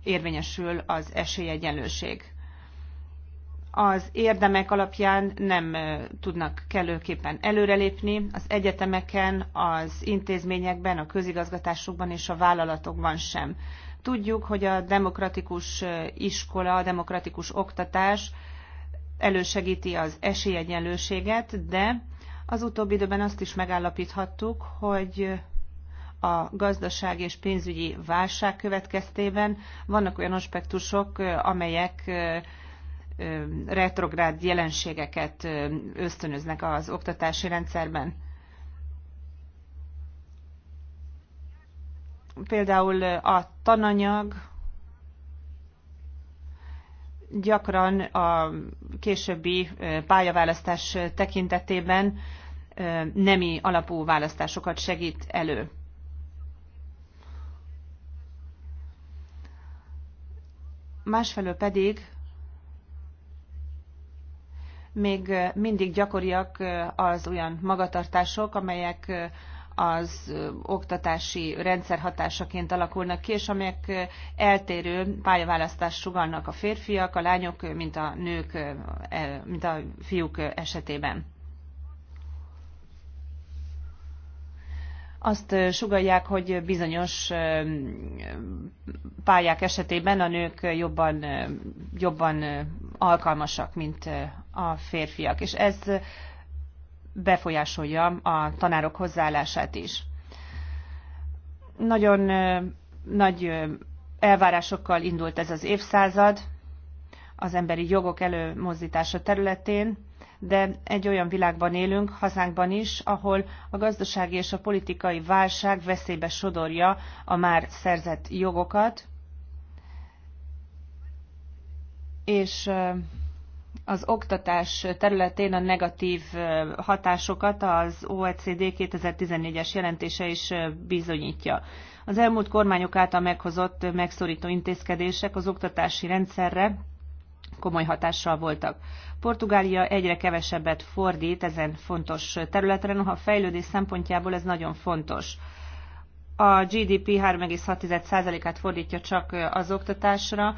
érvényesül az esélyegyenlőség az érdemek alapján nem tudnak kellőképpen előrelépni az egyetemeken, az intézményekben, a közigazgatásokban és a vállalatokban sem. Tudjuk, hogy a demokratikus iskola, a demokratikus oktatás elősegíti az esélyegyenlőséget, de az utóbbi időben azt is megállapíthattuk, hogy a gazdaság és pénzügyi válság következtében vannak olyan aspektusok, amelyek retrográd jelenségeket ösztönöznek az oktatási rendszerben. Például a tananyag gyakran a későbbi pályaválasztás tekintetében nemi alapú választásokat segít elő. Másfelől pedig még mindig gyakoriak az olyan magatartások, amelyek az oktatási rendszer hatásaként alakulnak ki, és amelyek eltérő pályaválasztást sugalnak a férfiak, a lányok, mint a nők, e, mint a fiúk esetében. azt sugalják, hogy bizonyos pályák esetében a nők jobban, jobban alkalmasak, mint a férfiak. És ez befolyásolja a tanárok hozzáállását is. Nagyon nagy elvárásokkal indult ez az évszázad az emberi jogok előmozdítása területén, de egy olyan világban élünk, hazánkban is, ahol a gazdasági és a politikai válság veszélybe sodorja a már szerzett jogokat, és az oktatás területén a negatív hatásokat az OECD 2014-es jelentése is bizonyítja. Az elmúlt kormányok által meghozott megszorító intézkedések az oktatási rendszerre komoly hatással voltak. Portugália egyre kevesebbet fordít ezen fontos területen, noha fejlődés szempontjából ez nagyon fontos. A GDP 3,6%-át fordítja csak az oktatásra,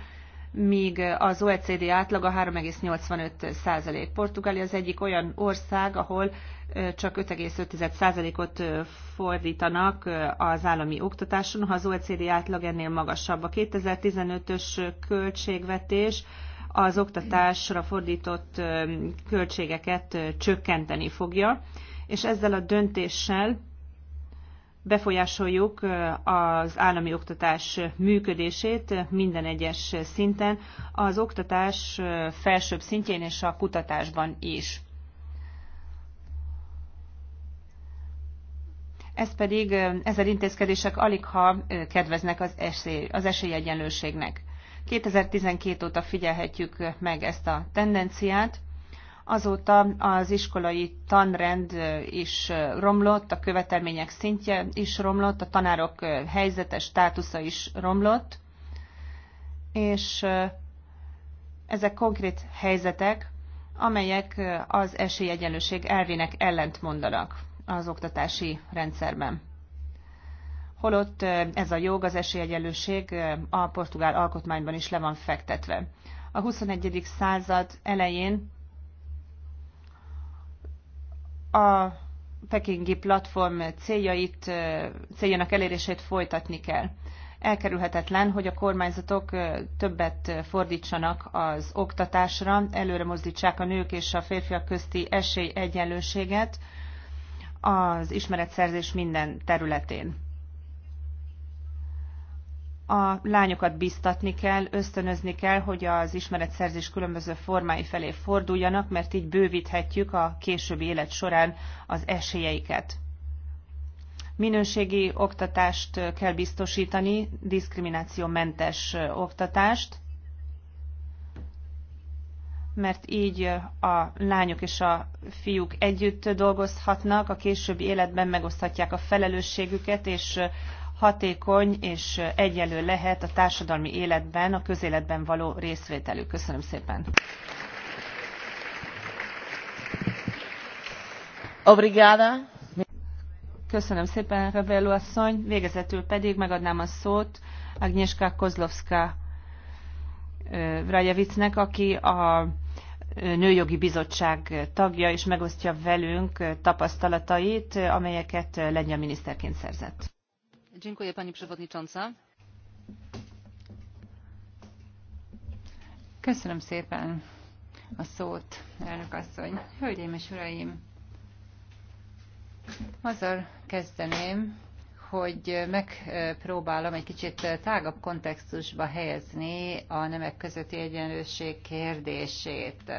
míg az OECD átlaga 3,85%. Portugália az egyik olyan ország, ahol csak 5,5%-ot fordítanak az állami oktatáson, ha az OECD átlag ennél magasabb. A 2015-ös költségvetés az oktatásra fordított költségeket csökkenteni fogja, és ezzel a döntéssel befolyásoljuk az állami oktatás működését minden egyes szinten, az oktatás felsőbb szintjén és a kutatásban is. Ez pedig, ezzel intézkedések ha kedveznek az, esély, az esélyegyenlőségnek. 2012 óta figyelhetjük meg ezt a tendenciát. Azóta az iskolai tanrend is romlott, a követelmények szintje is romlott, a tanárok helyzete, státusza is romlott, és ezek konkrét helyzetek, amelyek az esélyegyenlőség elvének ellent mondanak az oktatási rendszerben holott ez a jog, az esélyegyenlőség a portugál alkotmányban is le van fektetve. A 21. század elején a pekingi platform céljait, céljának elérését folytatni kell. Elkerülhetetlen, hogy a kormányzatok többet fordítsanak az oktatásra, előre mozdítsák a nők és a férfiak közti esélyegyenlőséget az ismeretszerzés minden területén a lányokat biztatni kell, ösztönözni kell, hogy az ismeretszerzés különböző formái felé forduljanak, mert így bővíthetjük a későbbi élet során az esélyeiket. Minőségi oktatást kell biztosítani, diszkriminációmentes oktatást, mert így a lányok és a fiúk együtt dolgozhatnak, a későbbi életben megoszthatják a felelősségüket, és hatékony és egyenlő lehet a társadalmi életben, a közéletben való részvételük. Köszönöm szépen. Obrigada. Köszönöm szépen, Revello asszony. Végezetül pedig megadnám a szót Agnieszka Kozlovska Vrajevicnek, aki a Nőjogi Bizottság tagja, és megosztja velünk tapasztalatait, amelyeket lengyel miniszterként szerzett pani przewodnicząca. Köszönöm szépen a szót, elnök asszony. Hölgyeim és uraim, azzal kezdeném, hogy megpróbálom egy kicsit tágabb kontextusba helyezni a nemek közötti egyenlőség kérdését.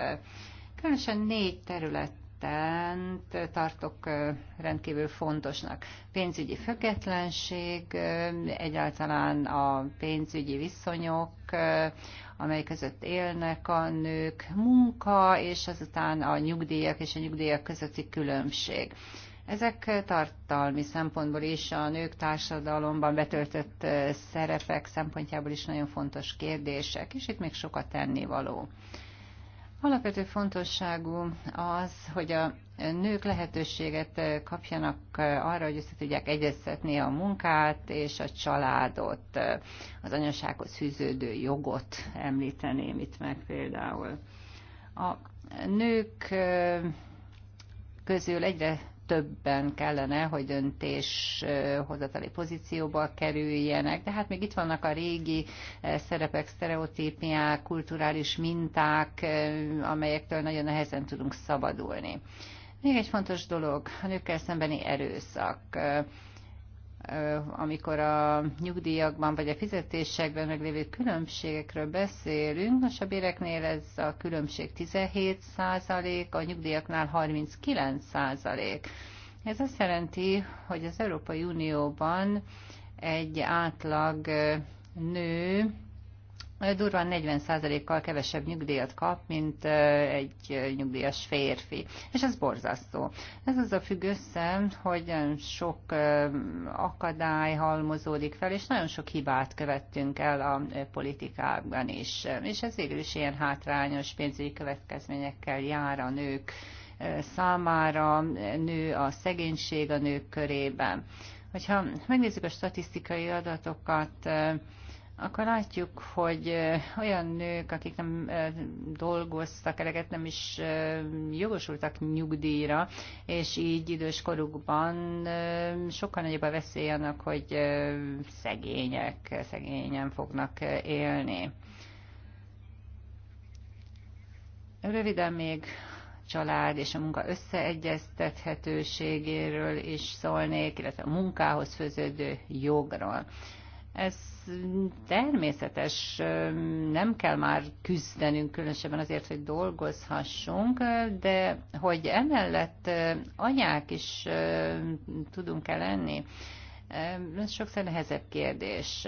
Különösen négy terület területen tartok rendkívül fontosnak. Pénzügyi függetlenség, egyáltalán a pénzügyi viszonyok, amely között élnek a nők, munka, és azután a nyugdíjak és a nyugdíjak közötti különbség. Ezek tartalmi szempontból is a nők társadalomban betöltött szerepek szempontjából is nagyon fontos kérdések, és itt még sokat tennivaló. való. Alapvető fontosságú az, hogy a nők lehetőséget kapjanak arra, hogy össze tudják egyeztetni a munkát és a családot, az anyasághoz fűződő jogot említeném itt meg például. A nők közül egyre többen kellene, hogy döntés hozatali pozícióba kerüljenek, de hát még itt vannak a régi eh, szerepek, sztereotípiák, kulturális minták, eh, amelyektől nagyon nehezen tudunk szabadulni. Még egy fontos dolog, a nőkkel szembeni erőszak amikor a nyugdíjakban vagy a fizetésekben meglévő különbségekről beszélünk, most a béreknél ez a különbség 17 százalék, a nyugdíjaknál 39 százalék. Ez azt jelenti, hogy az Európai Unióban egy átlag nő durván 40%-kal kevesebb nyugdíjat kap, mint egy nyugdíjas férfi. És ez borzasztó. Ez az a függ össze, hogy sok akadály halmozódik fel, és nagyon sok hibát követtünk el a politikában is. És ez végül is ilyen hátrányos pénzügyi következményekkel jár a nők számára, nő a szegénység a nők körében. Hogyha megnézzük a statisztikai adatokat, akkor látjuk, hogy olyan nők, akik nem dolgoztak eleget, nem is jogosultak nyugdíjra, és így idős korukban sokkal nagyobb a veszély annak, hogy szegények, szegényen fognak élni. Röviden még család és a munka összeegyeztethetőségéről is szólnék, illetve a munkához főződő jogról. Ez természetes, nem kell már küzdenünk különösebben azért, hogy dolgozhassunk, de hogy emellett anyák is tudunk-e lenni, ez sokszor nehezebb kérdés.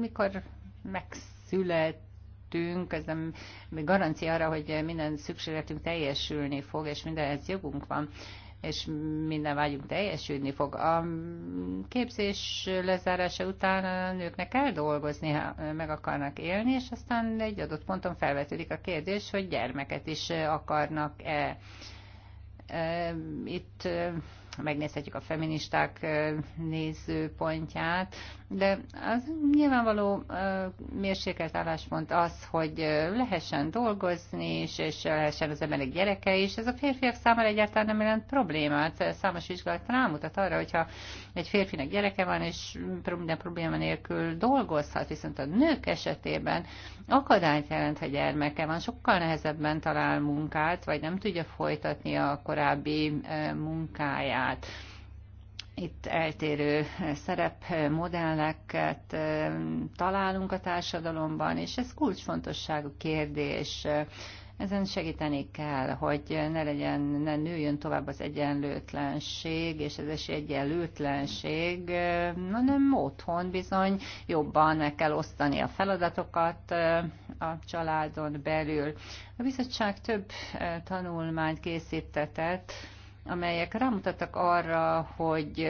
Mikor megszület ez nem garancia arra, hogy minden szükségletünk teljesülni fog, és mindenhez jogunk van és minden vágyunk teljesülni fog. A képzés lezárása után a nőknek kell dolgozni, ha meg akarnak élni, és aztán egy adott ponton felvetődik a kérdés, hogy gyermeket is akarnak-e. Itt megnézhetjük a feministák nézőpontját. De az nyilvánvaló mérsékelt álláspont az, hogy lehessen dolgozni, és, és lehessen az emberek gyereke is. Ez a férfiak számára egyáltalán nem jelent problémát. Számos vizsgálat rámutat arra, hogyha egy férfinek gyereke van, és minden probléma nélkül dolgozhat, viszont a nők esetében akadályt jelent, ha gyermeke van. Sokkal nehezebben talál munkát, vagy nem tudja folytatni a korábbi munkáját. Itt eltérő szerepmodelleket találunk a társadalomban, és ez kulcsfontosságú kérdés. Ezen segíteni kell, hogy ne legyen, ne nőjön tovább az egyenlőtlenség, és ez is egyenlőtlenség, hanem otthon bizony jobban meg kell osztani a feladatokat a családon belül. A bizottság több tanulmányt készítetett, amelyek rámutattak arra, hogy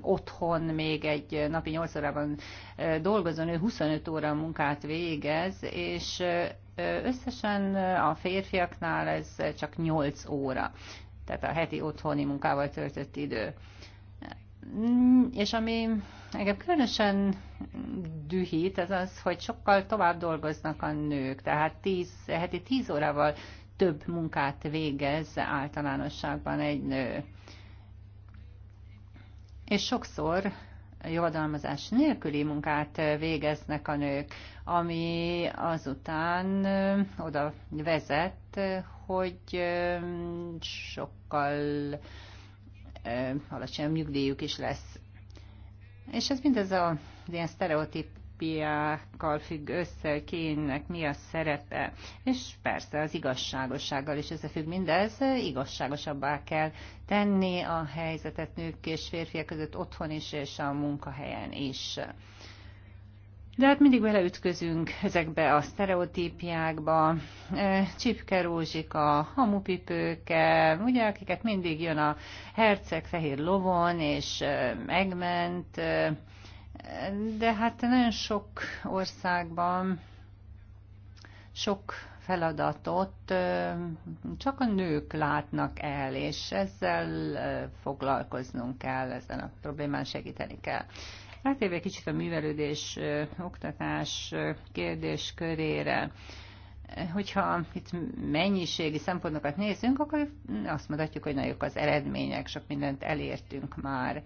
otthon még egy napi 8 órában dolgozó nő 25 óra munkát végez, és összesen a férfiaknál ez csak 8 óra, tehát a heti otthoni munkával töltött idő. És ami engem különösen dühít, az az, hogy sokkal tovább dolgoznak a nők, tehát 10, heti 10 órával több munkát végez általánosságban egy nő. És sokszor jogadalmazás nélküli munkát végeznek a nők, ami azután oda vezet, hogy sokkal alacsonyabb nyugdíjuk is lesz. És ez mindez a ilyen sztereotíp utópiákkal függ össze, hogy kénnek mi a szerepe. És persze az igazságossággal is összefügg mindez, igazságosabbá kell tenni a helyzetet nők és férfiak között otthon is, és a munkahelyen is. De hát mindig beleütközünk ezekbe a sztereotípiákba, e, csipke rózsika, hamupipőke, ugye, akiket mindig jön a herceg fehér lovon, és e, megment, e, de hát nagyon sok országban sok feladatot csak a nők látnak el, és ezzel foglalkoznunk kell, ezen a problémán segíteni kell. Rátérve kicsit a művelődés, oktatás kérdés körére, hogyha itt mennyiségi szempontokat nézünk, akkor azt mondhatjuk, hogy nagyok az eredmények, sok mindent elértünk már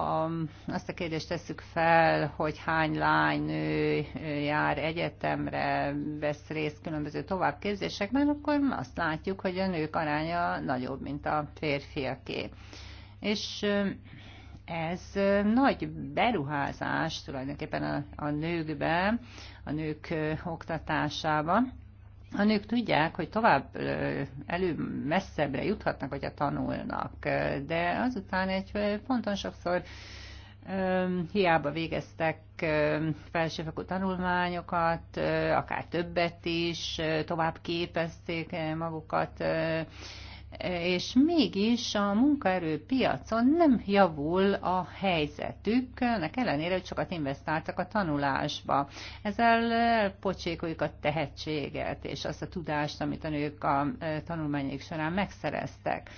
ha azt a kérdést tesszük fel, hogy hány lány nő jár egyetemre, vesz részt különböző továbbképzésekben, akkor azt látjuk, hogy a nők aránya nagyobb, mint a férfiaké. És ez nagy beruházás tulajdonképpen a, a nőkbe, a nők oktatásába a nők tudják, hogy tovább elő messzebbre juthatnak, hogyha tanulnak, de azután egy ponton sokszor hiába végeztek felsőfokú tanulmányokat, akár többet is, tovább képezték magukat, és mégis a munkaerőpiacon nem javul a helyzetük, ennek ellenére, hogy sokat investáltak a tanulásba. Ezzel pocsékoljuk a tehetséget és azt a tudást, amit a nők a e, tanulmányok során megszereztek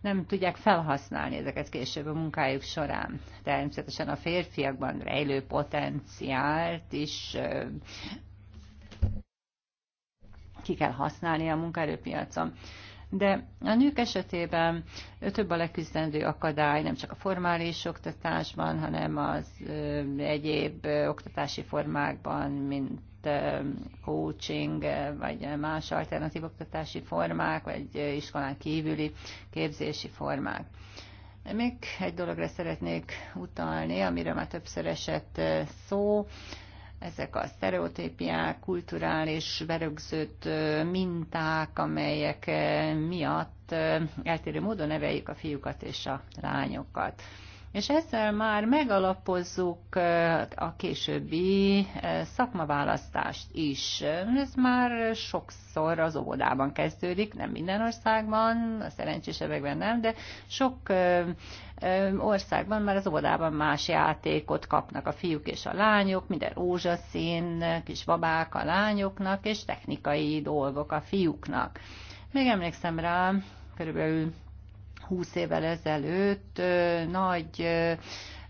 nem tudják felhasználni ezeket később a munkájuk során. Természetesen a férfiakban rejlő potenciált is e, ki kell használni a munkaerőpiacon de a nők esetében több a leküzdendő akadály, nem csak a formális oktatásban, hanem az egyéb oktatási formákban, mint coaching, vagy más alternatív oktatási formák, vagy iskolán kívüli képzési formák. Még egy dologra szeretnék utalni, amire már többször esett szó, ezek a sztereotépiák, kulturális berögzött minták, amelyek miatt eltérő módon neveljük a fiúkat és a lányokat és ezzel már megalapozzuk a későbbi szakmaválasztást is. Ez már sokszor az óvodában kezdődik, nem minden országban, a szerencsésebbekben nem, de sok országban már az óvodában más játékot kapnak a fiúk és a lányok, minden rózsaszín, kis babák a lányoknak, és technikai dolgok a fiúknak. Még emlékszem rá, körülbelül 20 évvel ezelőtt nagy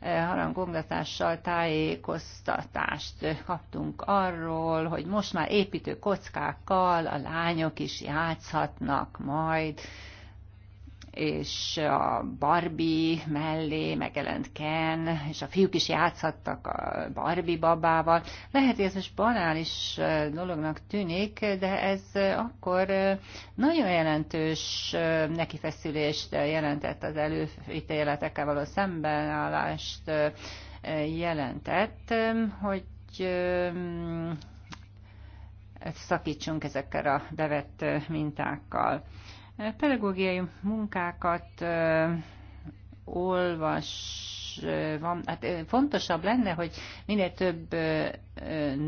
harangongatással tájékoztatást kaptunk arról, hogy most már építő kockákkal a lányok is játszhatnak majd és a Barbie mellé megjelent Ken, és a fiúk is játszhattak a Barbie babával. Lehet, hogy ez most banális dolognak tűnik, de ez akkor nagyon jelentős nekifeszülést jelentett az előítéletekkel való szembenállást jelentett, hogy szakítsunk ezekkel a bevett mintákkal. Pedagógiai munkákat olvas, van, hát fontosabb lenne, hogy minél több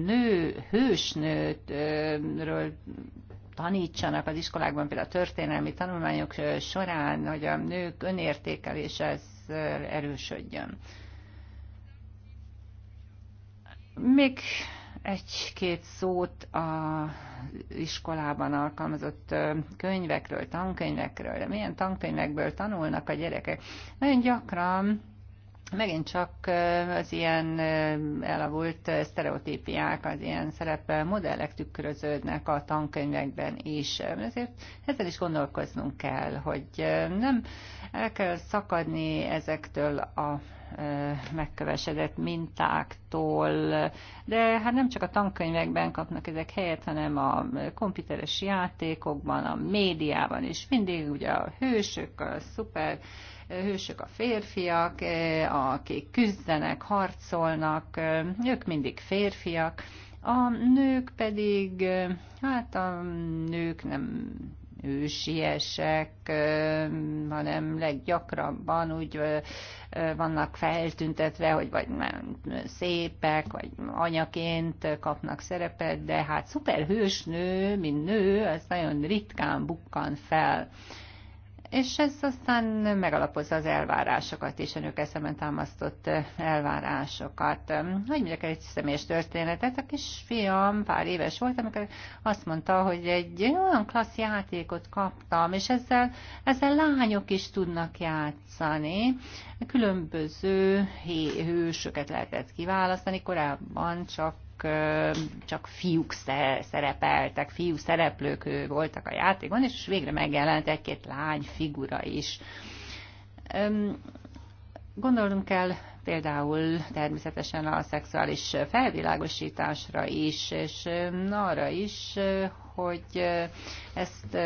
nő, hősnőtről tanítsanak az iskolákban, például a történelmi tanulmányok során, hogy a nők önértékelése ez erősödjön. Még egy-két szót a iskolában alkalmazott könyvekről, tankönyvekről, de milyen tankönyvekből tanulnak a gyerekek. Nagyon gyakran megint csak az ilyen elavult sztereotípiák, az ilyen szerep modellek tükröződnek a tankönyvekben is. Ezért ezzel is gondolkoznunk kell, hogy nem el kell szakadni ezektől a megkövesedett mintáktól, de hát nem csak a tankönyvekben kapnak ezek helyet, hanem a komputeres játékokban, a médiában is. Mindig ugye a hősök, a szuper hősök a férfiak, akik küzdenek, harcolnak, ők mindig férfiak, a nők pedig, hát a nők nem ősiesek, hanem leggyakrabban úgy vannak feltüntetve, hogy vagy szépek, vagy anyaként kapnak szerepet, de hát szuperhősnő, mint nő, az nagyon ritkán bukkan fel és ez aztán megalapozza az elvárásokat és a nők eszemben támasztott eh, elvárásokat. Hogy mondjak egy személyes történetet, a kisfiam pár éves volt, amikor azt mondta, hogy egy olyan klassz játékot kaptam, és ezzel, ezzel lányok is tudnak játszani. Különböző hősöket lehetett kiválasztani, korábban csak csak fiúk szerepeltek, fiú szereplők voltak a játékban, és végre megjelent egy-két lány figura is. Gondolnunk kell például természetesen a szexuális felvilágosításra is, és arra is, hogy ezt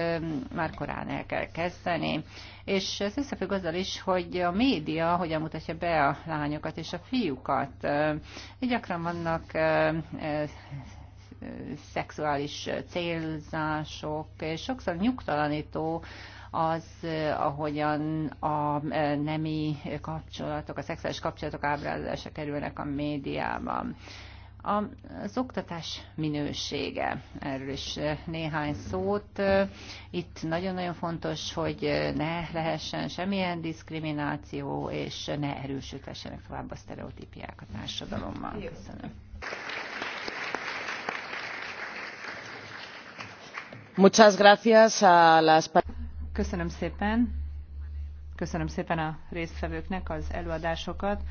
már korán el kell kezdeni. És ez összefügg azzal is, hogy a média hogyan mutatja be a lányokat és a fiúkat. Gyakran vannak szexuális célzások, és sokszor nyugtalanító az, ahogyan a nemi kapcsolatok, a szexuális kapcsolatok ábrázolása kerülnek a médiában. Az oktatás minősége, erről is néhány szót. Itt nagyon-nagyon fontos, hogy ne lehessen semmilyen diszkrimináció, és ne erősítessenek tovább a sztereotípiák a társadalommal. Köszönöm. Muchas gracias a las... Köszönöm szépen. Köszönöm szépen a résztvevőknek az előadásokat.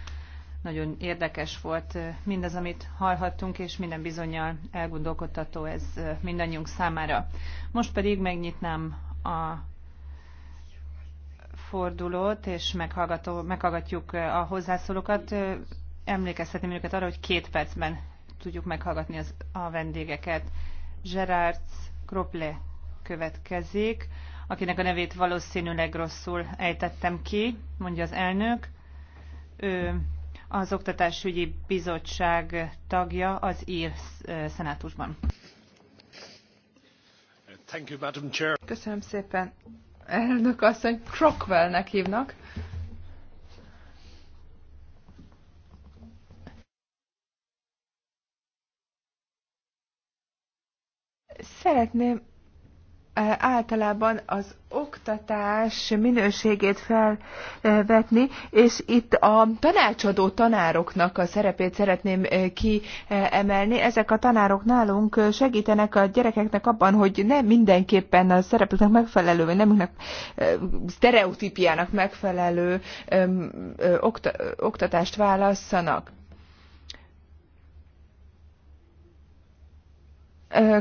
Nagyon érdekes volt mindaz, amit hallhattunk, és minden bizonyal elgondolkodtató ez mindannyiunk számára. Most pedig megnyitnám a fordulót, és meghallgatjuk a hozzászólókat. Emlékeztetném őket arra, hogy két percben tudjuk meghallgatni az, a vendégeket. Gerard Krople következik, akinek a nevét valószínűleg rosszul ejtettem ki, mondja az elnök. Ő az Oktatásügyi Bizottság tagja az ír szenátusban. Köszönöm szépen. Elnök asszony, Crockwellnek hívnak. Szeretném általában az oktatás minőségét felvetni, és itt a tanácsadó tanároknak a szerepét szeretném kiemelni. Ezek a tanárok nálunk segítenek a gyerekeknek abban, hogy nem mindenképpen a szerepüknek megfelelő, vagy nemüknek sztereotípiának megfelelő oktatást válasszanak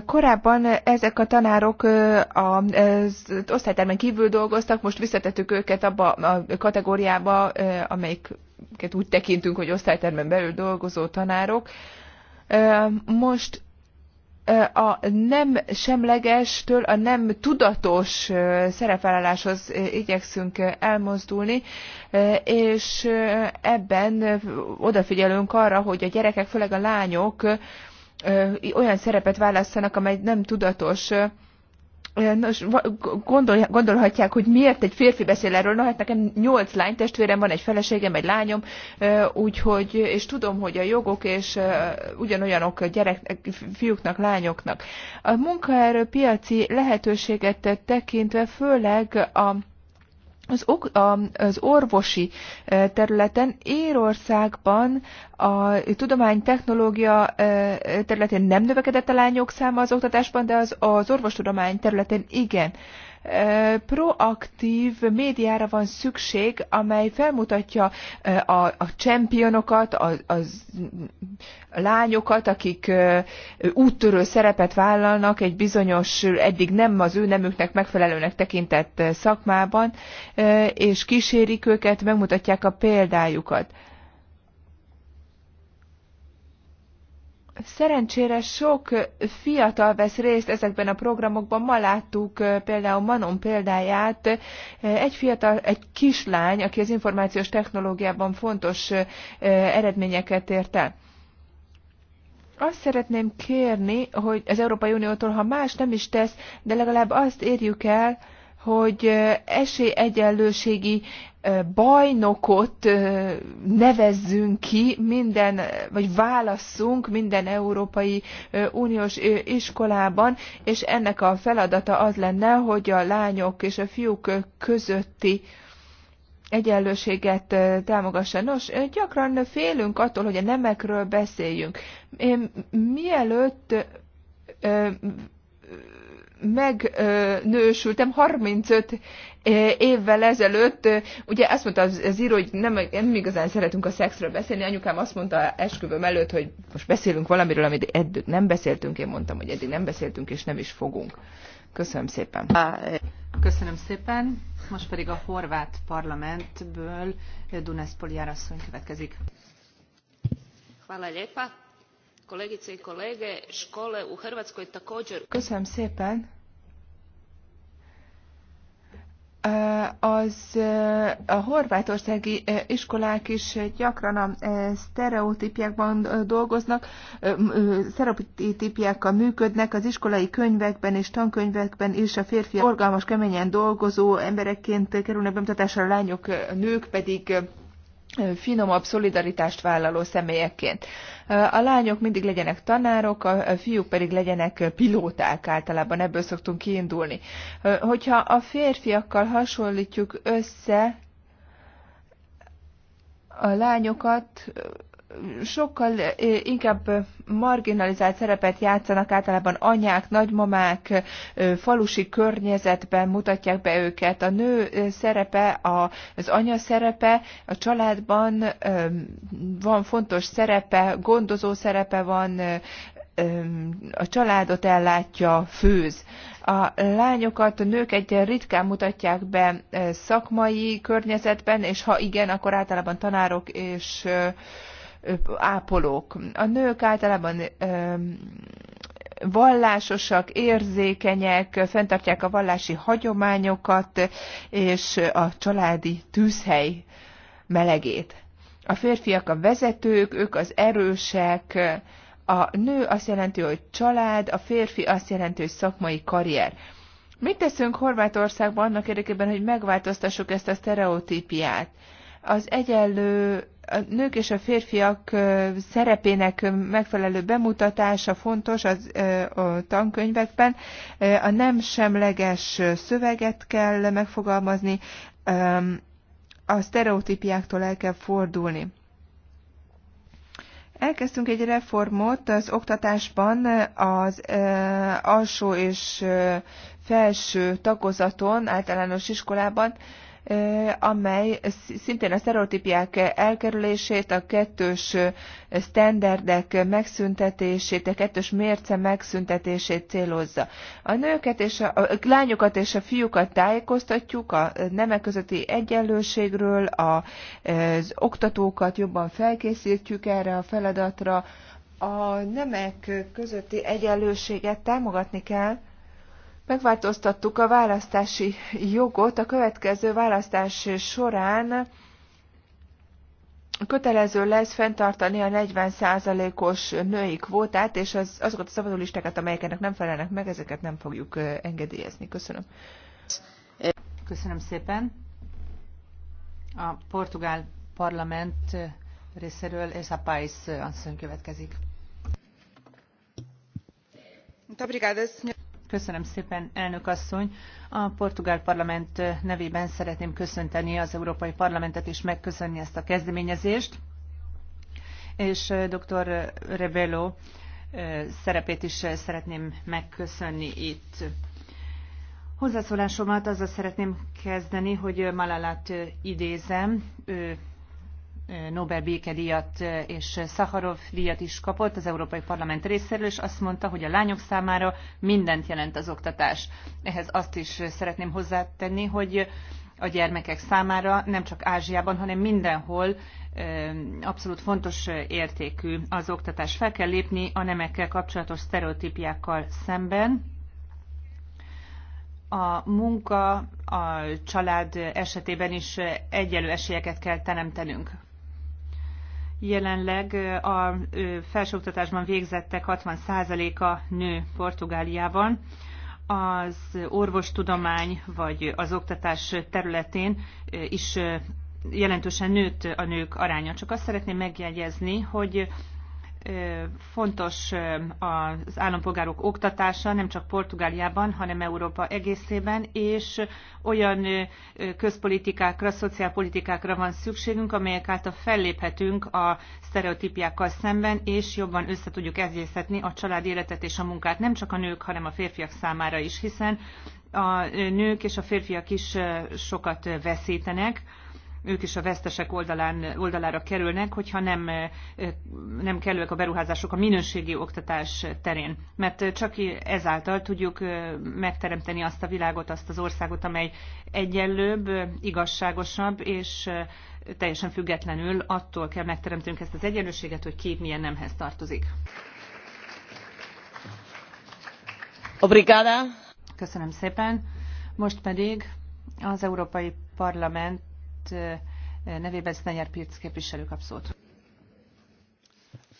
Korábban ezek a tanárok az osztálytermen kívül dolgoztak, most visszatettük őket abba a kategóriába, amelyiket úgy tekintünk, hogy osztálytermen belül dolgozó tanárok. Most a nem semlegestől a nem tudatos szerepvállaláshoz igyekszünk elmozdulni, és ebben odafigyelünk arra, hogy a gyerekek, főleg a lányok olyan szerepet választanak, amely nem tudatos. Nos, gondol, gondolhatják, hogy miért egy férfi beszél erről. Na, hát nekem nyolc lány testvérem van, egy feleségem, egy lányom, úgyhogy, és tudom, hogy a jogok és ugyanolyanok gyerek, fiúknak, lányoknak. A munkaerőpiaci lehetőséget tekintve, főleg a az, ok, az orvosi e, területen Érországban a tudománytechnológia e, területén nem növekedett a lányok száma az oktatásban, de az, az orvostudomány területén igen proaktív médiára van szükség, amely felmutatja a, a championokat, a, a lányokat, akik úttörő szerepet vállalnak egy bizonyos, eddig nem az ő nemüknek megfelelőnek tekintett szakmában, és kísérik őket, megmutatják a példájukat Szerencsére sok fiatal vesz részt ezekben a programokban. Ma láttuk például Manon példáját. Egy fiatal, egy kislány, aki az információs technológiában fontos eredményeket ért el. Azt szeretném kérni, hogy az Európai Uniótól, ha más nem is tesz, de legalább azt érjük el, hogy esélyegyenlőségi bajnokot nevezzünk ki minden, vagy válasszunk minden Európai Uniós iskolában, és ennek a feladata az lenne, hogy a lányok és a fiúk közötti egyenlőséget támogassa. Nos, gyakran félünk attól, hogy a nemekről beszéljünk. Én mielőtt megnősültem 35 eh, évvel ezelőtt, ugye azt mondta az író, hogy nem, nem igazán szeretünk a szexről beszélni, anyukám azt mondta esküvőm előtt, hogy most beszélünk valamiről, amit eddig nem beszéltünk, én mondtam, hogy eddig nem beszéltünk, és nem is fogunk. Köszönöm szépen. Köszönöm szépen. Most pedig a horvát parlamentből Dunesz Poliár asszony következik. Hvala lijepa kolegice i kolege, škole u Hrvatskoj također... Köszönöm szépen! Az a horvátországi iskolák is gyakran a sztereotípiákban dolgoznak, sztereotípiákkal működnek, az iskolai könyvekben és tankönyvekben is a férfiak forgalmas, keményen dolgozó emberekként kerülnek bemutatásra, a lányok, a nők pedig finomabb szolidaritást vállaló személyeként. A lányok mindig legyenek tanárok, a fiúk pedig legyenek pilóták általában, ebből szoktunk kiindulni. Hogyha a férfiakkal hasonlítjuk össze a lányokat, sokkal eh, inkább marginalizált szerepet játszanak általában anyák, nagymamák, eh, falusi környezetben mutatják be őket. A nő eh, szerepe, az anya szerepe a családban van fontos szerepe, gondozó szerepe van, a családot ellátja, főz. A lányokat a nők egy ritkán mutatják be szakmai környezetben, és ha igen, akkor általában tanárok és ápolók. A nők általában vallásosak, érzékenyek, fenntartják a vallási hagyományokat és a családi tűzhely melegét. A férfiak a vezetők, ők az erősek, a nő azt jelenti, hogy család, a férfi azt jelenti, hogy szakmai karrier. Mit teszünk Horvátországban annak érdekében, hogy megváltoztassuk ezt a sztereotípiát? az egyenlő a nők és a férfiak szerepének megfelelő bemutatása fontos az, a tankönyvekben. A nem semleges szöveget kell megfogalmazni, a sztereotípiáktól el kell fordulni. Elkezdtünk egy reformot az oktatásban az alsó és felső tagozaton, általános iskolában, amely szintén a sztereotípiák elkerülését, a kettős sztenderdek megszüntetését, a kettős mérce megszüntetését célozza. A nőket és a, a lányokat és a fiúkat tájékoztatjuk a nemek közötti egyenlőségről, a, az oktatókat jobban felkészítjük erre a feladatra, a nemek közötti egyenlőséget támogatni kell, Megváltoztattuk a választási jogot a következő választás során kötelező lesz fenntartani a 40%-os női kvótát, és az, azokat a szabadulistákat, amelyek ennek nem felelnek meg, ezeket nem fogjuk engedélyezni. Köszönöm. Köszönöm szépen. A portugál parlament részéről a Pais asszony következik. Köszönöm szépen, elnök asszony. A portugál parlament nevében szeretném köszönteni az Európai Parlamentet és megköszönni ezt a kezdeményezést. És dr. Rebelo szerepét is szeretném megköszönni itt. Hozzászólásomat azzal szeretném kezdeni, hogy Malalát idézem. Ő Nobel békedíjat és Szaharov díjat is kapott az Európai Parlament részéről, és azt mondta, hogy a lányok számára mindent jelent az oktatás. Ehhez azt is szeretném hozzátenni, hogy a gyermekek számára nem csak Ázsiában, hanem mindenhol abszolút fontos értékű az oktatás. Fel kell lépni a nemekkel kapcsolatos sztereotípiákkal szemben, a munka, a család esetében is egyenlő esélyeket kell teremtenünk. Jelenleg a felsőoktatásban végzettek 60%-a nő Portugáliában. Az orvostudomány vagy az oktatás területén is jelentősen nőtt a nők aránya. Csak azt szeretném megjegyezni, hogy fontos az állampolgárok oktatása, nem csak Portugáliában, hanem Európa egészében, és olyan közpolitikákra, szociálpolitikákra van szükségünk, amelyek által felléphetünk a sztereotípiákkal szemben, és jobban össze tudjuk ezészhetni a család életet és a munkát, nem csak a nők, hanem a férfiak számára is, hiszen a nők és a férfiak is sokat veszítenek, ők is a vesztesek oldalán, oldalára kerülnek, hogyha nem, nem kellőek a beruházások a minőségi oktatás terén. Mert csak ezáltal tudjuk megteremteni azt a világot, azt az országot, amely egyenlőbb, igazságosabb, és teljesen függetlenül attól kell megteremtenünk ezt az egyenlőséget, hogy ki milyen nemhez tartozik. Obrigada. Köszönöm szépen. Most pedig az Európai Parlament nevében Szenyer Pirc képviselő kap szót.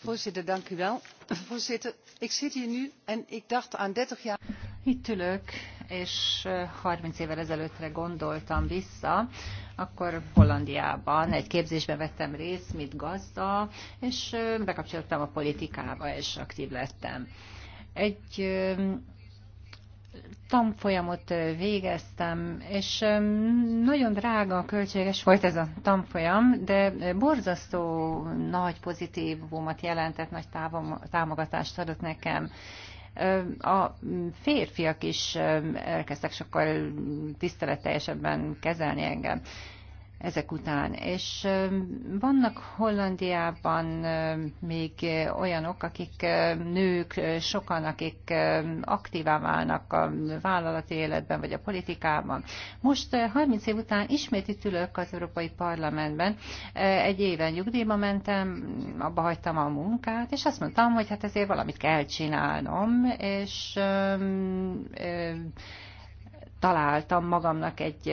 Voorzitter, dank u wel. Voorzitter, ik zit hier nu en ik dacht aan 30 jaar... Itt ülök, és 30 évvel ezelőttre gondoltam vissza, akkor Hollandiában egy képzésben vettem részt, mint gazda, és bekapcsoltam a politikába, és aktív lettem. Egy tanfolyamot végeztem, és nagyon drága, költséges volt ez a tanfolyam, de borzasztó nagy pozitívumot jelentett, nagy támogatást adott nekem a férfiak is elkezdtek sokkal tiszteleteljesebben kezelni engem ezek után. És vannak Hollandiában még olyanok, akik nők, sokan, akik aktívá válnak a vállalati életben vagy a politikában. Most 30 év után ismét itt ülök az Európai Parlamentben. Egy éven nyugdíjba mentem, abba hagytam a munkát, és azt mondtam, hogy hát ezért valamit kell csinálnom, és találtam magamnak egy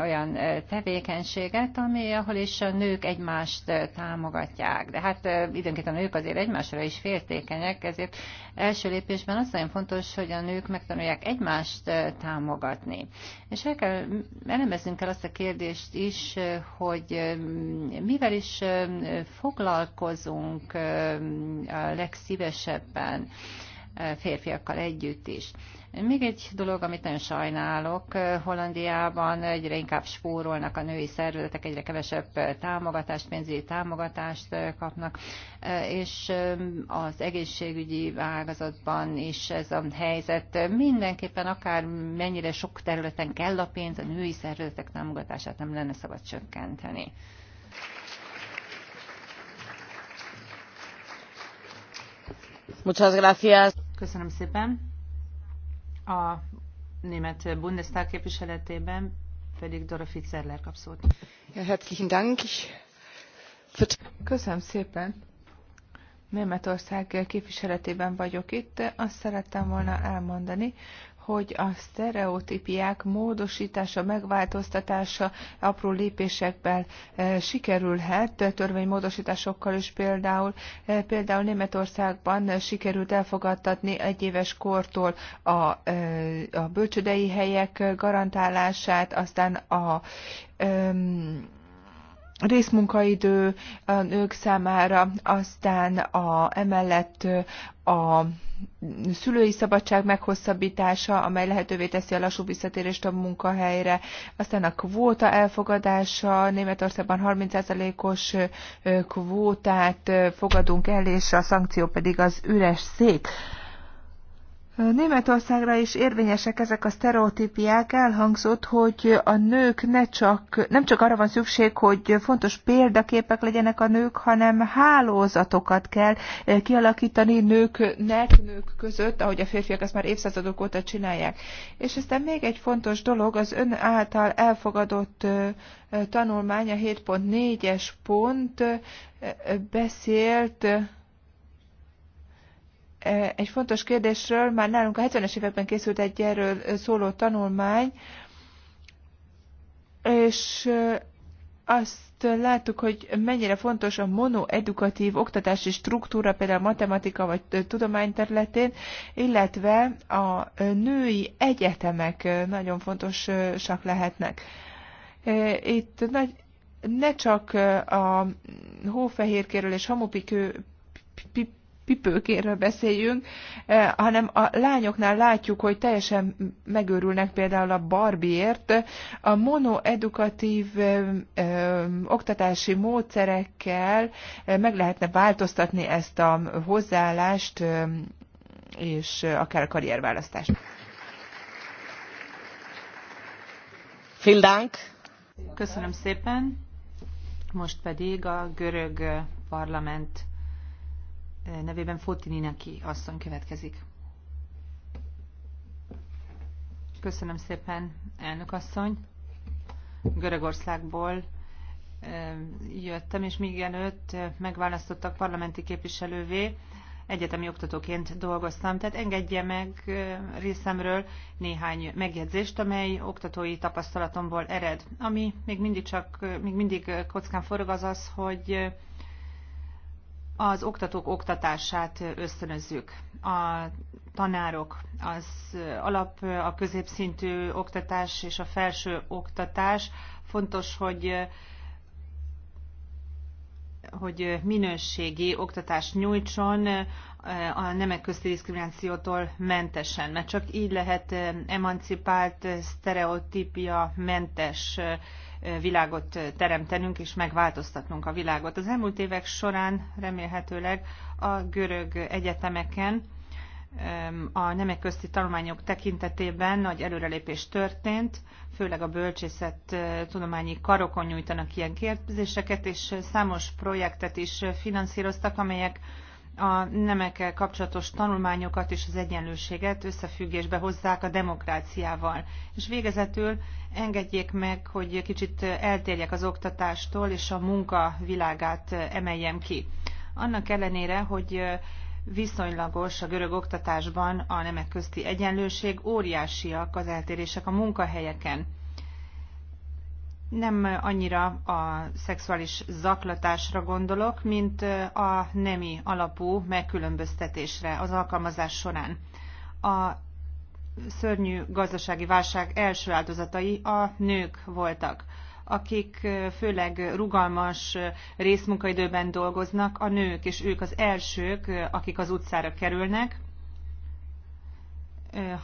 olyan tevékenységet, ami, ahol is a nők egymást támogatják. De hát időnként a nők azért egymásra is féltékenyek, ezért első lépésben az nagyon fontos, hogy a nők megtanulják egymást támogatni. És el kell, elemeznünk el azt a kérdést is, hogy mivel is foglalkozunk a legszívesebben férfiakkal együtt is. Még egy dolog, amit nagyon sajnálok, eh, Hollandiában egyre inkább spórolnak a női szervezetek, egyre kevesebb eh, támogatást, pénzügyi támogatást eh, kapnak, és az egészségügyi ágazatban is ez a helyzet. Mindenképpen akár mennyire sok területen kell a pénz, a női szervezetek támogatását nem lenne szabad csökkenteni. Muchas gracias. Köszönöm szépen. A német Bundestag képviseletében pedig Dora Fitzerler kap szót. Ja, herzlichen Dank. Köszönöm szépen. Németország képviseletében vagyok itt. Azt szerettem volna elmondani, hogy a sztereotípiák módosítása, megváltoztatása apró lépésekben eh, sikerülhet, törvénymódosításokkal is például. Eh, például Németországban eh, sikerült elfogadtatni egyéves kortól a, a bölcsödei helyek garantálását, aztán a részmunkaidő a nők számára, aztán a, emellett a szülői szabadság meghosszabbítása, amely lehetővé teszi a lassú visszatérést a munkahelyre, aztán a kvóta elfogadása, Németországban 30%-os kvótát fogadunk el, és a szankció pedig az üres szék. Németországra is érvényesek ezek a sztereotípiák. Elhangzott, hogy a nők ne csak, nem csak arra van szükség, hogy fontos példaképek legyenek a nők, hanem hálózatokat kell eh, kialakítani nőknek, nők között, ahogy a férfiak ezt már évszázadok óta csinálják. És aztán még egy fontos dolog, az ön által elfogadott eh, tanulmánya 7.4-es pont eh, beszélt egy fontos kérdésről, már nálunk a 70-es években készült egy erről szóló tanulmány, és azt láttuk, hogy mennyire fontos a monoedukatív oktatási struktúra, például matematika vagy tudományterületén, illetve a női egyetemek nagyon fontosak lehetnek. Itt nagy, ne csak a hófehérkéről és hamupikő pipőkéről beszéljünk, eh, hanem a lányoknál látjuk, hogy teljesen megőrülnek például a barbiért. A monoedukatív eh, eh, oktatási módszerekkel meg lehetne változtatni ezt a hozzáállást ö, és akár a karrierválasztást. Vielen Köszönöm szépen. Most pedig a görög parlament nevében neki asszony következik. Köszönöm szépen, elnök asszony. Görögországból jöttem, és még előtt megválasztottak parlamenti képviselővé, egyetemi oktatóként dolgoztam, tehát engedje meg részemről néhány megjegyzést, amely oktatói tapasztalatomból ered. Ami még mindig, csak, még mindig kockán forog az az, hogy az oktatók oktatását ösztönözzük. A tanárok, az alap, a középszintű oktatás és a felső oktatás fontos, hogy hogy minőségi oktatást nyújtson a nemek közti diszkriminációtól mentesen, mert csak így lehet emancipált, sztereotípia mentes világot teremtenünk és megváltoztatnunk a világot. Az elmúlt évek során remélhetőleg a görög egyetemeken a nemek közti tanulmányok tekintetében nagy előrelépés történt, főleg a bölcsészet eh, tudományi karokon nyújtanak ilyen képzéseket, és eh, számos projektet is eh, finanszíroztak, amelyek a nemekkel kapcsolatos tanulmányokat és az egyenlőséget összefüggésbe hozzák a demokráciával. És végezetül engedjék meg, hogy kicsit eltérjek az oktatástól és a munka világát emeljem ki. Annak ellenére, hogy viszonylagos a görög oktatásban a nemek közti egyenlőség, óriásiak az eltérések a munkahelyeken nem annyira a szexuális zaklatásra gondolok, mint a nemi alapú megkülönböztetésre az alkalmazás során. A szörnyű gazdasági válság első áldozatai a nők voltak akik főleg rugalmas részmunkaidőben dolgoznak, a nők, és ők az elsők, akik az utcára kerülnek,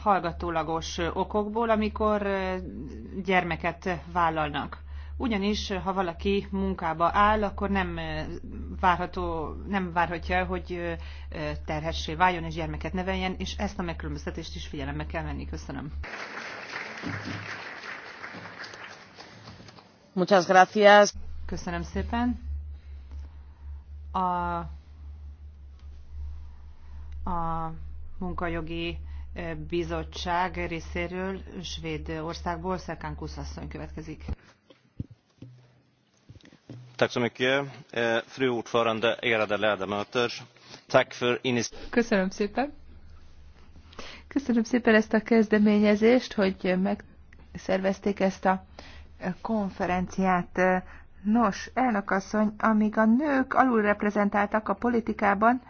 hallgatólagos okokból, amikor gyermeket vállalnak. Ugyanis, ha valaki munkába áll, akkor nem, várható, nem várhatja, hogy terhessé váljon és gyermeket neveljen, és ezt a megkülönböztetést is figyelembe kell venni. Köszönöm. Muchas gracias. Köszönöm szépen. A, a munkajogi Bizottság részéről Svédországból Szerkán Kuszasszony következik. Tack så mycket, eh, fru ordförande, ärade ledamöter. Tack för Köszönöm szépen. Köszönöm szépen ezt a kezdeményezést, hogy megszervezték ezt a konferenciát. Nos, elnök asszony, amíg a nők alulreprezentáltak a politikában,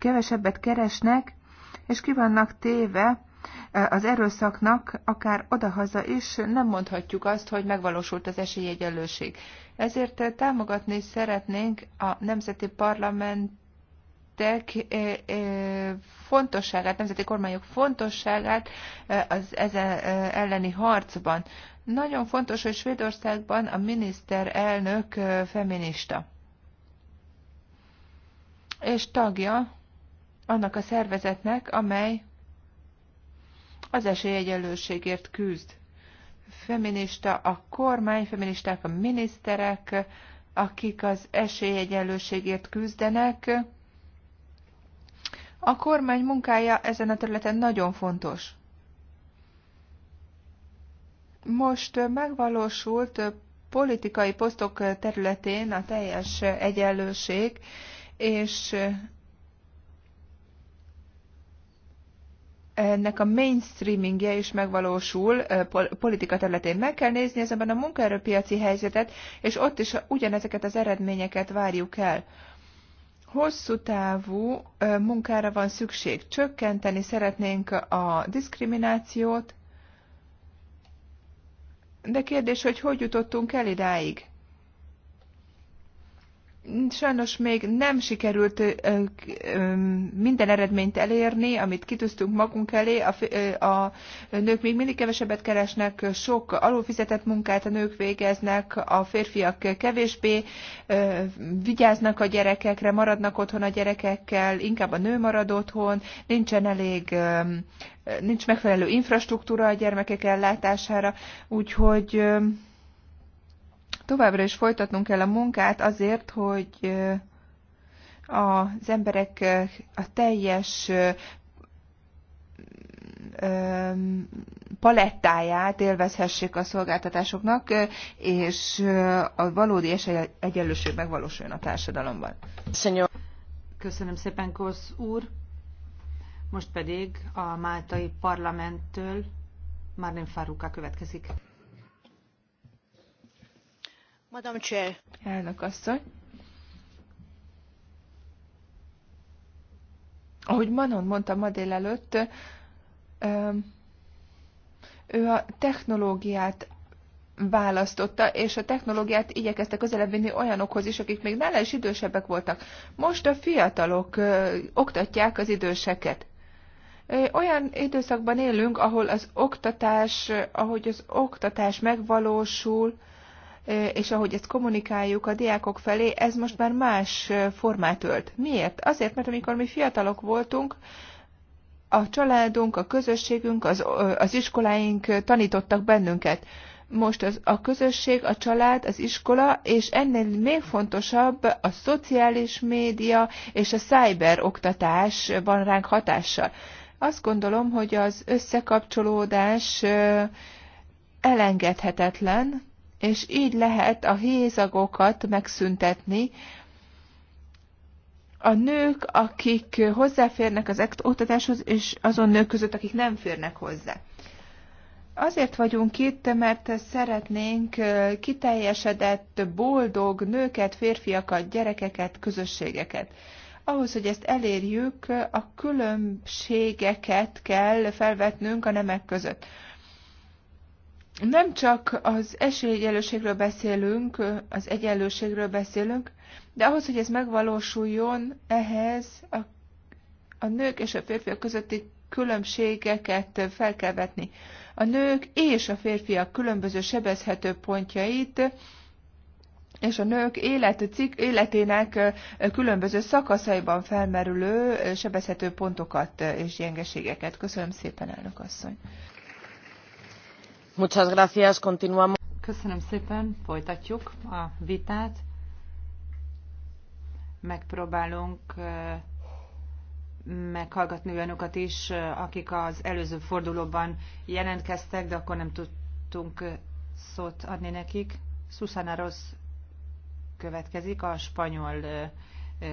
kevesebbet keresnek, és ki vannak téve e, az erőszaknak, akár odahaza is, nem mondhatjuk azt, hogy megvalósult az esélyegyenlőség. Ezért e, támogatni szeretnénk a nemzeti parlament e, fontosságát, nemzeti kormányok fontosságát az ezen elleni harcban. Nagyon fontos, hogy Svédországban a miniszterelnök feminista és tagja annak a szervezetnek, amely az esélyegyenlőségért küzd. Feminista a kormány, feministák a miniszterek, akik az esélyegyenlőségért küzdenek. A kormány munkája ezen a területen nagyon fontos. Most megvalósult politikai posztok területén a teljes egyenlőség, és ennek a mainstreamingje is megvalósul politika területén. Meg kell nézni ezenben a munkaerőpiaci helyzetet, és ott is ugyanezeket az eredményeket várjuk el. Hosszú távú munkára van szükség. Csökkenteni szeretnénk a diszkriminációt, de kérdés, hogy hogy jutottunk el idáig? sajnos még nem sikerült minden eredményt elérni, amit kitűztünk magunk elé. A, a nők még mindig kevesebbet keresnek, sok alulfizetett munkát a nők végeznek, a férfiak kevésbé vigyáznak a gyerekekre, maradnak otthon a gyerekekkel, inkább a nő marad otthon, nincsen elég nincs megfelelő infrastruktúra a gyermekek ellátására, úgyhogy továbbra is folytatnunk kell a munkát azért, hogy az emberek a teljes palettáját élvezhessék a szolgáltatásoknak, és a valódi egyenlőség megvalósuljon a társadalomban. Köszönöm szépen, Kosz úr. Most pedig a Máltai Parlamenttől Márnén Fáruka következik. Madam Chair. Elnök asszony. Ahogy Manon mondta ma délelőtt, ő a technológiát választotta, és a technológiát igyekezte közelebb vinni olyanokhoz is, akik még nála is idősebbek voltak. Most a fiatalok ö, oktatják az időseket. Olyan időszakban élünk, ahol az oktatás, ahogy az oktatás megvalósul, és ahogy ezt kommunikáljuk a diákok felé, ez most már más formát ölt. Miért? Azért, mert amikor mi fiatalok voltunk, a családunk, a közösségünk, az, az iskoláink tanítottak bennünket. Most az, a közösség, a család, az iskola, és ennél még fontosabb a szociális média és a cyber oktatás van ránk hatással. Azt gondolom, hogy az összekapcsolódás elengedhetetlen, és így lehet a hézagokat megszüntetni. A nők, akik hozzáférnek az oktatáshoz, és azon nők között, akik nem férnek hozzá. Azért vagyunk itt, mert szeretnénk kiteljesedett, boldog nőket, férfiakat, gyerekeket, közösségeket. Ahhoz, hogy ezt elérjük, a különbségeket kell felvetnünk a nemek között nem csak az esélyegyenlőségről beszélünk, az egyenlőségről beszélünk, de ahhoz, hogy ez megvalósuljon, ehhez a, a nők és a férfiak közötti különbségeket fel kell vetni. A nők és a férfiak különböző sebezhető pontjait, és a nők életcik, életének különböző szakaszaiban felmerülő sebezhető pontokat és gyengeségeket. Köszönöm szépen, elnök asszony! Muchas gracias, continuamos. Köszönöm szépen, folytatjuk a vitát. Megpróbálunk meghallgatni olyanokat is, akik az előző fordulóban jelentkeztek, de akkor nem tudtunk szót adni nekik. Susana Rossz következik, a spanyol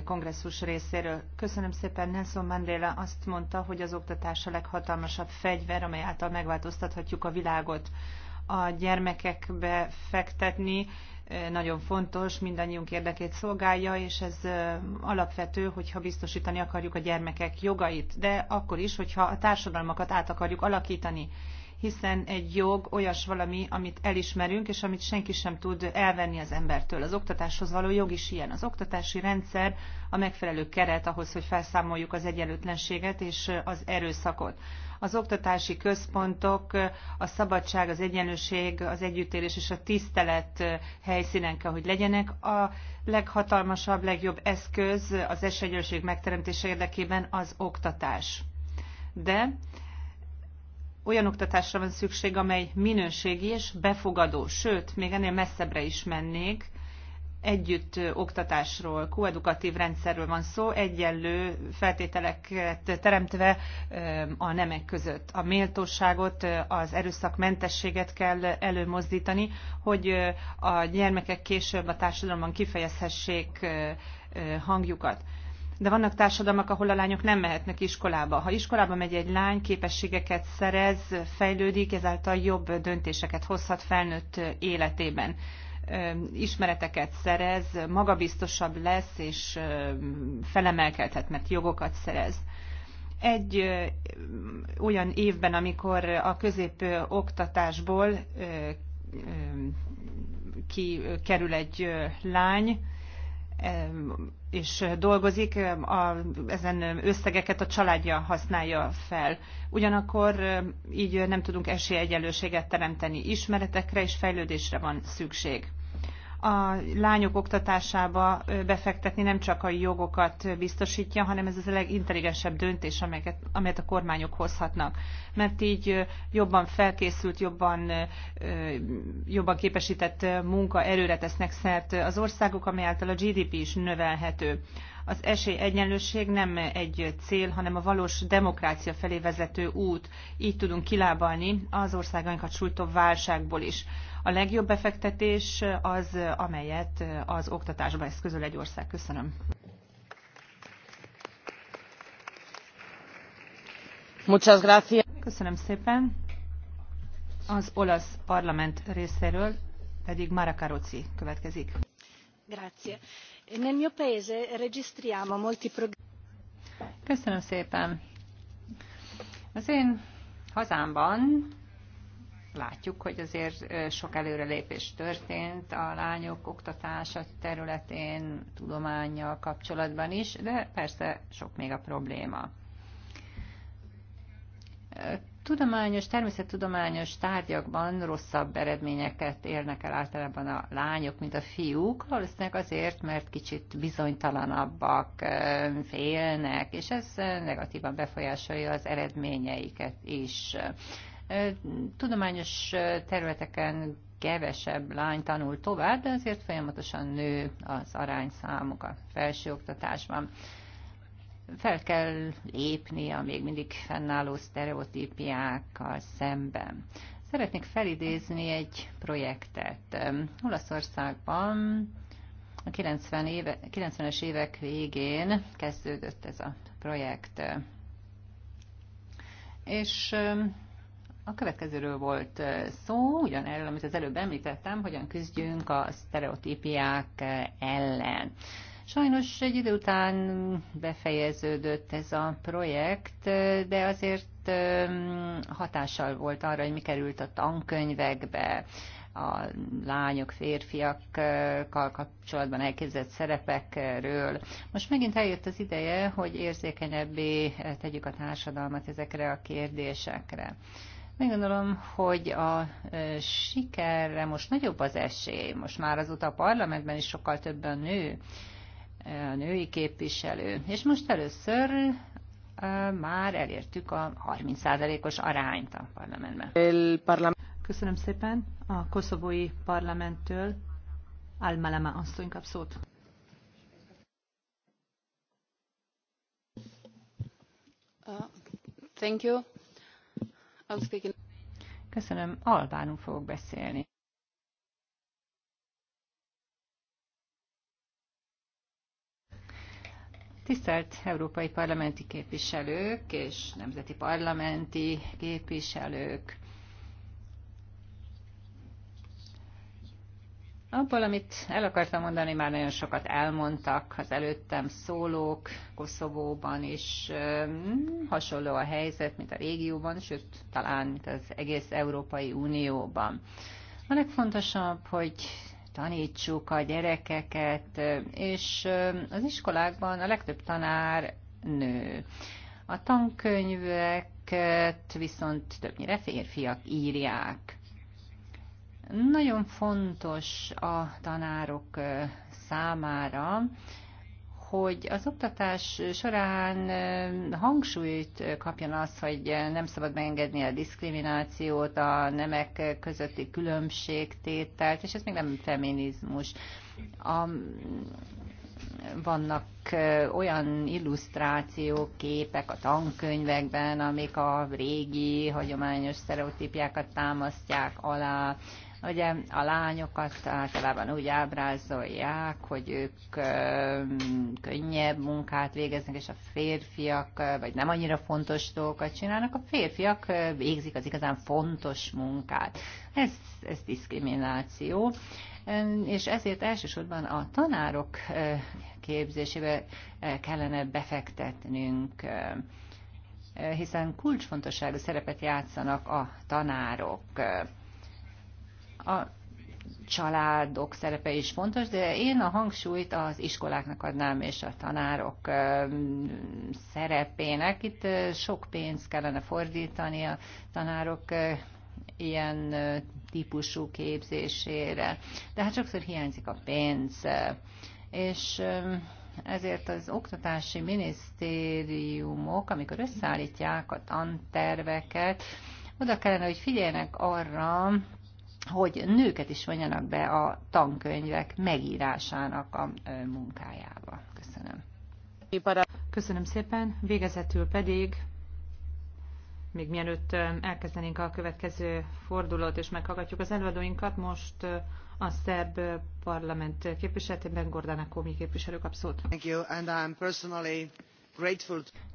kongresszus részéről. Köszönöm szépen, Nelson Mandela azt mondta, hogy az oktatás a leghatalmasabb fegyver, amely által megváltoztathatjuk a világot. A gyermekekbe fektetni eh, nagyon fontos, mindannyiunk érdekét szolgálja, és ez eh, alapvető, hogyha biztosítani akarjuk a gyermekek jogait, de akkor is, hogyha a társadalmakat át akarjuk alakítani hiszen egy jog olyas valami, amit elismerünk, és amit senki sem tud elvenni az embertől. Az oktatáshoz való jog is ilyen. Az oktatási rendszer a megfelelő keret ahhoz, hogy felszámoljuk az egyenlőtlenséget és az erőszakot. Az oktatási központok a szabadság, az egyenlőség, az együttélés és a tisztelet helyszínen kell, hogy legyenek. A leghatalmasabb, legjobb eszköz az esélyegyenlőség megteremtése érdekében az oktatás. De olyan oktatásra van szükség, amely minőségi és befogadó, sőt, még ennél messzebbre is mennék, együtt oktatásról, koedukatív rendszerről van szó, egyenlő feltételeket teremtve a nemek között. A méltóságot, az erőszakmentességet kell előmozdítani, hogy a gyermekek később a társadalomban kifejezhessék hangjukat de vannak társadalmak, ahol a lányok nem mehetnek iskolába. Ha iskolába megy egy lány, képességeket szerez, fejlődik, ezáltal jobb döntéseket hozhat felnőtt életében ismereteket szerez, magabiztosabb lesz, és felemelkedhet, mert jogokat szerez. Egy olyan évben, amikor a középoktatásból kikerül egy lány, és dolgozik, a, ezen összegeket a családja használja fel. Ugyanakkor így nem tudunk esélyegyenlőséget teremteni, ismeretekre és fejlődésre van szükség a lányok oktatásába befektetni nem csak a jogokat biztosítja, hanem ez az a legintelligensebb döntés, amelyet, amelyet a kormányok hozhatnak. Mert így jobban felkészült, jobban, jobban képesített munka erőre tesznek szert az országok, amely által a GDP is növelhető. Az esélyegyenlőség nem egy cél, hanem a valós demokrácia felé vezető út. Így tudunk kilábalni az országainkat sújtó válságból is. A legjobb befektetés az, amelyet az oktatásba eszközöl egy ország. Köszönöm. Muchas gracias. Köszönöm szépen. Az olasz parlament részéről pedig Mara Karoci következik. Grazie. Nel mio paese registriamo molti Köszönöm szépen. Az én hazámban látjuk, hogy azért sok előrelépés történt a lányok oktatása területén, tudományjal kapcsolatban is, de persze sok még a probléma. Tudományos, természettudományos tárgyakban rosszabb eredményeket érnek el általában a lányok, mint a fiúk, valószínűleg azért, mert kicsit bizonytalanabbak, félnek, és ez negatívan befolyásolja az eredményeiket is. Tudományos területeken kevesebb lány tanul tovább, de azért folyamatosan nő az arányszámuk a felsőoktatásban. Fel kell lépni a még mindig fennálló sztereotípiákkal szemben. Szeretnék felidézni egy projektet. Olaszországban a 90 éve, 90-es évek végén kezdődött ez a projekt. És a következőről volt szó, ugyanerről, amit az előbb említettem, hogyan küzdjünk a sztereotípiák ellen. Sajnos egy idő után befejeződött ez a projekt, de azért hatással volt arra, hogy mi került a tankönyvekbe, a lányok, férfiakkal kapcsolatban elképzelt szerepekről. Most megint eljött az ideje, hogy érzékenyebbé tegyük a társadalmat ezekre a kérdésekre. Még gondolom, hogy a e, sikerre most nagyobb az esély. Most már azóta a parlamentben is sokkal több a nő, e, a női képviselő. És most először e, már elértük a 30%-os arányt a parlamentben. Köszönöm szépen. A koszovói parlamenttől Almalama asszony kap szót. Uh, thank you. Köszönöm, albánul fogok beszélni. Tisztelt európai parlamenti képviselők és nemzeti parlamenti képviselők! Abból, amit el akartam mondani, már nagyon sokat elmondtak az előttem szólók, Koszovóban is hm, hasonló a helyzet, mint a régióban, sőt, talán, mint az egész Európai Unióban. A legfontosabb, hogy tanítsuk a gyerekeket, és hm, az iskolákban a legtöbb tanár nő. A tankönyveket viszont többnyire férfiak írják. Nagyon fontos a tanárok számára, hogy az oktatás során hangsúlyt kapjon az, hogy nem szabad megengedni a diszkriminációt, a nemek közötti különbségtételt, és ez még nem feminizmus. A, vannak olyan illusztrációk, képek a tankönyvekben, amik a régi hagyományos sztereotípiákat támasztják alá, Ugye a lányokat általában úgy ábrázolják, hogy ők könnyebb munkát végeznek, és a férfiak, vagy nem annyira fontos dolgokat csinálnak, a férfiak végzik az igazán fontos munkát. Ez, ez diszkrimináció és ezért elsősorban a tanárok képzésébe kellene befektetnünk, hiszen kulcsfontosságú szerepet játszanak a tanárok. A családok szerepe is fontos, de én a hangsúlyt az iskoláknak adnám, és a tanárok szerepének. Itt sok pénzt kellene fordítani a tanárok ilyen típusú képzésére. De hát sokszor hiányzik a pénz, és ezért az oktatási minisztériumok, amikor összeállítják a tanterveket, oda kellene, hogy figyeljenek arra, hogy nőket is vonjanak be a tankönyvek megírásának a munkájába. Köszönöm. Köszönöm szépen. Végezetül pedig, még mielőtt elkezdenénk a következő fordulót és meghallgatjuk az előadóinkat, most a szerb parlament képviseletében Gordana Komi képviselő kap szót.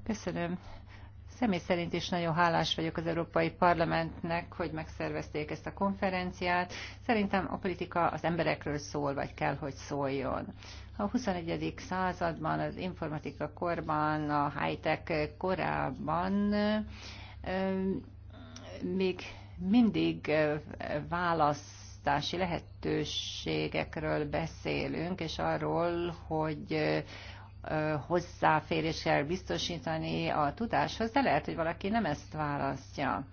Köszönöm. Személy szerint is nagyon hálás vagyok az Európai Parlamentnek, hogy megszervezték ezt a konferenciát. Szerintem a politika az emberekről szól, vagy kell, hogy szóljon. A 21. században, az informatika korban, a high-tech korában még mindig válasz választási lehetőségekről beszélünk, és arról, hogy hozzáféréssel biztosítani a tudáshoz, de lehet, hogy valaki nem ezt választja.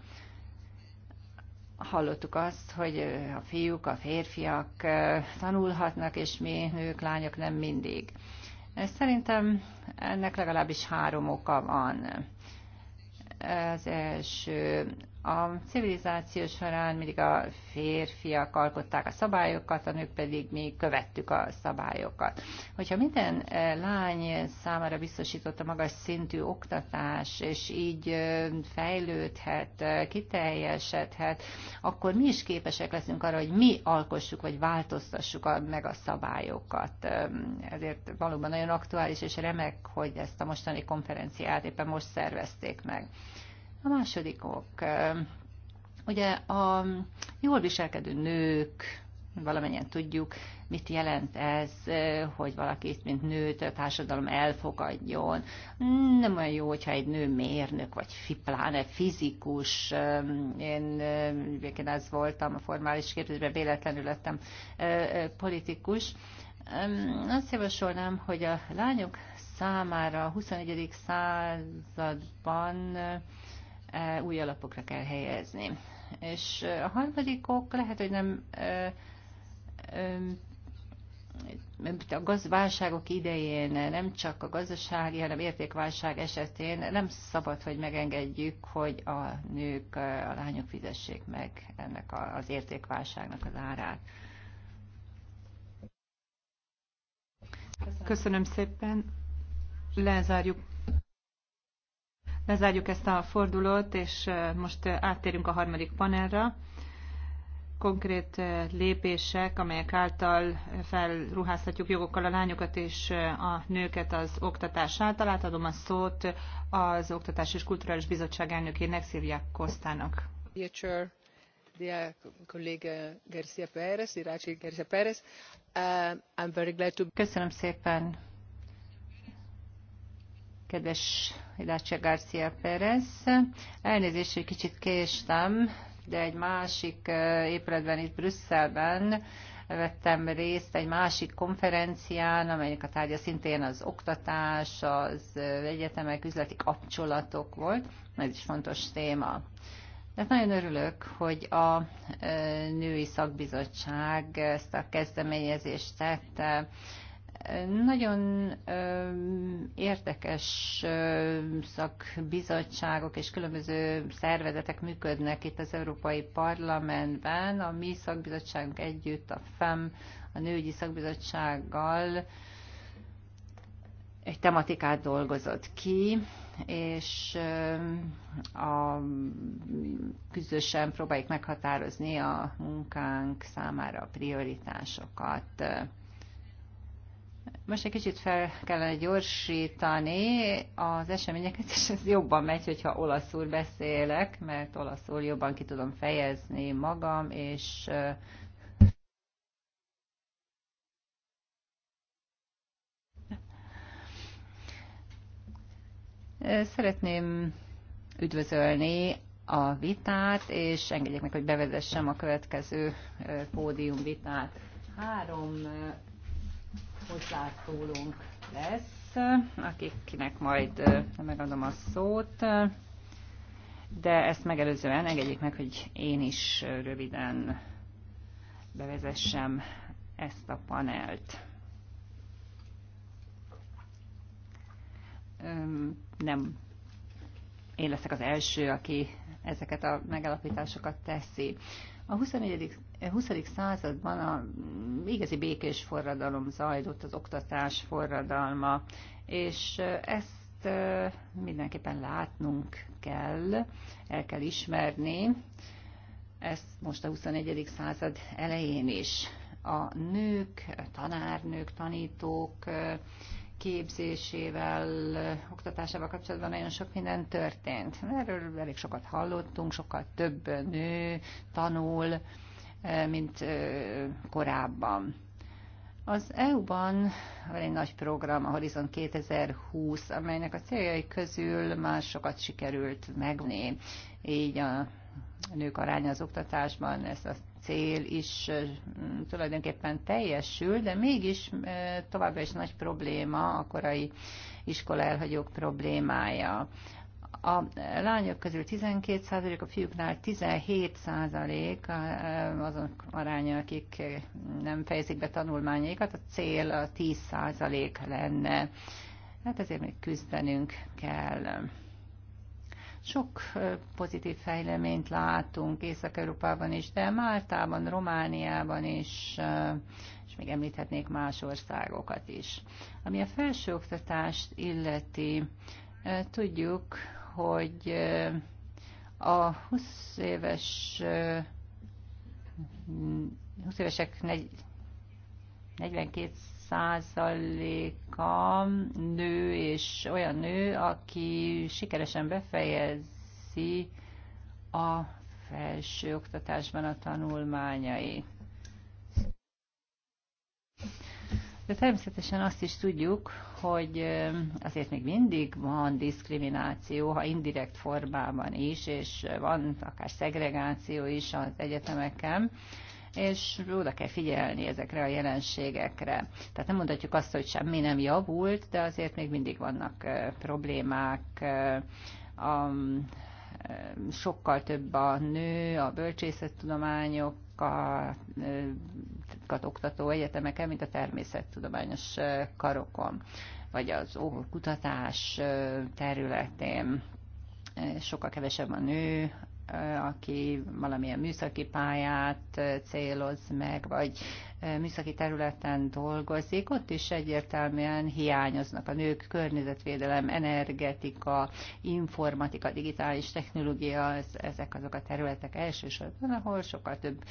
Hallottuk azt, hogy a fiúk, a férfiak tanulhatnak, és mi nők, lányok nem mindig. Szerintem ennek legalábbis három oka van. Az első a civilizáció során mindig a férfiak alkották a szabályokat, a nők pedig mi követtük a szabályokat. Hogyha minden eh, lány számára biztosította magas szintű oktatás, és így eh, fejlődhet, eh, kiteljesedhet, akkor mi is képesek leszünk arra, hogy mi alkossuk, vagy változtassuk meg a szabályokat. Ezért valóban nagyon aktuális és remek, hogy ezt a mostani konferenciát éppen most szervezték meg. A második ok, ugye a jól viselkedő nők, valamennyien tudjuk, mit jelent ez, hogy valakit, mint nőt a társadalom elfogadjon. Nem olyan jó, hogyha egy nő mérnök, vagy pláne fizikus. Én egyébként ez voltam a formális képzésben, véletlenül lettem politikus. Azt javasolnám, hogy a lányok számára a 21. században E, új alapokra kell helyezni. És e, a harmadikok ok lehet, hogy nem e, a gazdaságok idején, nem csak a gazdasági, hanem értékválság esetén nem szabad, hogy megengedjük, hogy a nők, a lányok fizessék meg ennek az értékválságnak az árát. Köszönöm, Köszönöm szépen. Lezárjuk Lezárjuk ezt a fordulót, és most áttérünk a harmadik panelra. Konkrét lépések, amelyek által felruházhatjuk jogokkal a lányokat és a nőket az oktatás által. Átadom a szót az Oktatás és Kulturális Bizottság elnökének, Szilvia Kostának. Dear colleague Garcia Perez, Garcia Perez, uh, I'm very glad to... Köszönöm szépen, kedves Ilácsa García Pérez. Elnézést, hogy kicsit késtem, de egy másik épületben itt Brüsszelben vettem részt egy másik konferencián, amelynek a tárgya szintén az oktatás, az egyetemek, üzleti kapcsolatok volt. Ez is fontos téma. De nagyon örülök, hogy a női szakbizottság ezt a kezdeményezést tette. Nagyon érdekes szakbizottságok és különböző szervezetek működnek itt az Európai Parlamentben. A mi szakbizottságunk együtt, a FEM, a Nőgyi Szakbizottsággal egy tematikát dolgozott ki, és a küzdősen próbáljuk meghatározni a munkánk számára a prioritásokat. Most egy kicsit fel kellene gyorsítani az eseményeket, és ez jobban megy, hogyha olaszul beszélek, mert olaszul jobban ki tudom fejezni magam, és Szeretném üdvözölni a vitát, és engedjék meg, hogy bevezessem a következő pódium vitát. Három hozzászólónk lesz, akiknek majd megadom a szót, de ezt megelőzően engedjék meg, hogy én is röviden bevezessem ezt a panelt. Nem én leszek az első, aki ezeket a megalapításokat teszi. A 24. 20. században a igazi békés forradalom zajlott, az oktatás forradalma, és ezt mindenképpen látnunk kell, el kell ismerni, ezt most a 21. század elején is. A nők, tanárnők, tanítók, képzésével, oktatásával kapcsolatban nagyon sok minden történt. Erről elég sokat hallottunk, sokkal több nő tanul, mint korábban. Az EU-ban van egy nagy program, a Horizon 2020, amelynek a céljai közül már sokat sikerült megné. Így a nők aránya az oktatásban, ez a cél is tulajdonképpen teljesül, de mégis továbbra is nagy probléma a korai iskola elhagyók problémája. A lányok közül 12 százalék, a fiúknál 17 százalék eh, azok aránya, akik nem fejezik be tanulmányaikat, a cél a 10 százalék lenne. Hát ezért még küzdenünk kell. Sok eh, pozitív fejleményt látunk Észak-Európában is, de Máltában, Romániában is, eh, és még említhetnék más országokat is. Ami a felsőoktatást illeti, tudjuk, hogy a 20 éves 20 évesek 42 százaléka nő, és olyan nő, aki sikeresen befejezi a felsőoktatásban a tanulmányait. De természetesen azt is tudjuk, hogy azért még mindig van diszkrimináció, ha indirekt formában is, és van akár szegregáció is az egyetemeken, és oda kell figyelni ezekre a jelenségekre. Tehát nem mondhatjuk azt, hogy semmi nem javult, de azért még mindig vannak problémák, a, sokkal több a nő a bölcsészettudományok, a diákokat oktató egyetemeken, mint a természettudományos karokon, vagy az kutatás területén. Sokkal kevesebb a nő, aki valamilyen műszaki pályát céloz meg, vagy műszaki területen dolgozik, ott is egyértelműen hiányoznak a nők környezetvédelem, energetika, informatika, digitális technológia, ez, ezek azok a területek elsősorban, ahol sokkal több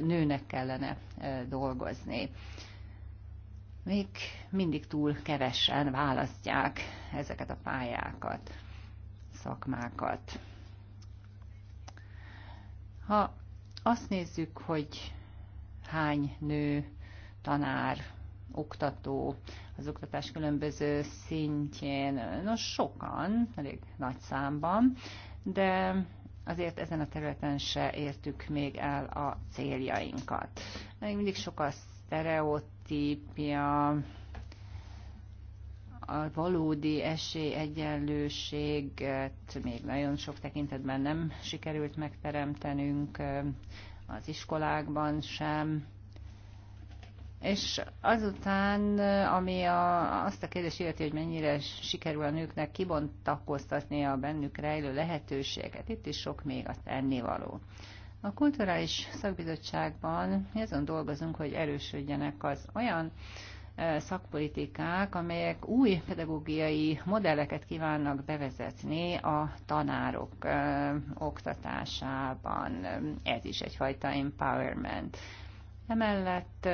nőnek kellene dolgozni. Még mindig túl kevesen választják ezeket a pályákat, szakmákat. Ha azt nézzük, hogy hány nő, tanár, oktató, az oktatás különböző szintjén. Nos, sokan, elég nagy számban, de azért ezen a területen se értük még el a céljainkat. Még mindig sok a sztereotípia, a valódi esélyegyenlőséget még nagyon sok tekintetben nem sikerült megteremtenünk, az iskolákban sem. És azután, ami a, azt a kérdést illeti, hogy mennyire sikerül a nőknek kibontakoztatni a bennük rejlő lehetőséget, itt is sok még a tennivaló. A Kulturális Szakbizottságban azon dolgozunk, hogy erősödjenek az olyan szakpolitikák, amelyek új pedagógiai modelleket kívánnak bevezetni a tanárok oktatásában. Ez is egyfajta empowerment. Emellett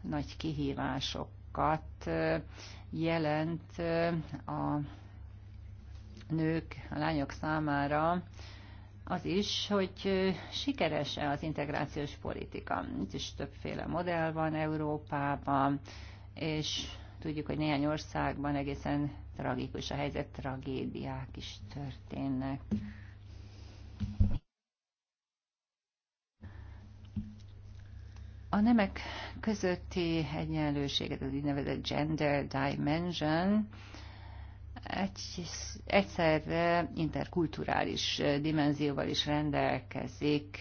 nagy kihívásokat jelent a nők, a lányok számára az is, hogy sikeres-e az integrációs politika. Itt is többféle modell van Európában, és tudjuk, hogy néhány országban egészen tragikus a helyzet, tragédiák is történnek. A nemek közötti egyenlőséget, az úgynevezett gender dimension, egy, egyszerre interkulturális dimenzióval is rendelkezik,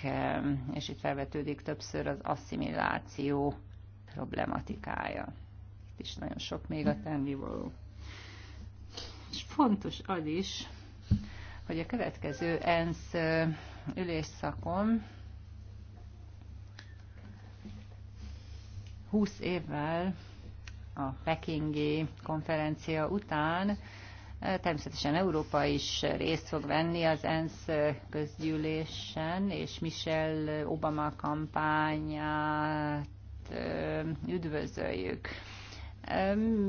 és itt felvetődik többször az asszimiláció problematikája itt is nagyon sok még a tennivaló. És fontos az is, hogy a következő ENSZ ülésszakon 20 évvel a pekingi konferencia után Természetesen Európa is részt fog venni az ENSZ közgyűlésen, és Michelle Obama kampányát üdvözöljük.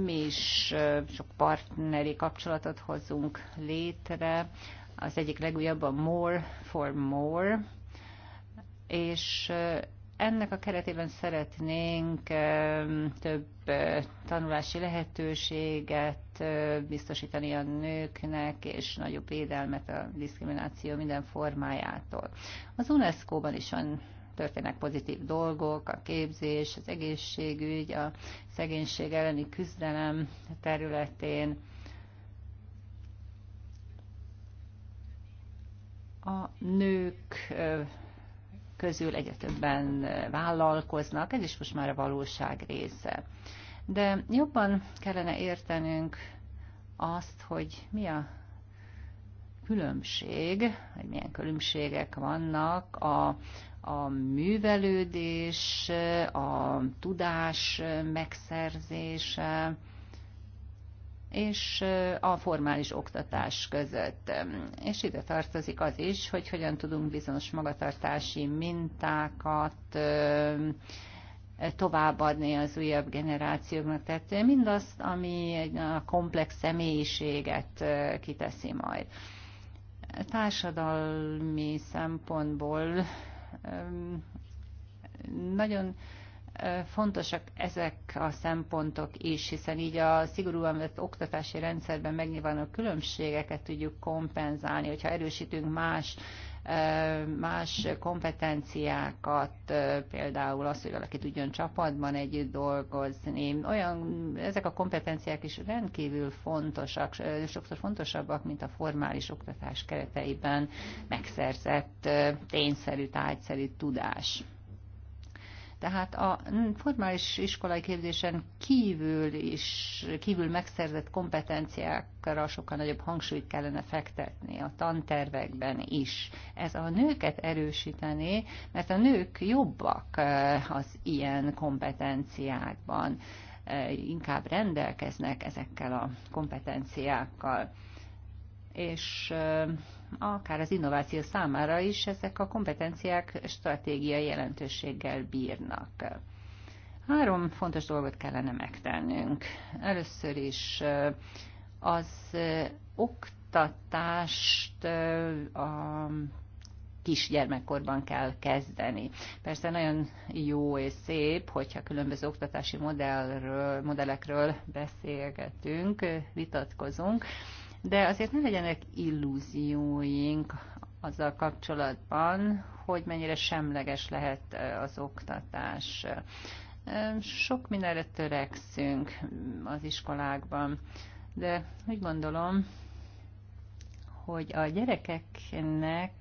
Mi is sok partneri kapcsolatot hozunk létre. Az egyik legújabb a More for More, és ennek a keretében szeretnénk több tanulási lehetőséget biztosítani a nőknek, és nagyobb védelmet a diszkrimináció minden formájától. Az UNESCO-ban is van történnek pozitív dolgok, a képzés, az egészségügy, a szegénység elleni küzdelem területén. A nők közül egyre többen vállalkoznak, ez is most már a valóság része. De jobban kellene értenünk azt, hogy mi a különbség, hogy milyen különbségek vannak a a művelődés, a tudás megszerzése és a formális oktatás között. És ide tartozik az is, hogy hogyan tudunk bizonyos magatartási mintákat továbbadni az újabb generációknak. Tehát mindazt, ami a komplex személyiséget kiteszi majd. Társadalmi szempontból nagyon fontosak ezek a szempontok is, hiszen így a szigorúan vett oktatási rendszerben megnyilvánuló különbségeket tudjuk kompenzálni, hogyha erősítünk más más kompetenciákat, például az, hogy valaki tudjon csapatban együtt dolgozni. Olyan, ezek a kompetenciák is rendkívül fontosak, sokszor fontosabbak, mint a formális oktatás kereteiben megszerzett tényszerű, tájszerű tudás. Tehát a formális iskolai képzésen kívül is, kívül megszerzett kompetenciákra sokkal nagyobb hangsúlyt kellene fektetni a tantervekben is. Ez a nőket erősíteni, mert a nők jobbak eh, az ilyen kompetenciákban, eh, inkább rendelkeznek ezekkel a kompetenciákkal. És eh, akár az innováció számára is ezek a kompetenciák stratégiai jelentőséggel bírnak. Három fontos dolgot kellene megtennünk. Először is az oktatást a kisgyermekkorban kell kezdeni. Persze nagyon jó és szép, hogyha különböző oktatási modellről, modellekről beszélgetünk, vitatkozunk, de azért ne legyenek illúzióink azzal kapcsolatban, hogy mennyire semleges lehet az oktatás. Sok mindenre törekszünk mm, az iskolákban, de úgy gondolom, hogy a gyerekeknek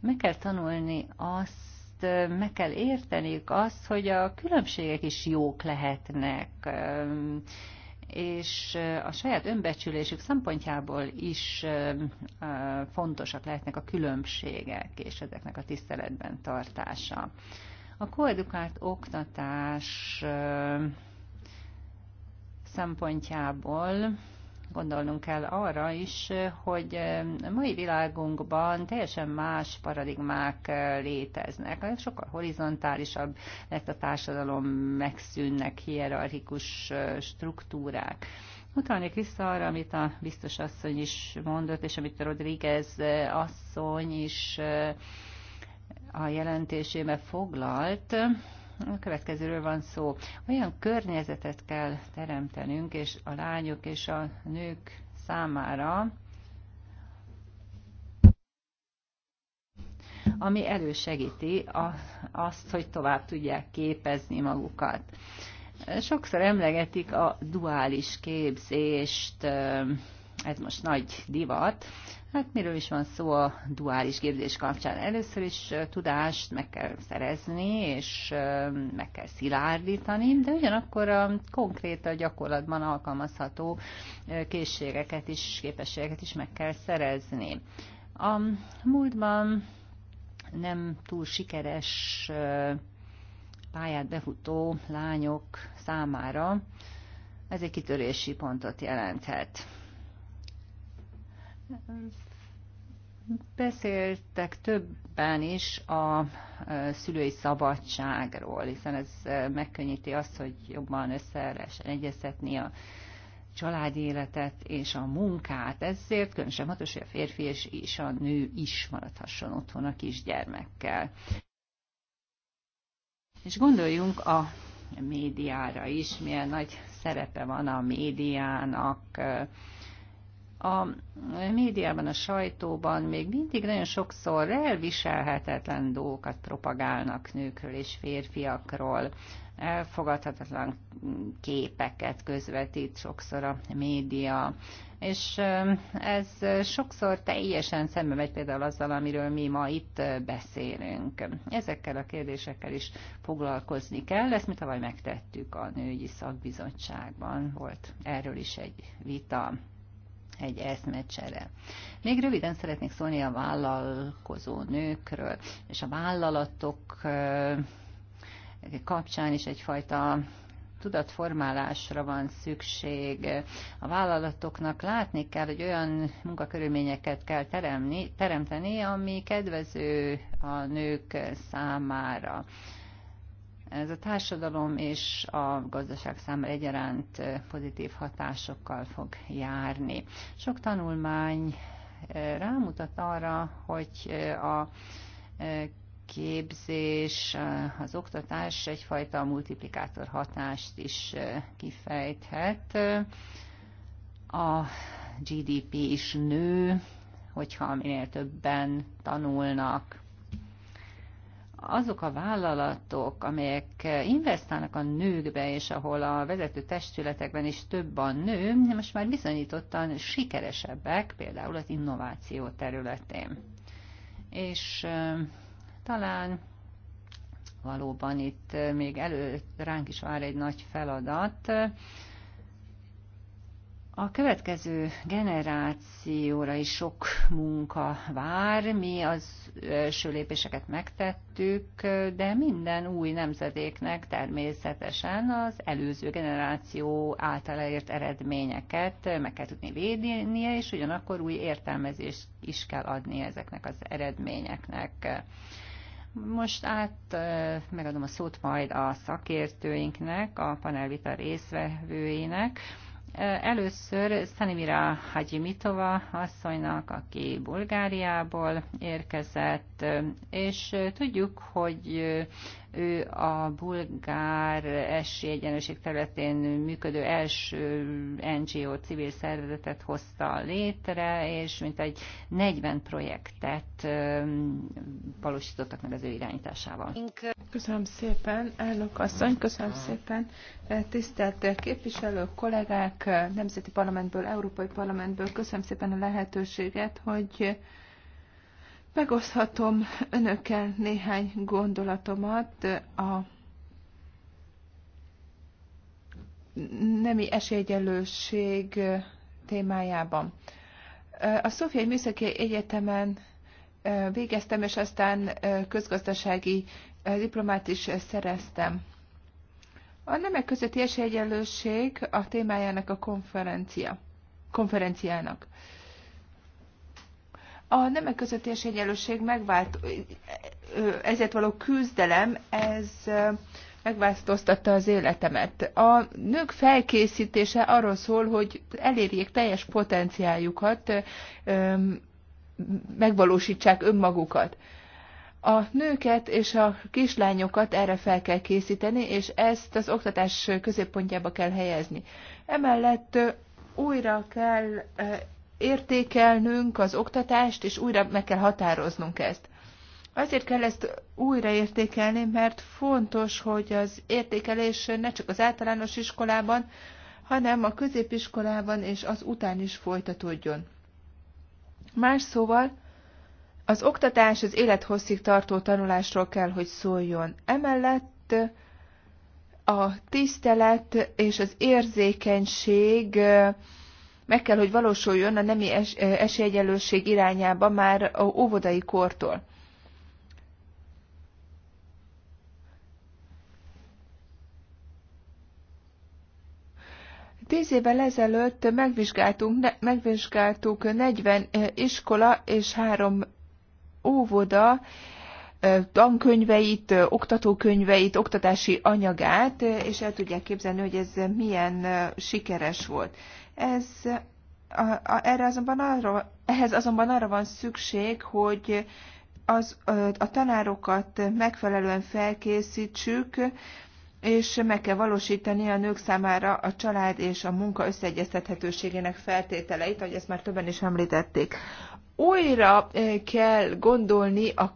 meg kell tanulni azt, meg kell érteniük azt, hogy a különbségek is jók lehetnek és a saját önbecsülésük szempontjából is fontosak lehetnek a különbségek és ezeknek a tiszteletben tartása. A koedukált oktatás szempontjából gondolnunk kell arra is, hogy a mai világunkban teljesen más paradigmák léteznek. Sokkal horizontálisabb lett a társadalom, megszűnnek hierarchikus struktúrák. Utalnék vissza arra, amit a biztos asszony is mondott, és amit a Rodríguez asszony is a jelentésében foglalt, a következőről van szó. Olyan környezetet kell teremtenünk, és a lányok és a nők számára, ami elősegíti azt, hogy tovább tudják képezni magukat. Sokszor emlegetik a duális képzést, ez most nagy divat, Hát miről is van szó a duális képzés kapcsán? Először is tudást meg kell szerezni, és meg kell szilárdítani, de ugyanakkor a konkrét a gyakorlatban alkalmazható készségeket is, képességeket is meg kell szerezni. A múltban nem túl sikeres pályát befutó lányok számára ez egy kitörési pontot jelenthet Beszéltek többen is a szülői szabadságról, hiszen ez megkönnyíti azt, hogy jobban össze lehessen egyeztetni a családi életet és a munkát. Ezért különösen fontos, hogy a férfi és, és a nő is maradhasson otthon a kisgyermekkel. És gondoljunk a médiára is, milyen nagy szerepe van a médiának, a médiában, a sajtóban még mindig nagyon sokszor elviselhetetlen dolgokat propagálnak nőkről és férfiakról, elfogadhatatlan képeket közvetít sokszor a média, és ez sokszor teljesen szembe megy például azzal, amiről mi ma itt beszélünk. Ezekkel a kérdésekkel is foglalkozni kell, ezt mi tavaly megtettük a Nőgyi Szakbizottságban, volt erről is egy vita egy eszmecsere. Még röviden szeretnék szólni a vállalkozó nőkről, és a vállalatok eh, kapcsán is egyfajta tudatformálásra van szükség. A vállalatoknak látni kell, hogy olyan munkakörülményeket kell teremni, teremteni, ami kedvező a nők számára ez a társadalom és a gazdaság számára egyaránt pozitív hatásokkal fog járni. Sok tanulmány rámutat arra, hogy a képzés, az oktatás egyfajta multiplikátor hatást is kifejthet. A GDP is nő, hogyha minél többen tanulnak azok a vállalatok, amelyek investálnak a nőkbe, és ahol a vezető testületekben is több a nő, most már bizonyítottan sikeresebbek, például az innováció területén. És talán valóban itt még előtt ránk is vár egy nagy feladat, a következő generációra is sok munka vár, mi az első lépéseket megtettük, de minden új nemzedéknek természetesen az előző generáció által elért eredményeket meg kell tudni védenie, és ugyanakkor új értelmezést is kell adni ezeknek az eredményeknek. Most át megadom a szót majd a szakértőinknek, a panelvita részvevőinek, Először Stanimira Hagyimitova asszonynak, aki Bulgáriából érkezett, és tudjuk, hogy ő a bulgár esélyegyenlőség területén működő első NGO civil szervezetet hozta létre, és mint egy 40 projektet valósítottak meg az ő irányításával. Köszönöm szépen, elnök asszony, köszönöm szépen, tisztelt képviselők, kollégák, Nemzeti Parlamentből, Európai Parlamentből, köszönöm szépen a lehetőséget, hogy Megoszthatom önökkel néhány gondolatomat a nemi esélyegyenlőség témájában. A Szofiai Műszaki Egyetemen végeztem, és aztán közgazdasági diplomát is szereztem. A nemek közötti esélyegyenlőség a témájának a konferencia, konferenciának. A nemek közötti esélyegyenlőség megvált, ezért való küzdelem, ez megváltoztatta az életemet. A nők felkészítése arról szól, hogy elérjék teljes potenciáljukat, megvalósítsák önmagukat. A nőket és a kislányokat erre fel kell készíteni, és ezt az oktatás középpontjába kell helyezni. Emellett újra kell értékelnünk az oktatást, és újra meg kell határoznunk ezt. Azért kell ezt újraértékelni, mert fontos, hogy az értékelés ne csak az általános iskolában, hanem a középiskolában és az után is folytatódjon. Más szóval, az oktatás az élethosszig tartó tanulásról kell, hogy szóljon. Emellett a tisztelet és az érzékenység meg kell, hogy valósuljon a nemi es- esélyegyenlőség irányába már a óvodai kortól. Tíz évvel ezelőtt megvizsgáltunk, megvizsgáltuk 40 iskola és három óvoda tankönyveit, oktatókönyveit, oktatási anyagát, és el tudják képzelni, hogy ez milyen sikeres volt. Ez a, a, erre azonban arra, ehhez azonban arra van szükség, hogy az, a tanárokat megfelelően felkészítsük, és meg kell valósítani a nők számára a család és a munka összeegyeztethetőségének feltételeit, ahogy ezt már többen is említették újra eh, kell gondolni a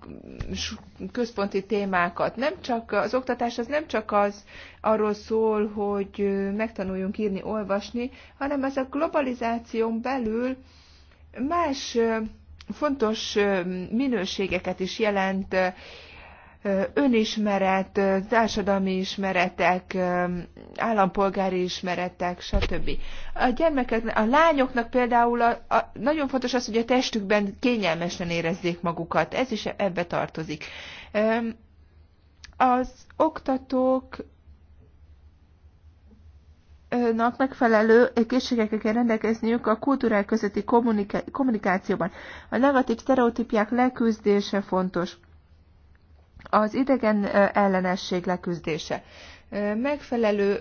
központi témákat. Nem csak az oktatás az nem csak az arról szól, hogy megtanuljunk írni, olvasni, hanem ez a globalizáción belül más fontos minőségeket is jelent, önismeret, társadalmi ismeretek, állampolgári ismeretek, stb. A gyermekek, a lányoknak például a, a, nagyon fontos az, hogy a testükben kényelmesen érezzék magukat. Ez is ebbe tartozik. Az oktatók megfelelő készségekkel kell rendelkezniük a kultúrák közötti kommunikációban. A negatív sztereotípiák leküzdése fontos. Az idegen ellenesség leküzdése. Megfelelő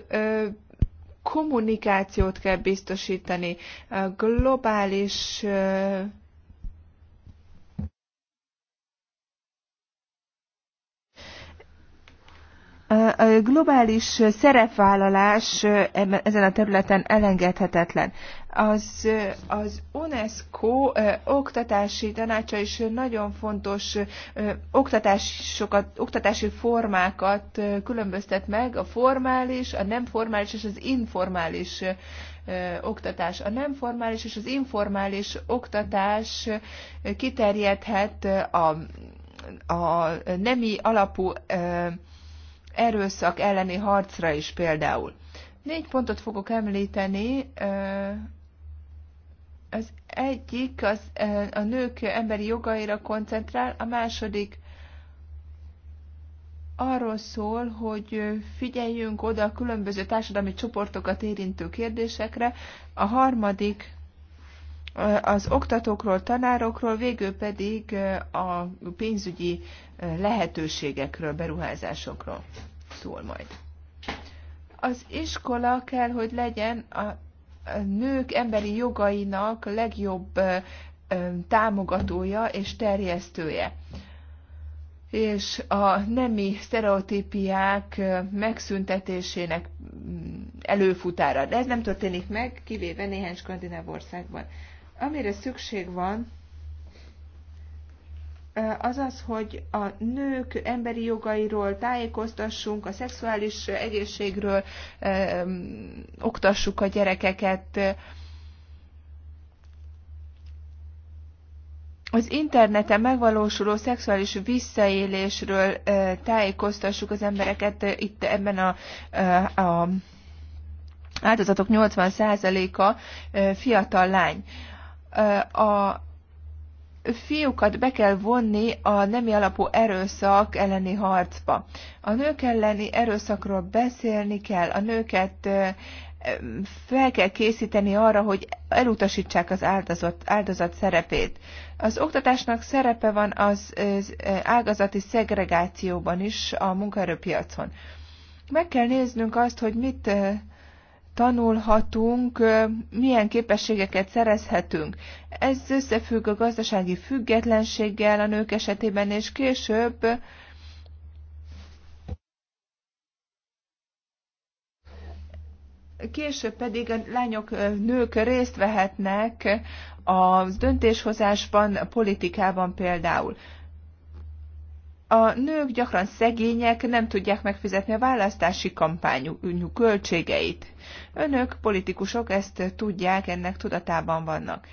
kommunikációt kell biztosítani, globális A globális szerepvállalás ezen a területen elengedhetetlen. Az, az UNESCO oktatási tanácsa is nagyon fontos oktatásokat, oktatási formákat különböztet meg, a formális, a nem formális és az informális oktatás. A nem formális és az informális oktatás kiterjedhet a, a nemi alapú erőszak elleni harcra is például. Négy pontot fogok említeni. Az egyik az a nők emberi jogaira koncentrál, a második arról szól, hogy figyeljünk oda a különböző társadalmi csoportokat érintő kérdésekre, a harmadik az oktatókról, tanárokról, végül pedig a pénzügyi lehetőségekről, beruházásokról szól majd. Az iskola kell, hogy legyen a nők emberi jogainak legjobb támogatója és terjesztője és a nemi sztereotípiák megszüntetésének előfutára. De ez nem történik meg, kivéve néhány skandináv országban. Amire szükség van, az az, hogy a nők emberi jogairól tájékoztassunk, a szexuális egészségről ö, oktassuk a gyerekeket. Az interneten megvalósuló szexuális visszaélésről ö, tájékoztassuk az embereket itt ebben a, a, a áldozatok 80%-a fiatal lány. Ö, a fiúkat be kell vonni a nemi alapú erőszak elleni harcba. A nők elleni erőszakról beszélni kell, a nőket fel kell készíteni arra, hogy elutasítsák az áldozat, áldozat szerepét. Az oktatásnak szerepe van az, az ágazati szegregációban is a munkaerőpiacon. Meg kell néznünk azt, hogy mit tanulhatunk, milyen képességeket szerezhetünk. Ez összefügg a gazdasági függetlenséggel a nők esetében, és később Később pedig a lányok, nők részt vehetnek a döntéshozásban, a politikában például a nők gyakran szegények, nem tudják megfizetni a választási kampányú költségeit. Önök, politikusok ezt tudják, ennek tudatában vannak.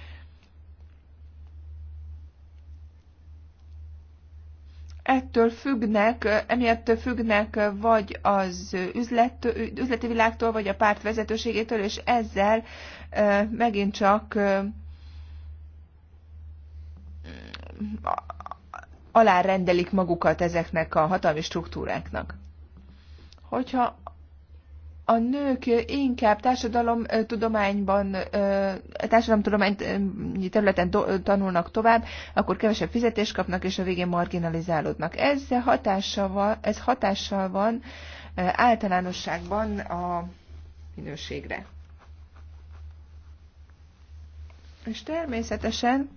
ettől függnek, emiatt függnek vagy az üzlet, üzleti világtól, vagy a párt vezetőségétől, és ezzel megint csak alárendelik magukat ezeknek a hatalmi struktúráknak. Hogyha a nők inkább társadalomtudományban, társadalomtudományi területen tanulnak tovább, akkor kevesebb fizetést kapnak, és a végén marginalizálódnak. Ez hatással van, ez hatással van általánosságban a minőségre. És természetesen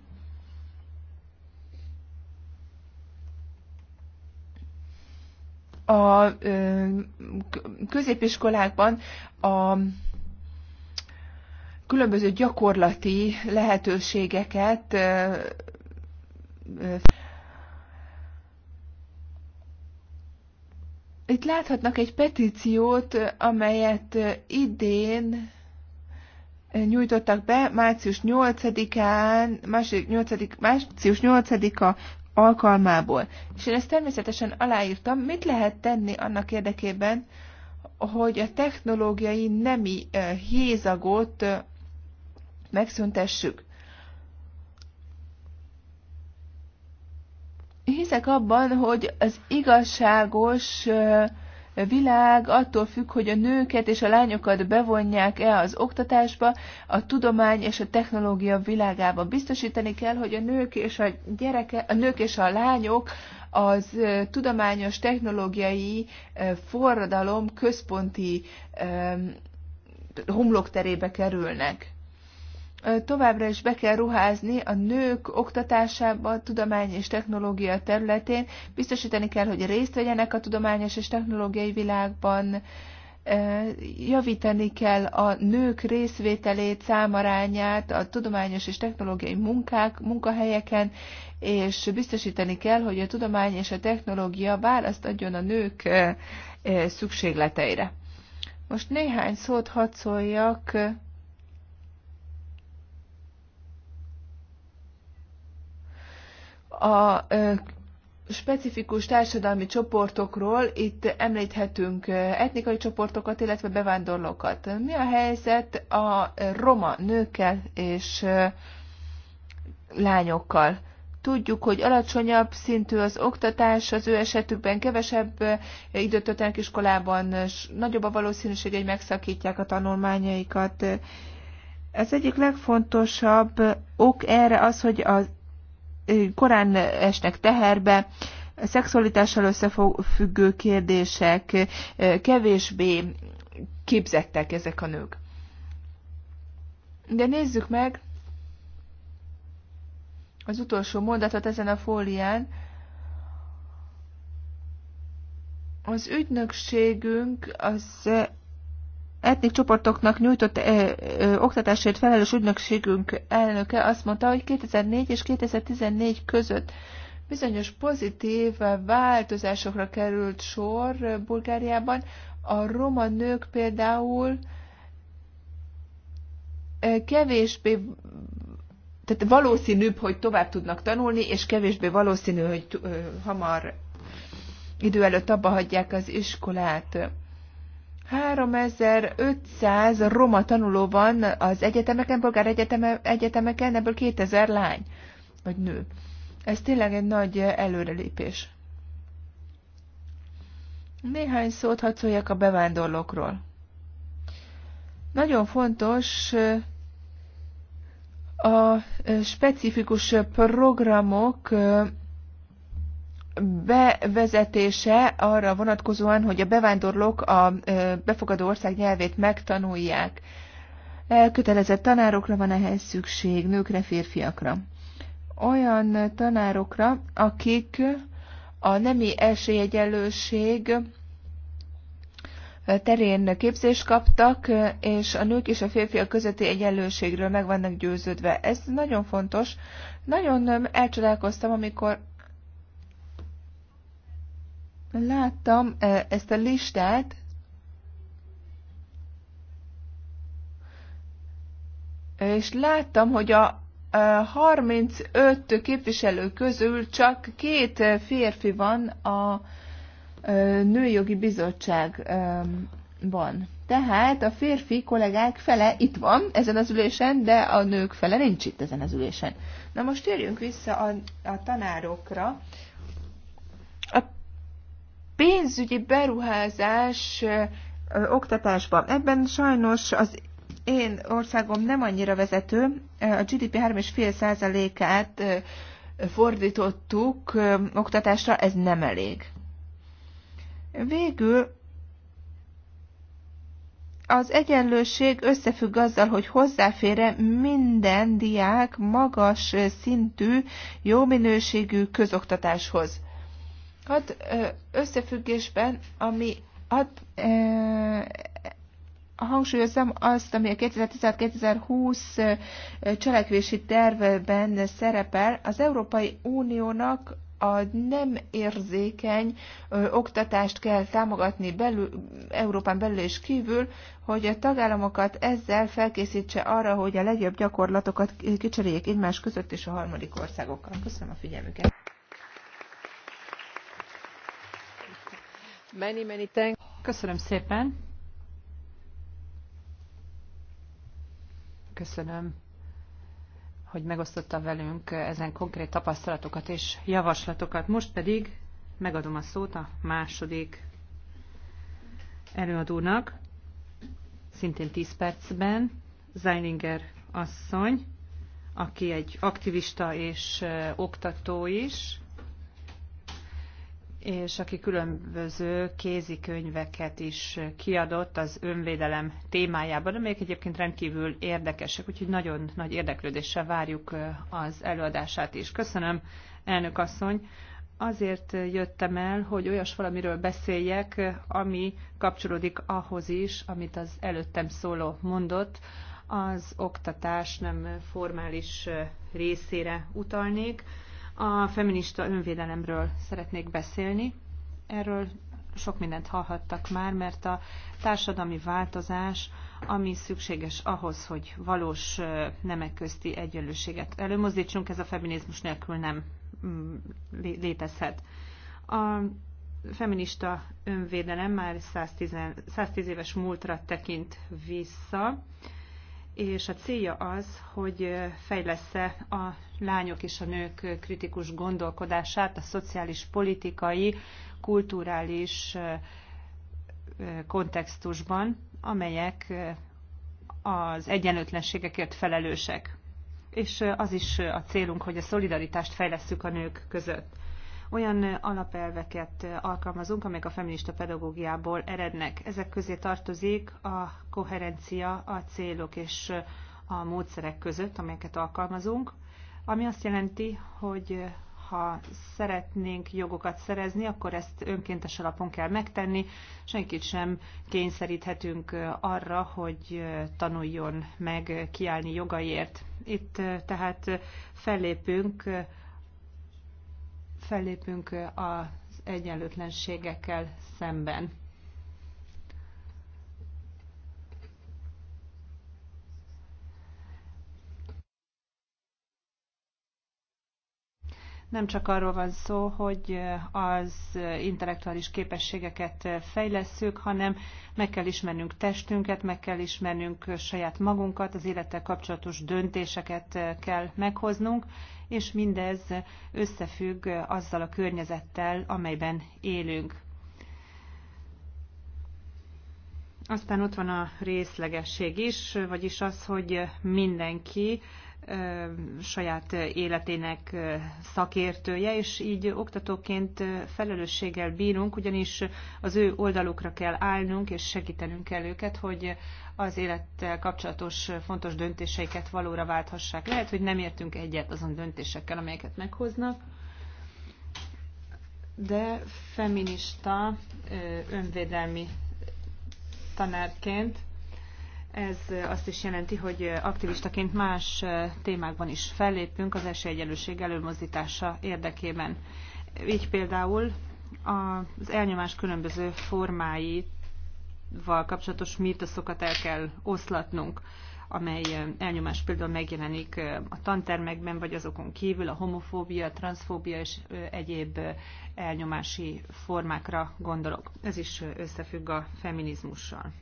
a középiskolákban a különböző gyakorlati lehetőségeket Itt láthatnak egy petíciót, amelyet idén nyújtottak be március 8-án, március 8-a alkalmából. És én ezt természetesen aláírtam, mit lehet tenni annak érdekében, hogy a technológiai nemi hézagot megszüntessük. Hiszek abban, hogy az igazságos világ attól függ, hogy a nőket és a lányokat bevonják-e az oktatásba, a tudomány és a technológia világába. Biztosítani kell, hogy a nők és a, gyereke, a nők és a lányok az tudományos technológiai forradalom központi homlokterébe kerülnek továbbra is be kell ruházni a nők oktatásába, tudomány és technológia területén. Biztosítani kell, hogy részt vegyenek a tudományos és technológiai világban, javítani kell a nők részvételét, számarányát a tudományos és technológiai munkák, munkahelyeken, és biztosítani kell, hogy a tudomány és a technológia választ adjon a nők szükségleteire. Most néhány szót hadd szóljak a specifikus társadalmi csoportokról itt említhetünk etnikai csoportokat, illetve bevándorlókat. Mi a helyzet a roma nőkkel és lányokkal? Tudjuk, hogy alacsonyabb szintű az oktatás, az ő esetükben kevesebb időt töltenek iskolában, nagyobb a valószínűség, hogy megszakítják a tanulmányaikat. Az egyik legfontosabb ok erre az, hogy az korán esnek teherbe, szexualitással összefüggő kérdések, kevésbé képzettek ezek a nők. De nézzük meg az utolsó mondatot ezen a fólián. Az ügynökségünk az etnik csoportoknak nyújtott ö, ö, oktatásért felelős ügynökségünk elnöke azt mondta, hogy 2004 és 2014 között bizonyos pozitív változásokra került sor Bulgáriában. A roma nők például kevésbé tehát valószínűbb, hogy tovább tudnak tanulni, és kevésbé valószínű, hogy hamar idő előtt abba hagyják az iskolát. 3500 roma tanuló van az egyetemeken, polgár egyeteme, egyetemeken, ebből 2000 lány vagy nő. Ez tényleg egy nagy előrelépés. Néhány szót hadd szóljak a bevándorlókról. Nagyon fontos a specifikus programok bevezetése arra vonatkozóan, hogy a bevándorlók a befogadó ország nyelvét megtanulják. Elkötelezett tanárokra van ehhez szükség, nőkre, férfiakra. Olyan tanárokra, akik a nemi esélyegyenlőség terén képzést kaptak, és a nők és a férfiak közötti egyenlőségről meg vannak győződve. Ez nagyon fontos. Nagyon elcsodálkoztam, amikor Láttam eh, ezt a listát, és láttam, hogy a 35 eh, képviselő közül csak két férfi van a eh, nőjogi bizottságban. Tehát a férfi kollégák fele itt van ezen az ülésen, de a nők fele nincs itt ezen az ülésen. Na most térjünk vissza a, a tanárokra. A pénzügyi beruházás oktatásba. Ebben sajnos az én országom nem annyira vezető, a GDP 3,5%-át fordítottuk oktatásra, ez nem elég. Végül az egyenlőség összefügg azzal, hogy hozzáfére minden diák magas szintű, jó minőségű közoktatáshoz hat összefüggésben, ami hat, hangsúlyozom azt, ami a 2016-2020 cselekvési tervben szerepel, az Európai Uniónak a nem érzékeny ö, oktatást kell támogatni belül, Európán belül és kívül, hogy a tagállamokat ezzel felkészítse arra, hogy a legjobb gyakorlatokat kicseréljék egymás között és a harmadik országokkal. Köszönöm a figyelmüket! Many, many thanks. Köszönöm szépen. Köszönöm, hogy megosztotta velünk ezen konkrét tapasztalatokat és javaslatokat. Most pedig megadom a szót a második előadónak, szintén 10 percben, Zeilinger asszony, aki egy aktivista és oktató is, és aki különböző kézikönyveket is kiadott az önvédelem témájában, amelyek egyébként rendkívül érdekesek, úgyhogy nagyon nagy érdeklődéssel várjuk az előadását is. Köszönöm, elnök asszony! Azért jöttem el, hogy olyas valamiről beszéljek, ami kapcsolódik ahhoz is, amit az előttem szóló mondott, az oktatás nem formális részére utalnék, a feminista önvédelemről szeretnék beszélni. Erről sok mindent hallhattak már, mert a társadalmi változás, ami szükséges ahhoz, hogy valós nemek közti egyenlőséget előmozdítsunk, ez a feminizmus nélkül nem mm, létezhet. A feminista önvédelem már 110, 110 éves múltra tekint vissza és a célja az, hogy fejlesz-e a lányok és a nők kritikus gondolkodását, a szociális, politikai, kulturális kontextusban, amelyek az egyenlőtlenségekért felelősek. És az is a célunk, hogy a szolidaritást fejlesszük a nők között. Olyan alapelveket alkalmazunk, amelyek a feminista pedagógiából erednek. Ezek közé tartozik a koherencia, a célok és a módszerek között, amelyeket alkalmazunk, ami azt jelenti, hogy ha szeretnénk jogokat szerezni, akkor ezt önkéntes alapon kell megtenni. Senkit sem kényszeríthetünk arra, hogy tanuljon meg kiállni jogaiért. Itt tehát fellépünk fellépünk az egyenlőtlenségekkel szemben. Nem csak arról van szó, hogy az intellektuális képességeket fejlesszük, hanem meg kell ismernünk testünket, meg kell ismernünk saját magunkat, az élettel kapcsolatos döntéseket kell meghoznunk, és mindez összefügg azzal a környezettel, amelyben élünk. Aztán ott van a részlegesség is, vagyis az, hogy mindenki saját életének szakértője, és így oktatóként felelősséggel bírunk, ugyanis az ő oldalukra kell állnunk, és segítenünk kell őket, hogy az élettel kapcsolatos fontos döntéseiket valóra válthassák. Lehet, hogy nem értünk egyet azon döntésekkel, amelyeket meghoznak, de feminista önvédelmi tanárként ez azt is jelenti, hogy aktivistaként más témákban is fellépünk az esélyegyenlőség előmozdítása érdekében. Így például az elnyomás különböző formáival kapcsolatos mítoszokat el kell oszlatnunk, amely elnyomás például megjelenik a tantermekben, vagy azokon kívül a homofóbia, transzfóbia és egyéb elnyomási formákra gondolok. Ez is összefügg a feminizmussal.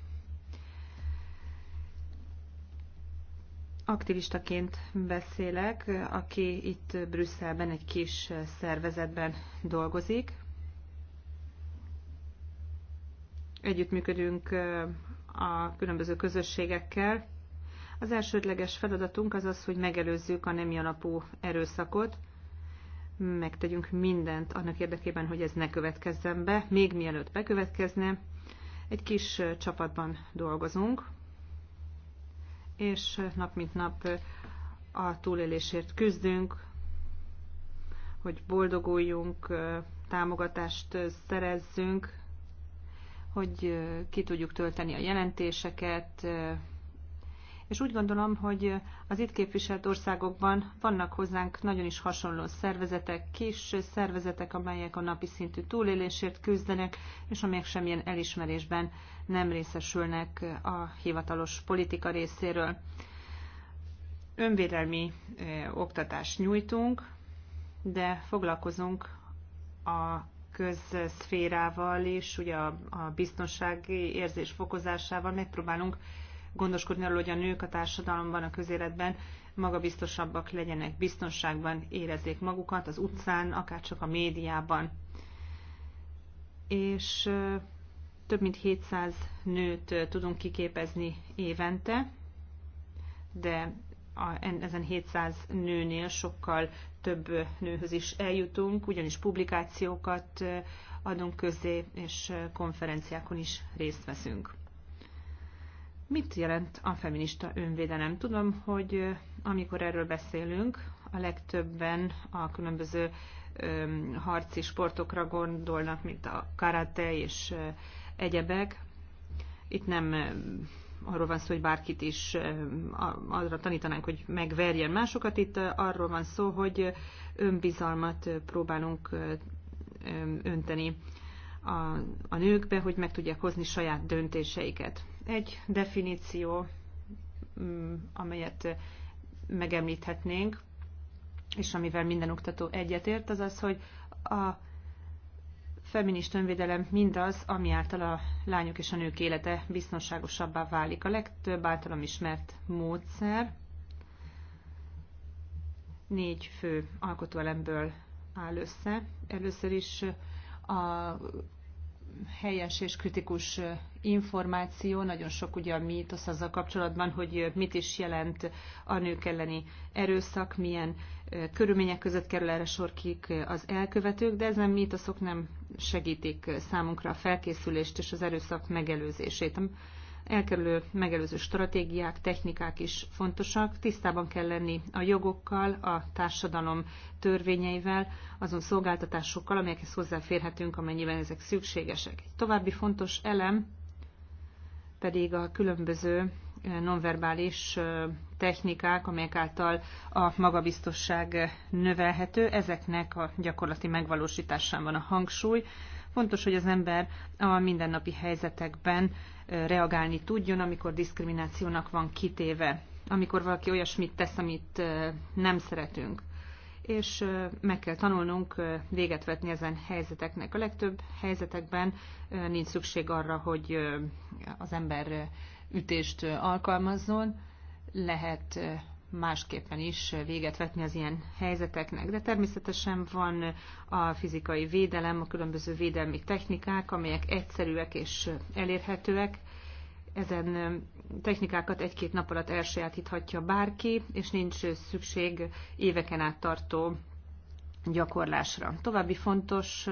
aktivistaként beszélek, aki itt Brüsszelben egy kis szervezetben dolgozik. Együttműködünk a különböző közösségekkel. Az elsődleges feladatunk az az, hogy megelőzzük a nemi alapú erőszakot, megtegyünk mindent annak érdekében, hogy ez ne következzen be, még mielőtt bekövetkezne. Egy kis csapatban dolgozunk, és nap mint nap a túlélésért küzdünk, hogy boldoguljunk, támogatást szerezzünk, hogy ki tudjuk tölteni a jelentéseket, és úgy gondolom, hogy az itt képviselt országokban vannak hozzánk nagyon is hasonló szervezetek, kis szervezetek, amelyek a napi szintű túlélésért küzdenek, és amelyek semmilyen elismerésben nem részesülnek a hivatalos politika részéről. Önvédelmi eh, oktatást nyújtunk, de foglalkozunk a közszférával is, ugye a, a biztonsági érzés fokozásával megpróbálunk gondoskodni arról, hogy a nők a társadalomban, a közéletben magabiztosabbak legyenek, biztonságban érezzék magukat az utcán, akárcsak a médiában. És több mint 700 nőt tudunk kiképezni évente, de a, ezen 700 nőnél sokkal több nőhöz is eljutunk, ugyanis publikációkat adunk közé, és konferenciákon is részt veszünk. Mit jelent a feminista önvédelem? Tudom, hogy amikor erről beszélünk, a legtöbben a különböző harci sportokra gondolnak, mint a karate és egyebek. Itt nem arról van szó, hogy bárkit is arra tanítanánk, hogy megverjen másokat. Itt arról van szó, hogy önbizalmat próbálunk önteni a, a nőkbe, hogy meg tudják hozni saját döntéseiket. Egy definíció, mm, amelyet megemlíthetnénk, és amivel minden oktató egyetért, az az, hogy a feminista önvédelem mindaz, ami által a lányok és a nők élete biztonságosabbá válik. A legtöbb általam ismert módszer négy fő alkotóelemből áll össze. Először is a helyes és kritikus információ, nagyon sok ugye a mítosz azzal kapcsolatban, hogy mit is jelent a nők elleni erőszak, milyen körülmények között kerül erre sor kik az elkövetők, de ezen mítoszok nem segítik számunkra a felkészülést és az erőszak megelőzését elkerülő megelőző stratégiák, technikák is fontosak. Tisztában kell lenni a jogokkal, a társadalom törvényeivel, azon szolgáltatásokkal, amelyekhez hozzáférhetünk, amennyiben ezek szükségesek. Egy további fontos elem pedig a különböző eh, nonverbális eh, technikák, amelyek által a magabiztosság eh, növelhető, ezeknek a gyakorlati megvalósításán van a hangsúly. Fontos, hogy az ember a mindennapi helyzetekben reagálni tudjon, amikor diszkriminációnak van kitéve, amikor valaki olyasmit tesz, amit nem szeretünk és meg kell tanulnunk véget vetni ezen helyzeteknek. A legtöbb helyzetekben nincs szükség arra, hogy az ember ütést alkalmazzon, lehet másképpen is véget vetni az ilyen helyzeteknek. De természetesen van a fizikai védelem, a különböző védelmi technikák, amelyek egyszerűek és elérhetőek. Ezen technikákat egy-két nap alatt elsajátíthatja bárki, és nincs szükség éveken át tartó gyakorlásra. További fontos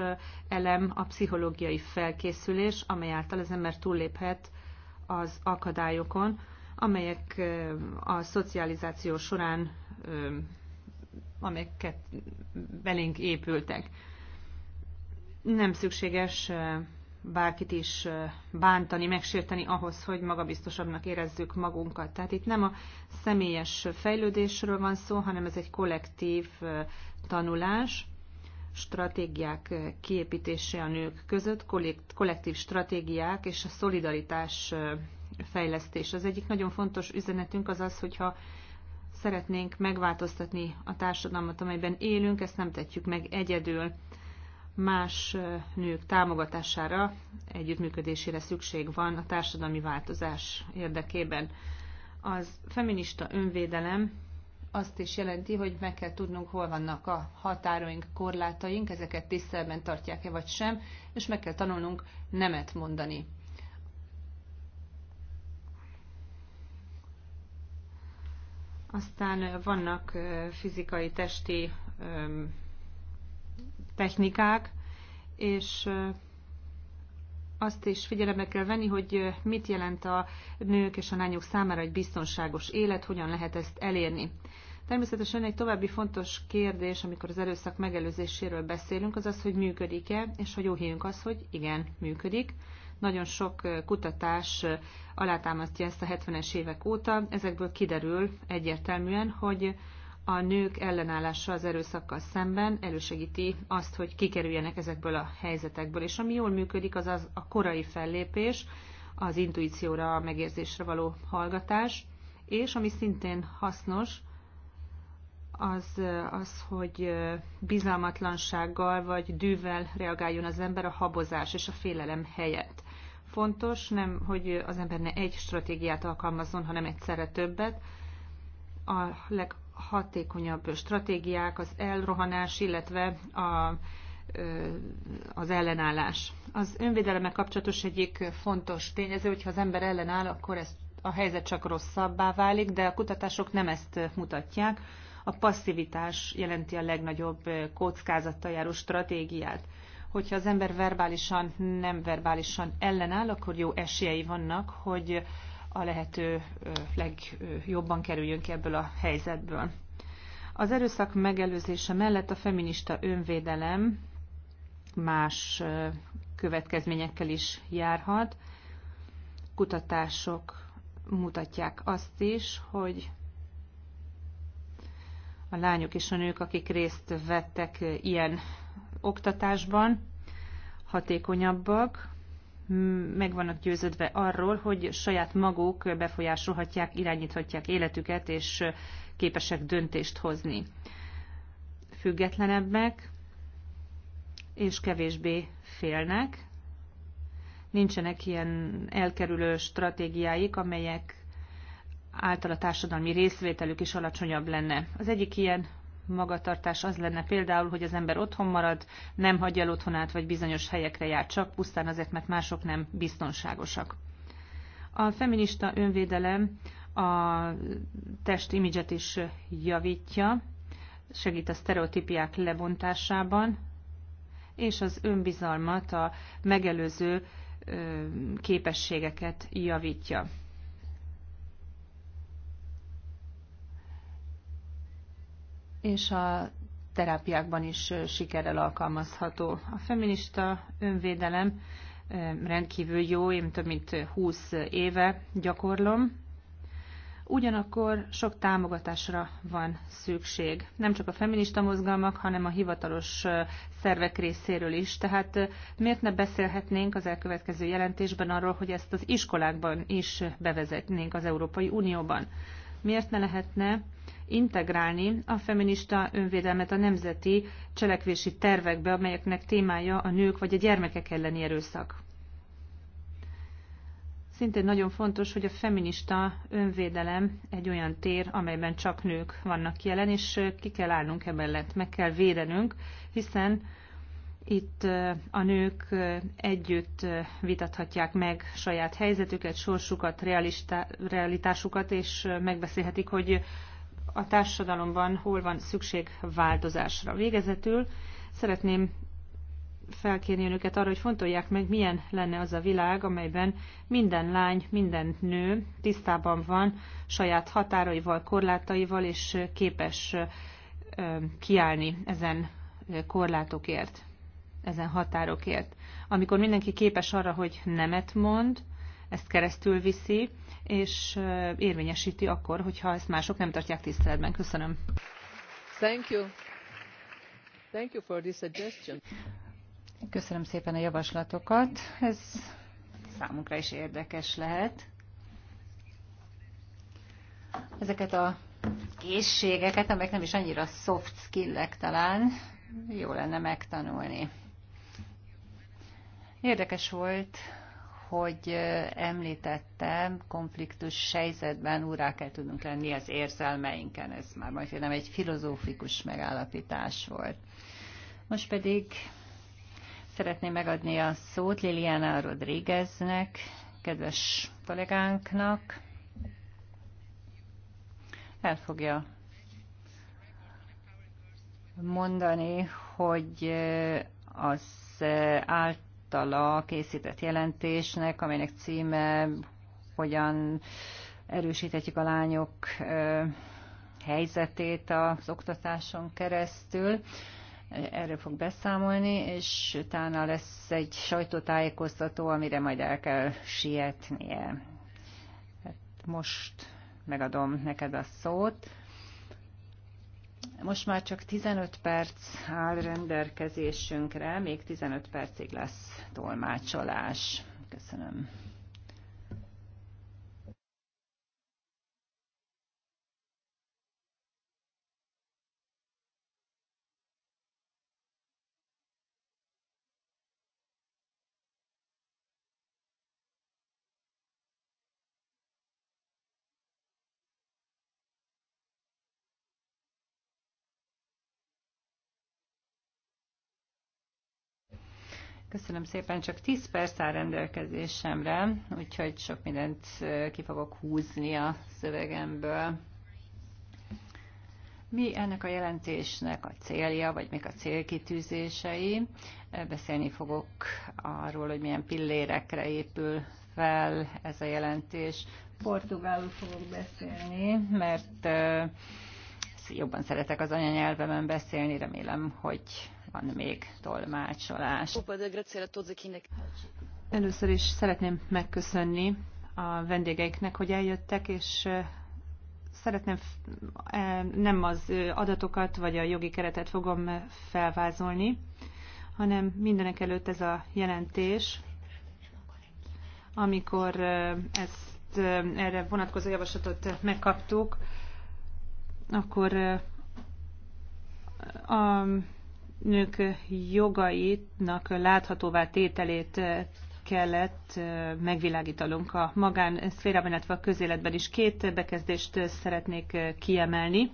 elem a pszichológiai felkészülés, amely által az ember túlléphet az akadályokon, amelyek a szocializáció során, amelyeket belénk épültek. Nem szükséges bárkit is bántani, megsérteni ahhoz, hogy magabiztosabbnak érezzük magunkat. Tehát itt nem a személyes fejlődésről van szó, hanem ez egy kollektív tanulás, stratégiák kiépítése a nők között, kollektív stratégiák és a szolidaritás fejlesztés. Az egyik nagyon fontos üzenetünk az az, hogyha szeretnénk megváltoztatni a társadalmat, amelyben élünk, ezt nem tetjük meg egyedül. Más nők támogatására, együttműködésére szükség van a társadalmi változás érdekében. Az feminista önvédelem azt is jelenti, hogy meg kell tudnunk, hol vannak a határoink, korlátaink, ezeket tisztelben tartják-e vagy sem, és meg kell tanulnunk nemet mondani Aztán vannak fizikai, testi technikák, és azt is figyelembe kell venni, hogy mit jelent a nők és a lányok számára egy biztonságos élet, hogyan lehet ezt elérni. Természetesen egy további fontos kérdés, amikor az erőszak megelőzéséről beszélünk, az az, hogy működik-e, és hogy jó hírünk az, hogy igen, működik. Nagyon sok kutatás alátámasztja ezt a 70-es évek óta. Ezekből kiderül egyértelműen, hogy a nők ellenállása az erőszakkal szemben elősegíti azt, hogy kikerüljenek ezekből a helyzetekből. És ami jól működik, az, az a korai fellépés, az intuícióra, a megérzésre való hallgatás, és ami szintén hasznos, az, az, hogy bizalmatlansággal vagy dűvel reagáljon az ember a habozás és a félelem helyett fontos, nem, hogy az ember ne egy stratégiát alkalmazzon, hanem egyszerre többet. A leghatékonyabb stratégiák az elrohanás, illetve a, az ellenállás. Az önvédelemmel kapcsolatos egyik fontos tényező, hogyha az ember ellenáll, akkor ezt a helyzet csak rosszabbá válik, de a kutatások nem ezt mutatják. A passzivitás jelenti a legnagyobb kockázattal járó stratégiát hogyha az ember verbálisan, nem verbálisan ellenáll, akkor jó esélyei vannak, hogy a lehető legjobban kerüljön ki ebből a helyzetből. Az erőszak megelőzése mellett a feminista önvédelem más következményekkel is járhat. Kutatások mutatják azt is, hogy a lányok és a nők, akik részt vettek ilyen oktatásban hatékonyabbak, meg vannak győződve arról, hogy saját maguk befolyásolhatják, irányíthatják életüket, és képesek döntést hozni. Függetlenebbek, és kevésbé félnek. Nincsenek ilyen elkerülő stratégiáik, amelyek által a társadalmi részvételük is alacsonyabb lenne. Az egyik ilyen magatartás az lenne például, hogy az ember otthon marad, nem hagyja el otthonát, vagy bizonyos helyekre jár csak, pusztán azért, mert mások nem biztonságosak. A feminista önvédelem a test imidzset is javítja, segít a sztereotípiák lebontásában, és az önbizalmat, a megelőző képességeket javítja. és a terápiákban is sikerrel alkalmazható. A feminista önvédelem rendkívül jó, én több mint 20 éve gyakorlom. Ugyanakkor sok támogatásra van szükség. Nem csak a feminista mozgalmak, hanem a hivatalos szervek részéről is. Tehát miért ne beszélhetnénk az elkövetkező jelentésben arról, hogy ezt az iskolákban is bevezetnénk az Európai Unióban? Miért ne lehetne integrálni a feminista önvédelmet a nemzeti cselekvési tervekbe, amelyeknek témája a nők vagy a gyermekek elleni erőszak. Szintén nagyon fontos, hogy a feminista önvédelem egy olyan tér, amelyben csak nők vannak jelen, és ki kell állnunk emellett, meg kell védenünk, hiszen itt a nők együtt vitathatják meg saját helyzetüket, sorsukat, realitásukat, és megbeszélhetik, hogy a társadalomban hol van szükség változásra. Végezetül szeretném felkérni önöket arra, hogy fontolják meg, milyen lenne az a világ, amelyben minden lány, minden nő tisztában van saját határaival, korlátaival, és képes kiállni ezen korlátokért, ezen határokért. Amikor mindenki képes arra, hogy nemet mond, ezt keresztül viszi, és érvényesíti akkor, hogyha ezt mások nem tartják tiszteletben. Köszönöm. Thank you. Thank you for this suggestion. Köszönöm szépen a javaslatokat. Ez számunkra is érdekes lehet. Ezeket a készségeket, amelyek nem is annyira soft skillek talán, jó lenne megtanulni. Érdekes volt ahogy említettem, konfliktus helyzetben úrá kell tudnunk lenni az érzelmeinken. Ez már majdnem egy filozófikus megállapítás volt. Most pedig szeretném megadni a szót Liliana Rodrigueznek, kedves kollégánknak. El fogja mondani, hogy az állt általa készített jelentésnek, amelynek címe hogyan erősíthetjük a lányok helyzetét az oktatáson keresztül. Erről fog beszámolni, és utána lesz egy sajtótájékoztató, amire majd el kell sietnie. Hát most megadom neked a szót. Most már csak 15 perc áll rendelkezésünkre, még 15 percig lesz tolmácsolás. Köszönöm. Köszönöm szépen, csak 10 perc áll rendelkezésemre, úgyhogy sok mindent ki fogok húzni a szövegemből. Mi ennek a jelentésnek a célja, vagy mik a célkitűzései? Beszélni fogok arról, hogy milyen pillérekre épül fel ez a jelentés. Portugálul fogok beszélni, mert jobban szeretek az anyanyelvemen beszélni, remélem, hogy van még tolmácsolás. Először is szeretném megköszönni a vendégeiknek, hogy eljöttek, és szeretném e, nem az adatokat vagy a jogi keretet fogom felvázolni, hanem mindenek előtt ez a jelentés, amikor ezt erre vonatkozó javaslatot megkaptuk, akkor a nők jogainak láthatóvá tételét eh, kellett eh, megvilágítanunk a magán szférában, illetve a közéletben is. Két bekezdést eh, szeretnék kiemelni.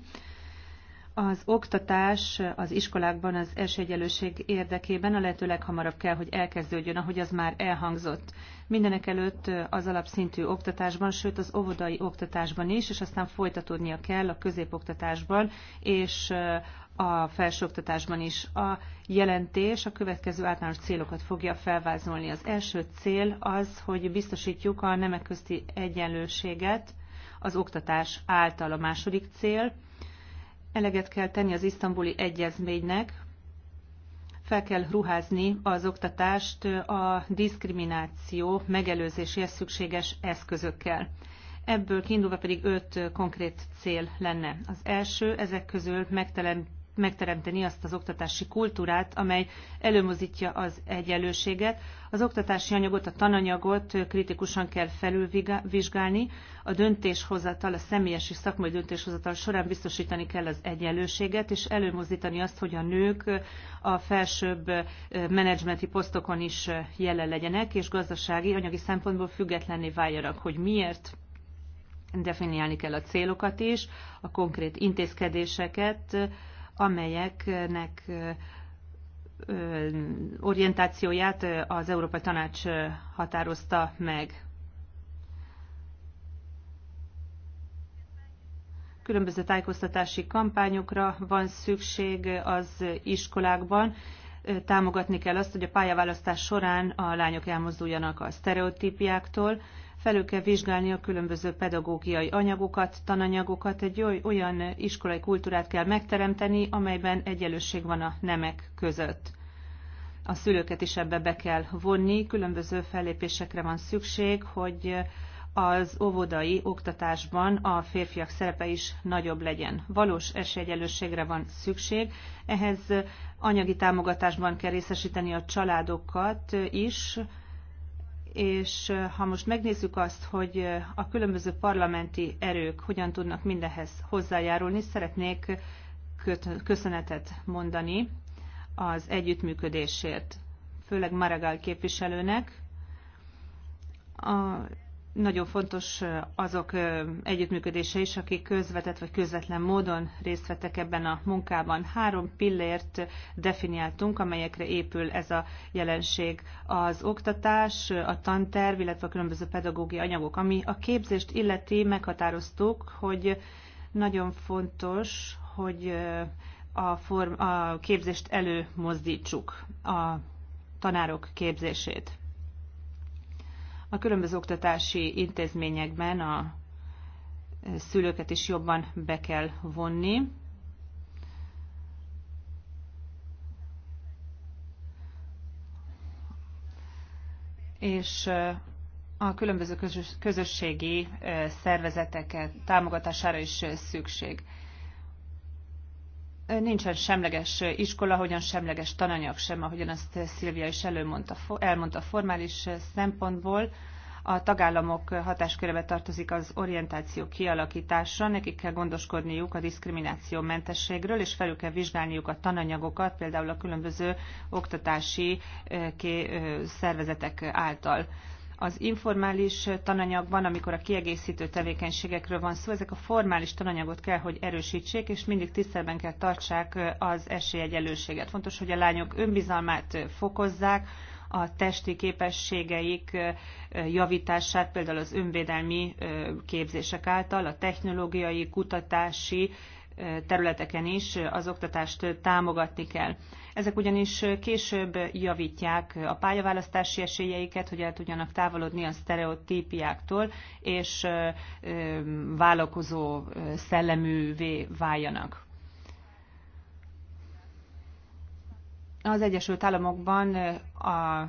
Az oktatás az iskolákban az esélyegyelőség érdekében a lehető leghamarabb kell, hogy elkezdődjön, ahogy az már elhangzott. Mindenek előtt az alapszintű oktatásban, sőt az óvodai oktatásban is, és aztán folytatódnia kell a középoktatásban és a felsőoktatásban is. A jelentés a következő általános célokat fogja felvázolni. Az első cél az, hogy biztosítjuk a nemek közti egyenlőséget az oktatás által. A második cél, eleget kell tenni az isztambuli egyezménynek, fel kell ruházni az oktatást a diszkrimináció megelőzéséhez szükséges eszközökkel. Ebből kiindulva pedig öt konkrét cél lenne. Az első, ezek közül megtelen megteremteni azt az oktatási kultúrát, amely előmozítja az egyenlőséget. Az oktatási anyagot, a tananyagot kritikusan kell felülvizsgálni, a döntéshozatal, a személyes és szakmai döntéshozatal során biztosítani kell az egyenlőséget, és előmozdítani azt, hogy a nők a felsőbb menedzsmenti posztokon is jelen legyenek, és gazdasági, anyagi szempontból függetlenné váljanak, hogy miért definiálni kell a célokat is, a konkrét intézkedéseket, amelyeknek orientációját az Európai Tanács határozta meg. Különböző tájékoztatási kampányokra van szükség az iskolákban. Támogatni kell azt, hogy a pályaválasztás során a lányok elmozduljanak a sztereotípiáktól, Felül kell vizsgálni a különböző pedagógiai anyagokat, tananyagokat, egy olyan iskolai kultúrát kell megteremteni, amelyben egyenlőség van a nemek között. A szülőket is ebbe be kell vonni, különböző fellépésekre van szükség, hogy az óvodai oktatásban a férfiak szerepe is nagyobb legyen. Valós esélyegyenlőségre van szükség, ehhez anyagi támogatásban kell részesíteni a családokat is, és ha most megnézzük azt, hogy a különböző parlamenti erők hogyan tudnak mindehhez hozzájárulni, szeretnék köszönetet mondani az együttműködésért, főleg Maragall képviselőnek. A nagyon fontos azok együttműködése is, akik közvetett vagy közvetlen módon részt vettek ebben a munkában. Három pillért definiáltunk, amelyekre épül ez a jelenség. Az oktatás, a tanterv, illetve a különböző pedagógiai anyagok. Ami a képzést illeti, meghatároztuk, hogy nagyon fontos, hogy a, form, a képzést előmozdítsuk, a tanárok képzését a különböző oktatási intézményekben a szülőket is jobban be kell vonni. És a különböző közösségi szervezetek támogatására is szükség nincsen semleges iskola, hogyan semleges tananyag sem, ahogyan azt Szilvia is előmondta, elmondta formális szempontból. A tagállamok hatáskörébe tartozik az orientáció kialakítása, nekik kell gondoskodniuk a diszkrimináció mentességről, és felül kell vizsgálniuk a tananyagokat, például a különböző oktatási eh, eh, szervezetek által. Az informális tananyagban, amikor a kiegészítő tevékenységekről van szó, ezek a formális tananyagot kell, hogy erősítsék, és mindig tisztelben kell tartsák az esélyegyelőséget. Fontos, hogy a lányok önbizalmát fokozzák, a testi képességeik javítását, például az önvédelmi képzések által, a technológiai, kutatási területeken is az oktatást támogatni kell. Ezek ugyanis később javítják a pályaválasztási esélyeiket, hogy el tudjanak távolodni a sztereotípiáktól, és vállalkozó szelleművé váljanak. Az Egyesült Államokban a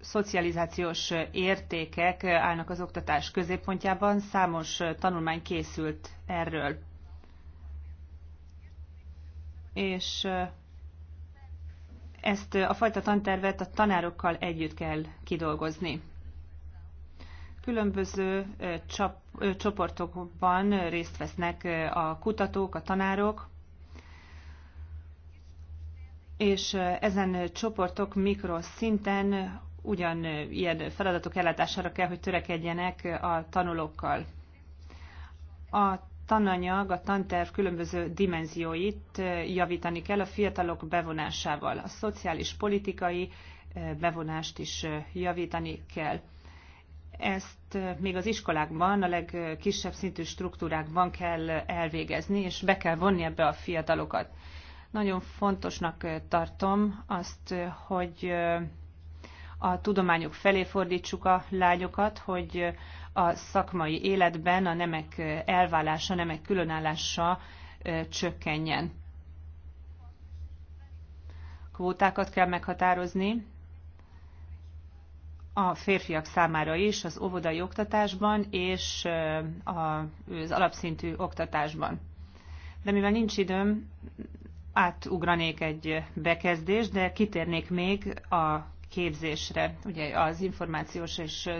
szocializációs értékek állnak az oktatás középpontjában. Számos tanulmány készült erről és ezt a fajta tantervet a tanárokkal együtt kell kidolgozni. Különböző csap, csoportokban részt vesznek a kutatók, a tanárok, és ezen csoportok mikroszinten ugyan ilyen feladatok ellátására kell, hogy törekedjenek a tanulókkal. A tananyag, a tanterv különböző dimenzióit javítani kell a fiatalok bevonásával. A szociális politikai bevonást is javítani kell. Ezt még az iskolákban, a legkisebb szintű struktúrákban kell elvégezni, és be kell vonni ebbe a fiatalokat. Nagyon fontosnak tartom azt, hogy a tudományok felé fordítsuk a lányokat, hogy a szakmai életben a nemek elválása, nemek különállása csökkenjen. Kvótákat kell meghatározni a férfiak számára is az óvodai oktatásban és az alapszintű oktatásban. De mivel nincs időm, átugranék egy bekezdést, de kitérnék még a képzésre, ugye az információs és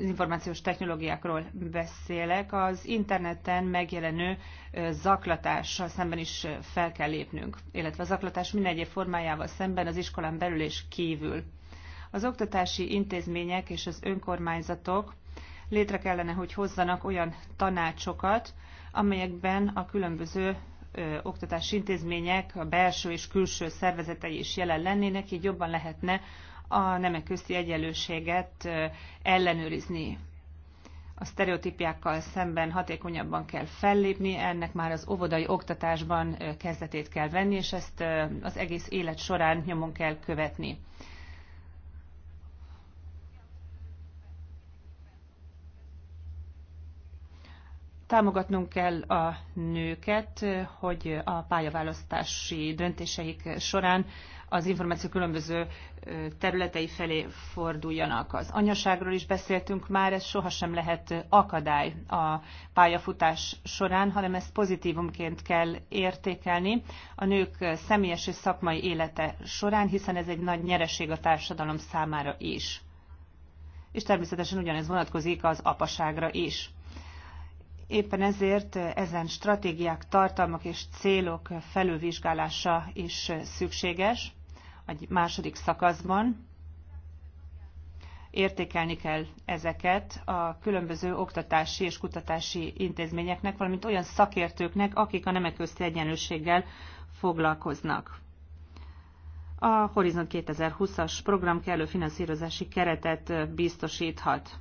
információs technológiákról beszélek, az interneten megjelenő zaklatással szemben is fel kell lépnünk, illetve a zaklatás minden egyéb formájával szemben az iskolán belül és kívül. Az oktatási intézmények és az önkormányzatok létre kellene, hogy hozzanak olyan tanácsokat, amelyekben a különböző oktatási intézmények, a belső és külső szervezetei is jelen lennének, így jobban lehetne a nemek közti egyenlőséget ellenőrizni. A sztereotípiákkal szemben hatékonyabban kell fellépni, ennek már az óvodai oktatásban kezdetét kell venni, és ezt az egész élet során nyomon kell követni. Támogatnunk kell a nőket, hogy a pályaválasztási döntéseik során az információ különböző területei felé forduljanak. Az anyaságról is beszéltünk már, ez sohasem lehet akadály a pályafutás során, hanem ezt pozitívumként kell értékelni a nők személyes és szakmai élete során, hiszen ez egy nagy nyereség a társadalom számára is. És természetesen ugyanez vonatkozik az apaságra is Éppen ezért ezen stratégiák, tartalmak és célok felülvizsgálása is szükséges A második szakaszban. Értékelni kell ezeket a különböző oktatási és kutatási intézményeknek, valamint olyan szakértőknek, akik a nemek közti egyenlőséggel foglalkoznak. A Horizon 2020-as program kellő finanszírozási keretet biztosíthat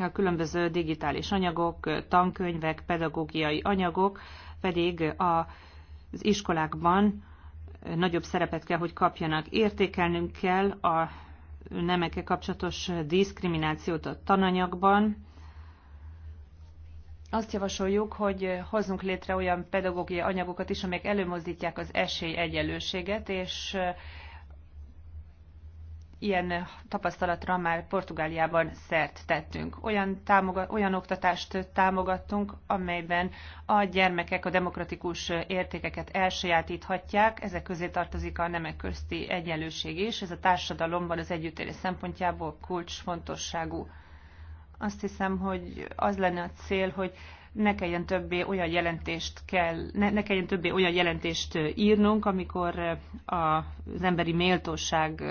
a különböző digitális anyagok, tankönyvek, pedagógiai anyagok pedig az iskolákban nagyobb szerepet kell, hogy kapjanak. Értékelnünk kell a nemekkel kapcsolatos diszkriminációt a tananyagban. Azt javasoljuk, hogy hozzunk létre olyan pedagógiai anyagokat is, amelyek előmozdítják az esély egyenlőséget és ilyen tapasztalatra már Portugáliában szert tettünk. Olyan, támoga- olyan oktatást támogattunk, amelyben a gyermekek a demokratikus értékeket elsajátíthatják, ezek közé tartozik a nemek közti egyenlőség is, ez a társadalomban az együttélés szempontjából kulcsfontosságú. Azt hiszem, hogy az lenne a cél, hogy ne kelljen többé olyan jelentést kell, ne, ne kelljen többé olyan jelentést írnunk, amikor az emberi méltóság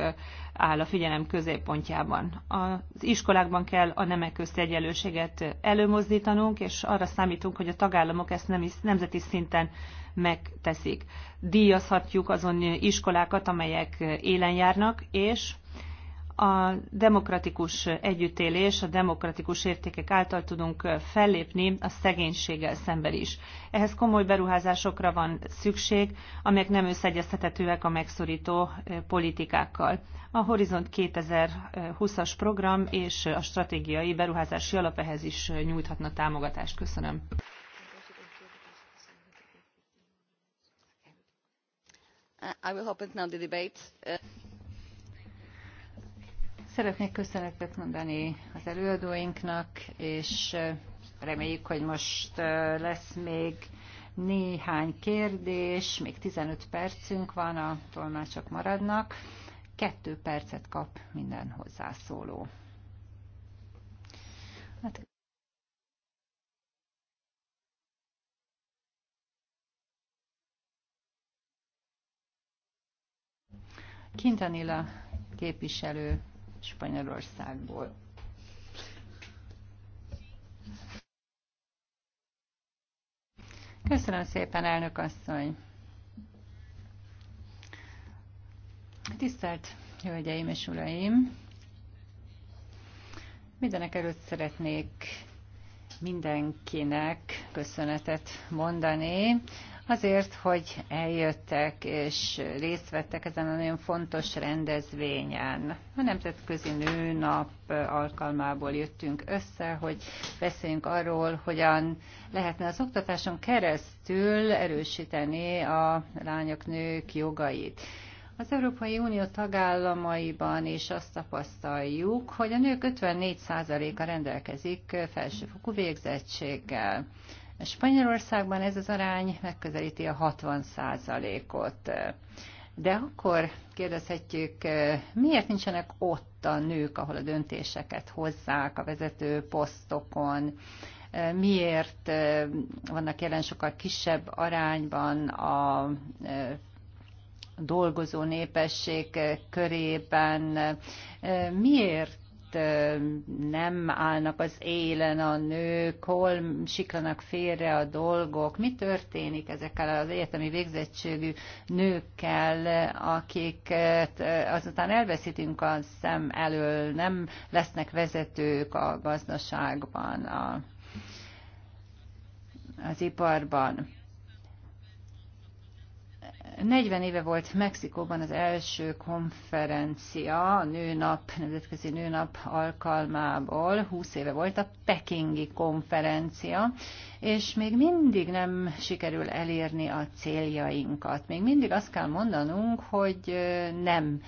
áll a figyelem középpontjában. Az iskolákban kell a nemek közti egyenlőséget előmozdítanunk, és arra számítunk, hogy a tagállamok ezt nem is, nemzeti szinten megteszik. Díjazhatjuk azon iskolákat, amelyek élen járnak, és a demokratikus együttélés, a demokratikus értékek által tudunk fellépni a szegénységgel szemben is. Ehhez komoly beruházásokra van szükség, amelyek nem összeegyeztethetőek a megszorító eh, politikákkal. A Horizont 2020-as program és a stratégiai beruházási alap ehhez is nyújthatna támogatást. Köszönöm. I will open now the debate. Uh, Szeretnék köszönetet mondani az előadóinknak, és reméljük, hogy most lesz még néhány kérdés, még 15 percünk van, a tolmácsok maradnak. Kettő percet kap minden hozzászóló. Hát Kintanila képviselő Spanyolországból. Köszönöm szépen, elnök asszony! Tisztelt Hölgyeim és Uraim! Mindenek előtt szeretnék mindenkinek köszönetet mondani, azért, hogy eljöttek és részt vettek ezen a nagyon fontos rendezvényen. A Nemzetközi Nőnap alkalmából jöttünk össze, hogy beszéljünk arról, hogyan lehetne az oktatáson keresztül erősíteni a lányok, nők jogait. Az Európai Unió tagállamaiban is azt tapasztaljuk, hogy a nők 54%-a rendelkezik felsőfokú végzettséggel. Spanyolországban ez az arány megközelíti a 60 ot De akkor kérdezhetjük, miért nincsenek ott a nők, ahol a döntéseket hozzák a vezető posztokon, miért vannak jelen sokkal kisebb arányban a dolgozó népesség körében, miért nem állnak az élen a nők, hol siklanak félre a dolgok, mi történik ezekkel az egyetemi végzettségű nőkkel, akiket azután elveszítünk a szem elől, nem lesznek vezetők a gazdaságban, a, az iparban. 40 éve volt Mexikóban az első konferencia, a nőnap, nemzetközi nőnap alkalmából, 20 éve volt a pekingi konferencia, és még mindig nem sikerül elérni a céljainkat. Még mindig azt kell mondanunk, hogy nem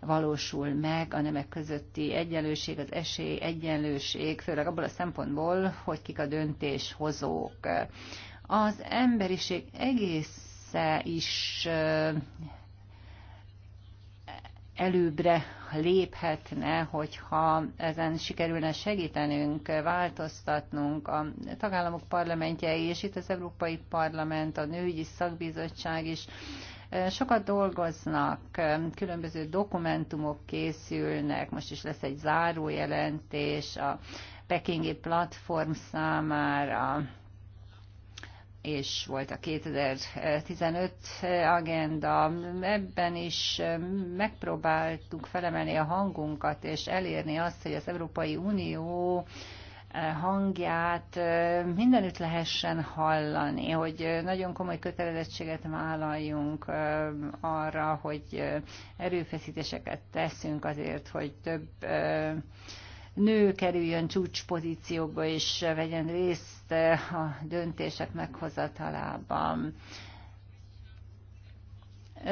valósul meg a nemek közötti egyenlőség, az esély egyenlőség, főleg abból a szempontból, hogy kik a döntéshozók. Az emberiség egész is előbbre léphetne, hogyha ezen sikerülne segítenünk, változtatnunk a tagállamok parlamentjei, és itt az Európai Parlament, a Nőgyi Szakbizottság is sokat dolgoznak, különböző dokumentumok készülnek, most is lesz egy zárójelentés a pekingi platform számára, és volt a 2015 agenda. Ebben is megpróbáltuk felemelni a hangunkat, és elérni azt, hogy az Európai Unió hangját mindenütt lehessen hallani, hogy nagyon komoly kötelezettséget vállaljunk arra, hogy erőfeszítéseket teszünk azért, hogy több nő kerüljön csúcspozícióba és vegyen részt részt eh, a döntések meghozatalában.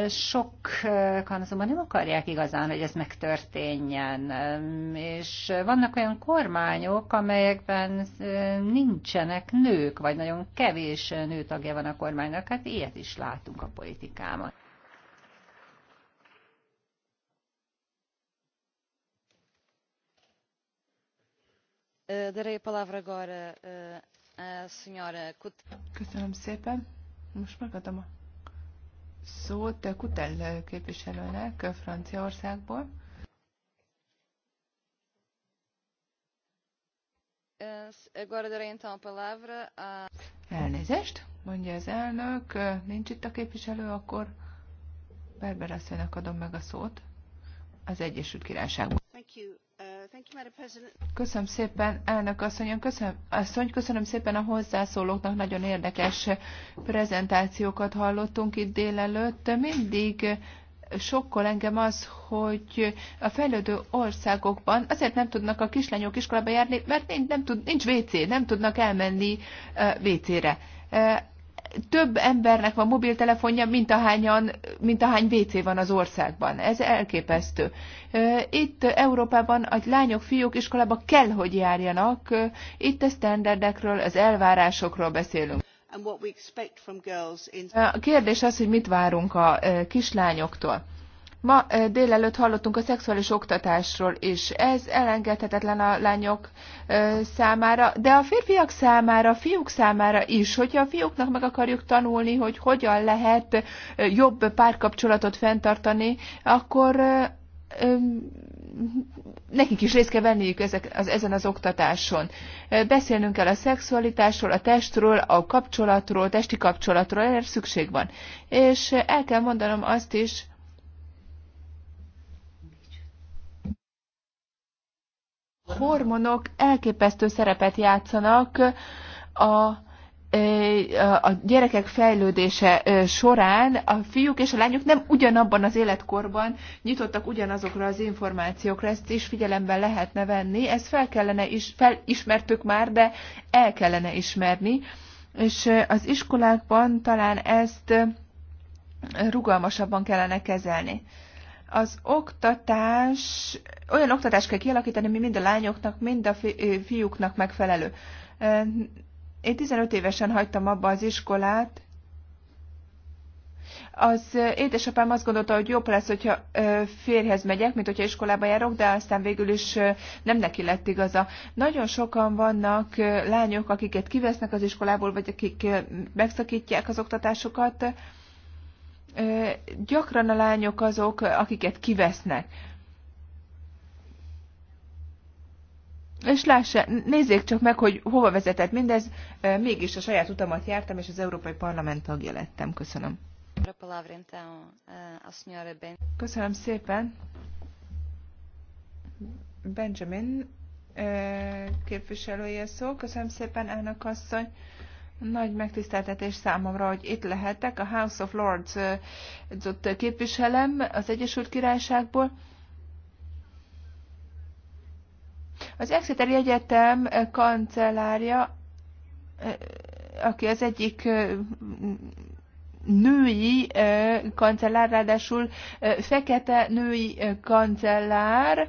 Sokan azonban nem akarják igazán, hogy ez megtörténjen. És vannak olyan kormányok, amelyekben eh, nincsenek nők, vagy nagyon kevés nőtagja van a kormánynak. Hát ilyet is látunk a politikában. Eh, Darei a palavra agora Eh, Köszönöm szépen. Most megadom a szót Kutel képviselőnek Franciaországból. Eh, Elnézést, mondja az elnök, eh, nincs itt a képviselő, akkor Berber adom meg a szót az Egyesült Királyságban. Uh, köszönöm szépen, elnök asszony, köszönöm, asszony, köszönöm szépen a hozzászólóknak, nagyon érdekes prezentációkat hallottunk itt délelőtt. Mindig sokkol engem az, hogy a fejlődő országokban azért nem tudnak a kislányok iskolába járni, mert nincs, nem tud, nincs WC, nem tudnak elmenni WC-re. Uh, több embernek van mobiltelefonja, mint ahányan, mint ahány WC van az országban. Ez elképesztő. Itt Európában a lányok, fiúk iskolába kell, hogy járjanak. Itt a standardekről, az elvárásokról beszélünk. A kérdés az, hogy mit várunk a kislányoktól. Ma délelőtt hallottunk a szexuális oktatásról is. Ez elengedhetetlen a lányok számára, de a férfiak számára, a fiúk számára is, hogyha a fiúknak meg akarjuk tanulni, hogy hogyan lehet jobb párkapcsolatot fenntartani, akkor nekik is részt kell venniük ezek, az, ezen az oktatáson. Beszélnünk kell a szexualitásról, a testről, a kapcsolatról, testi kapcsolatról, erre szükség van. És el kell mondanom azt is, hormonok elképesztő szerepet játszanak a a gyerekek fejlődése során a fiúk és a lányok nem ugyanabban az életkorban nyitottak ugyanazokra az információkra, ezt is figyelemben lehetne venni, ezt fel kellene is, felismertük már, de el kellene ismerni, és az iskolákban talán ezt rugalmasabban kellene kezelni az oktatás, olyan oktatást kell kialakítani, ami mind a lányoknak, mind a fiúknak megfelelő. Én 15 évesen hagytam abba az iskolát, az édesapám azt gondolta, hogy jobb lesz, hogyha férhez megyek, mint hogyha iskolába járok, de aztán végül is nem neki lett igaza. Nagyon sokan vannak lányok, akiket kivesznek az iskolából, vagy akik megszakítják az oktatásokat gyakran a lányok azok, akiket kivesznek. És lássa, nézzék csak meg, hogy hova vezetett mindez. Mégis a saját utamat jártam, és az Európai Parlament tagja lettem. Köszönöm. Köszönöm szépen. Benjamin képviselője szó. Köszönöm szépen, elnök asszony. Nagy megtiszteltetés számomra, hogy itt lehetek. A House of Lords ott képviselem az Egyesült Királyságból. Az Exeter Egyetem kancellárja, aki az egyik női kancellár, ráadásul fekete női kancellár,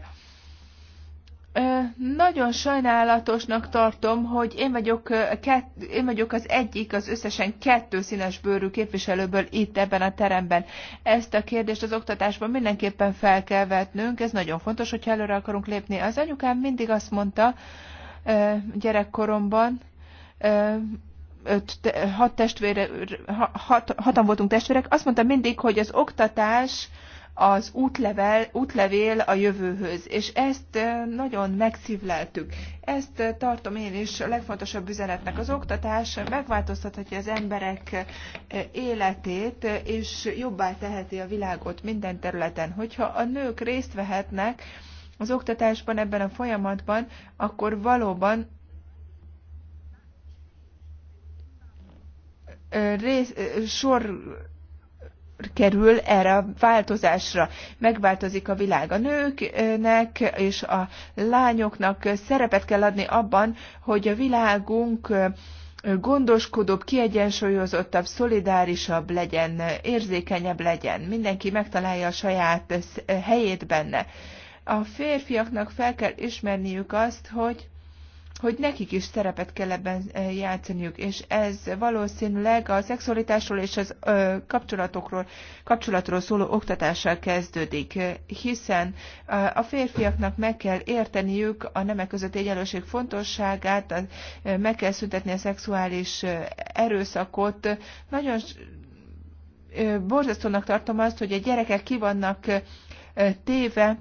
nagyon sajnálatosnak tartom, hogy én vagyok, kett, én vagyok az egyik az összesen kettő színes bőrű képviselőből itt ebben a teremben. Ezt a kérdést az oktatásban mindenképpen fel kell vetnünk, ez nagyon fontos, hogyha előre akarunk lépni. Az anyukám mindig azt mondta gyerekkoromban, öt, hat testvére, hat, hatan voltunk testvérek, azt mondta mindig, hogy az oktatás az útlevel, útlevél a jövőhöz, és ezt nagyon megszívleltük. Ezt tartom én is a legfontosabb üzenetnek. Az oktatás megváltoztathatja az emberek életét, és jobbá teheti a világot minden területen. Hogyha a nők részt vehetnek az oktatásban, ebben a folyamatban, akkor valóban rész, sor kerül erre a változásra. Megváltozik a világ a nőknek és a lányoknak. Szerepet kell adni abban, hogy a világunk gondoskodóbb, kiegyensúlyozottabb, szolidárisabb legyen, érzékenyebb legyen. Mindenki megtalálja a saját helyét benne. A férfiaknak fel kell ismerniük azt, hogy hogy nekik is szerepet kell ebben eh, játszaniuk, és ez valószínűleg a szexualitásról és az kapcsolatokról, kapcsolatról szóló oktatással kezdődik, hiszen a férfiaknak meg kell érteniük a nemek közötti egyenlőség fontosságát, meg kell szüntetni a szexuális erőszakot. Nagyon borzasztónak tartom azt, hogy a gyerekek ki vannak téve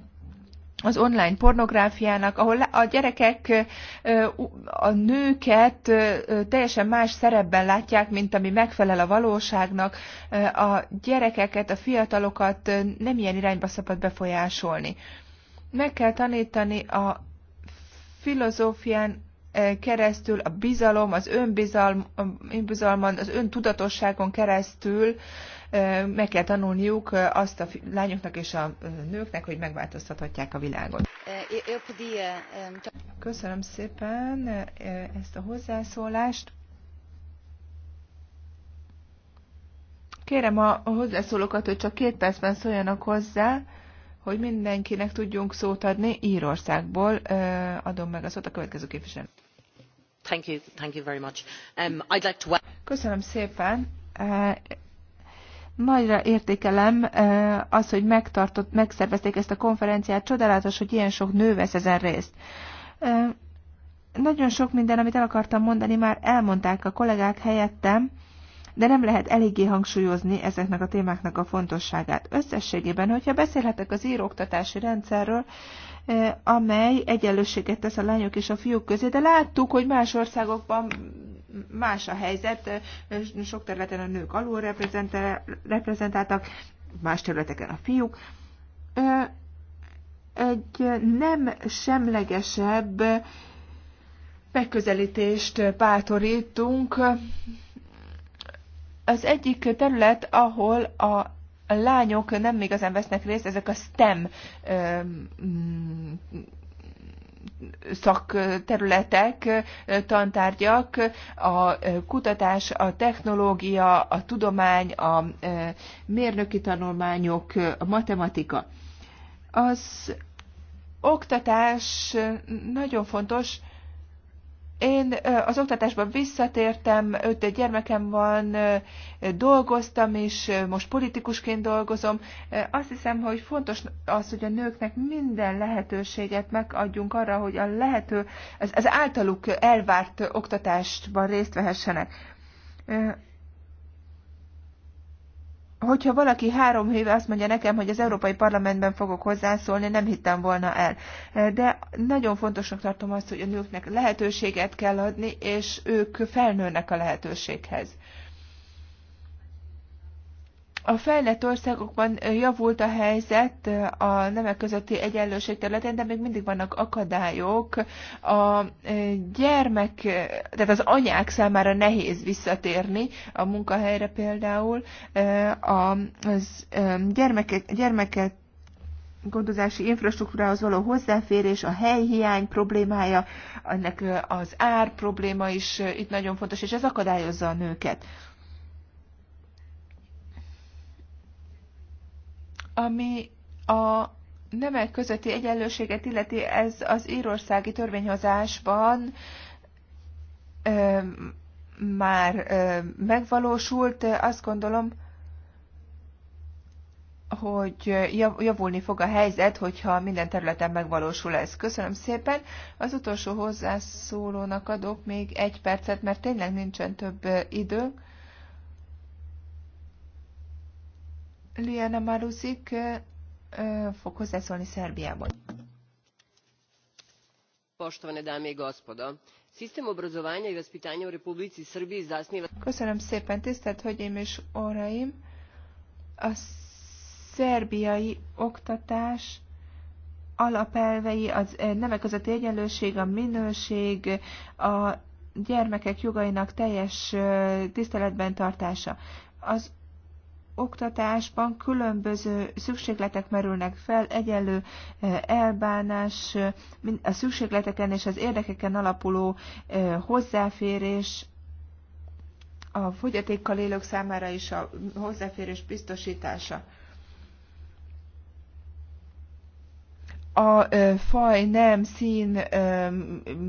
az online pornográfiának, ahol a gyerekek a nőket teljesen más szerepben látják, mint ami megfelel a valóságnak. A gyerekeket, a fiatalokat nem ilyen irányba szabad befolyásolni. Meg kell tanítani a filozófián keresztül, a bizalom, az önbizalmon, az öntudatosságon keresztül meg kell tanulniuk azt a lányoknak és a nőknek, hogy megváltoztathatják a világot. Köszönöm szépen ezt a hozzászólást. Kérem a hozzászólókat, hogy csak két percben szóljanak hozzá, hogy mindenkinek tudjunk szót adni. Írországból adom meg a szót a következő képviselő. Thank you, thank you very much. Um, I'd like to... Köszönöm szépen. Nagyra értékelem az, hogy megtartott, megszervezték ezt a konferenciát. Csodálatos, hogy ilyen sok nő vesz ezen részt. Nagyon sok minden, amit el akartam mondani, már elmondták a kollégák helyettem, de nem lehet eléggé hangsúlyozni ezeknek a témáknak a fontosságát. Összességében, hogyha beszélhetek az íróktatási rendszerről, amely egyenlőséget tesz a lányok és a fiúk közé, de láttuk, hogy más országokban más a helyzet, sok területen a nők alul reprezentáltak, más területeken a fiúk. Egy nem semlegesebb megközelítést bátorítunk. Az egyik terület, ahol a lányok nem igazán vesznek részt, ezek a STEM szakterületek, tantárgyak, a kutatás, a technológia, a tudomány, a mérnöki tanulmányok, a matematika. Az oktatás nagyon fontos, én az oktatásban visszatértem, öt gyermekem van, dolgoztam is, most politikusként dolgozom. Azt hiszem, hogy fontos az, hogy a nőknek minden lehetőséget megadjunk arra, hogy a lehető, az, az általuk elvárt oktatásban részt vehessenek hogyha valaki három éve azt mondja nekem, hogy az Európai Parlamentben fogok hozzászólni, nem hittem volna el. De nagyon fontosnak tartom azt, hogy a nőknek lehetőséget kell adni, és ők felnőnek a lehetőséghez. A fejlett országokban javult a helyzet a nemek közötti egyenlőség területén, de még mindig vannak akadályok. A gyermek, tehát az anyák számára nehéz visszatérni a munkahelyre például. a gyermekek, gyermeket gondozási infrastruktúrához való hozzáférés, a helyhiány problémája, ennek az ár probléma is itt nagyon fontos, és ez akadályozza a nőket. Ami a nemek közötti egyenlőséget illeti, ez az írországi törvényhozásban ö, már ö, megvalósult. Azt gondolom, hogy javulni fog a helyzet, hogyha minden területen megvalósul ez. Köszönöm szépen. Az utolsó hozzászólónak adok még egy percet, mert tényleg nincsen több idő. Liana Maruzik fog hozzászólni Szerbiában. Poštovane dame i gospodo, sistem obrazovanja i vaspitanja u Republici Srbiji zasniva... Köszönöm szépen, tisztelt Hölgyeim és Óraim! A szerbiai oktatás alapelvei, az nemek között egyenlőség, a minőség, a gyermekek jogainak teljes tiszteletben tartása. Az oktatásban különböző szükségletek merülnek fel, egyenlő e, elbánás, e, a szükségleteken és az érdekeken alapuló e, hozzáférés, a fogyatékkal élők számára is a hozzáférés biztosítása. a faj, nem, szín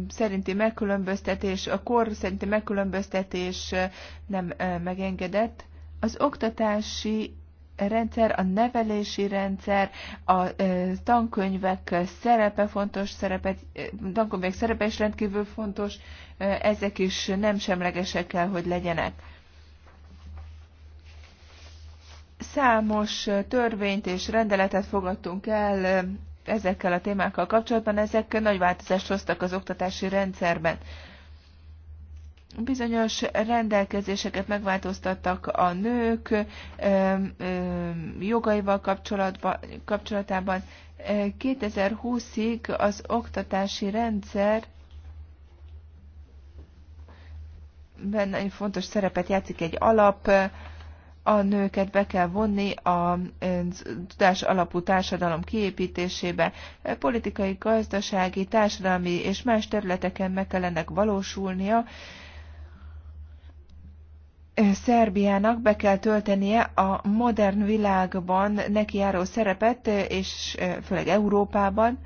szerinti megkülönböztetés, a kor szerinti megkülönböztetés nem megengedett. Az oktatási rendszer, a nevelési rendszer, a tankönyvek szerepe fontos, szerepet, tankönyvek szerepe is rendkívül fontos, ezek is nem semlegesek kell, hogy legyenek. Számos törvényt és rendeletet fogadtunk el ezekkel a témákkal kapcsolatban, ezek nagy változást hoztak az oktatási rendszerben bizonyos rendelkezéseket megváltoztattak a nők jogaival kapcsolatban, kapcsolatában. 2020-ig az oktatási rendszer benne egy fontos szerepet játszik egy alap, a nőket be kell vonni a tudás alapú társadalom kiépítésébe, politikai, gazdasági, társadalmi és más területeken meg kell ennek valósulnia, Szerbiának be kell töltenie a modern világban neki járó szerepet, és főleg Európában.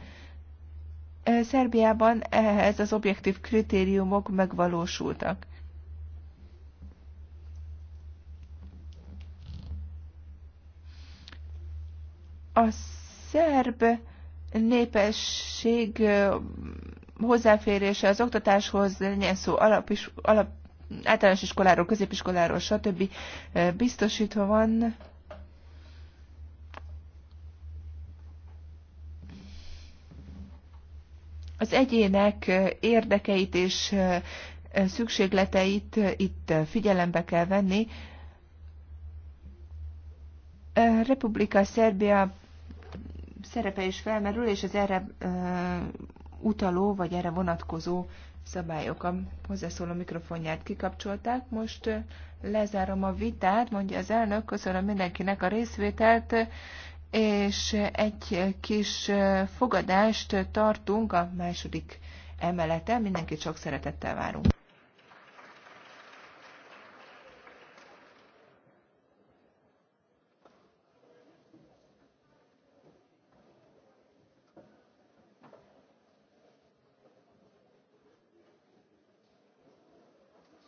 Szerbiában ehhez az objektív kritériumok megvalósultak. A szerb népesség hozzáférése az oktatáshoz, legyen szó alap, is, alap általános iskoláról, középiskoláról, stb. biztosítva van. Az egyének érdekeit és szükségleteit itt figyelembe kell venni. Republika Szerbia szerepe is felmerül, és az erre utaló vagy erre vonatkozó szabályok. A hozzászóló mikrofonját kikapcsolták. Most lezárom a vitát, mondja az elnök. Köszönöm mindenkinek a részvételt, és egy kis fogadást tartunk a második emeleten. Mindenkit sok szeretettel várunk.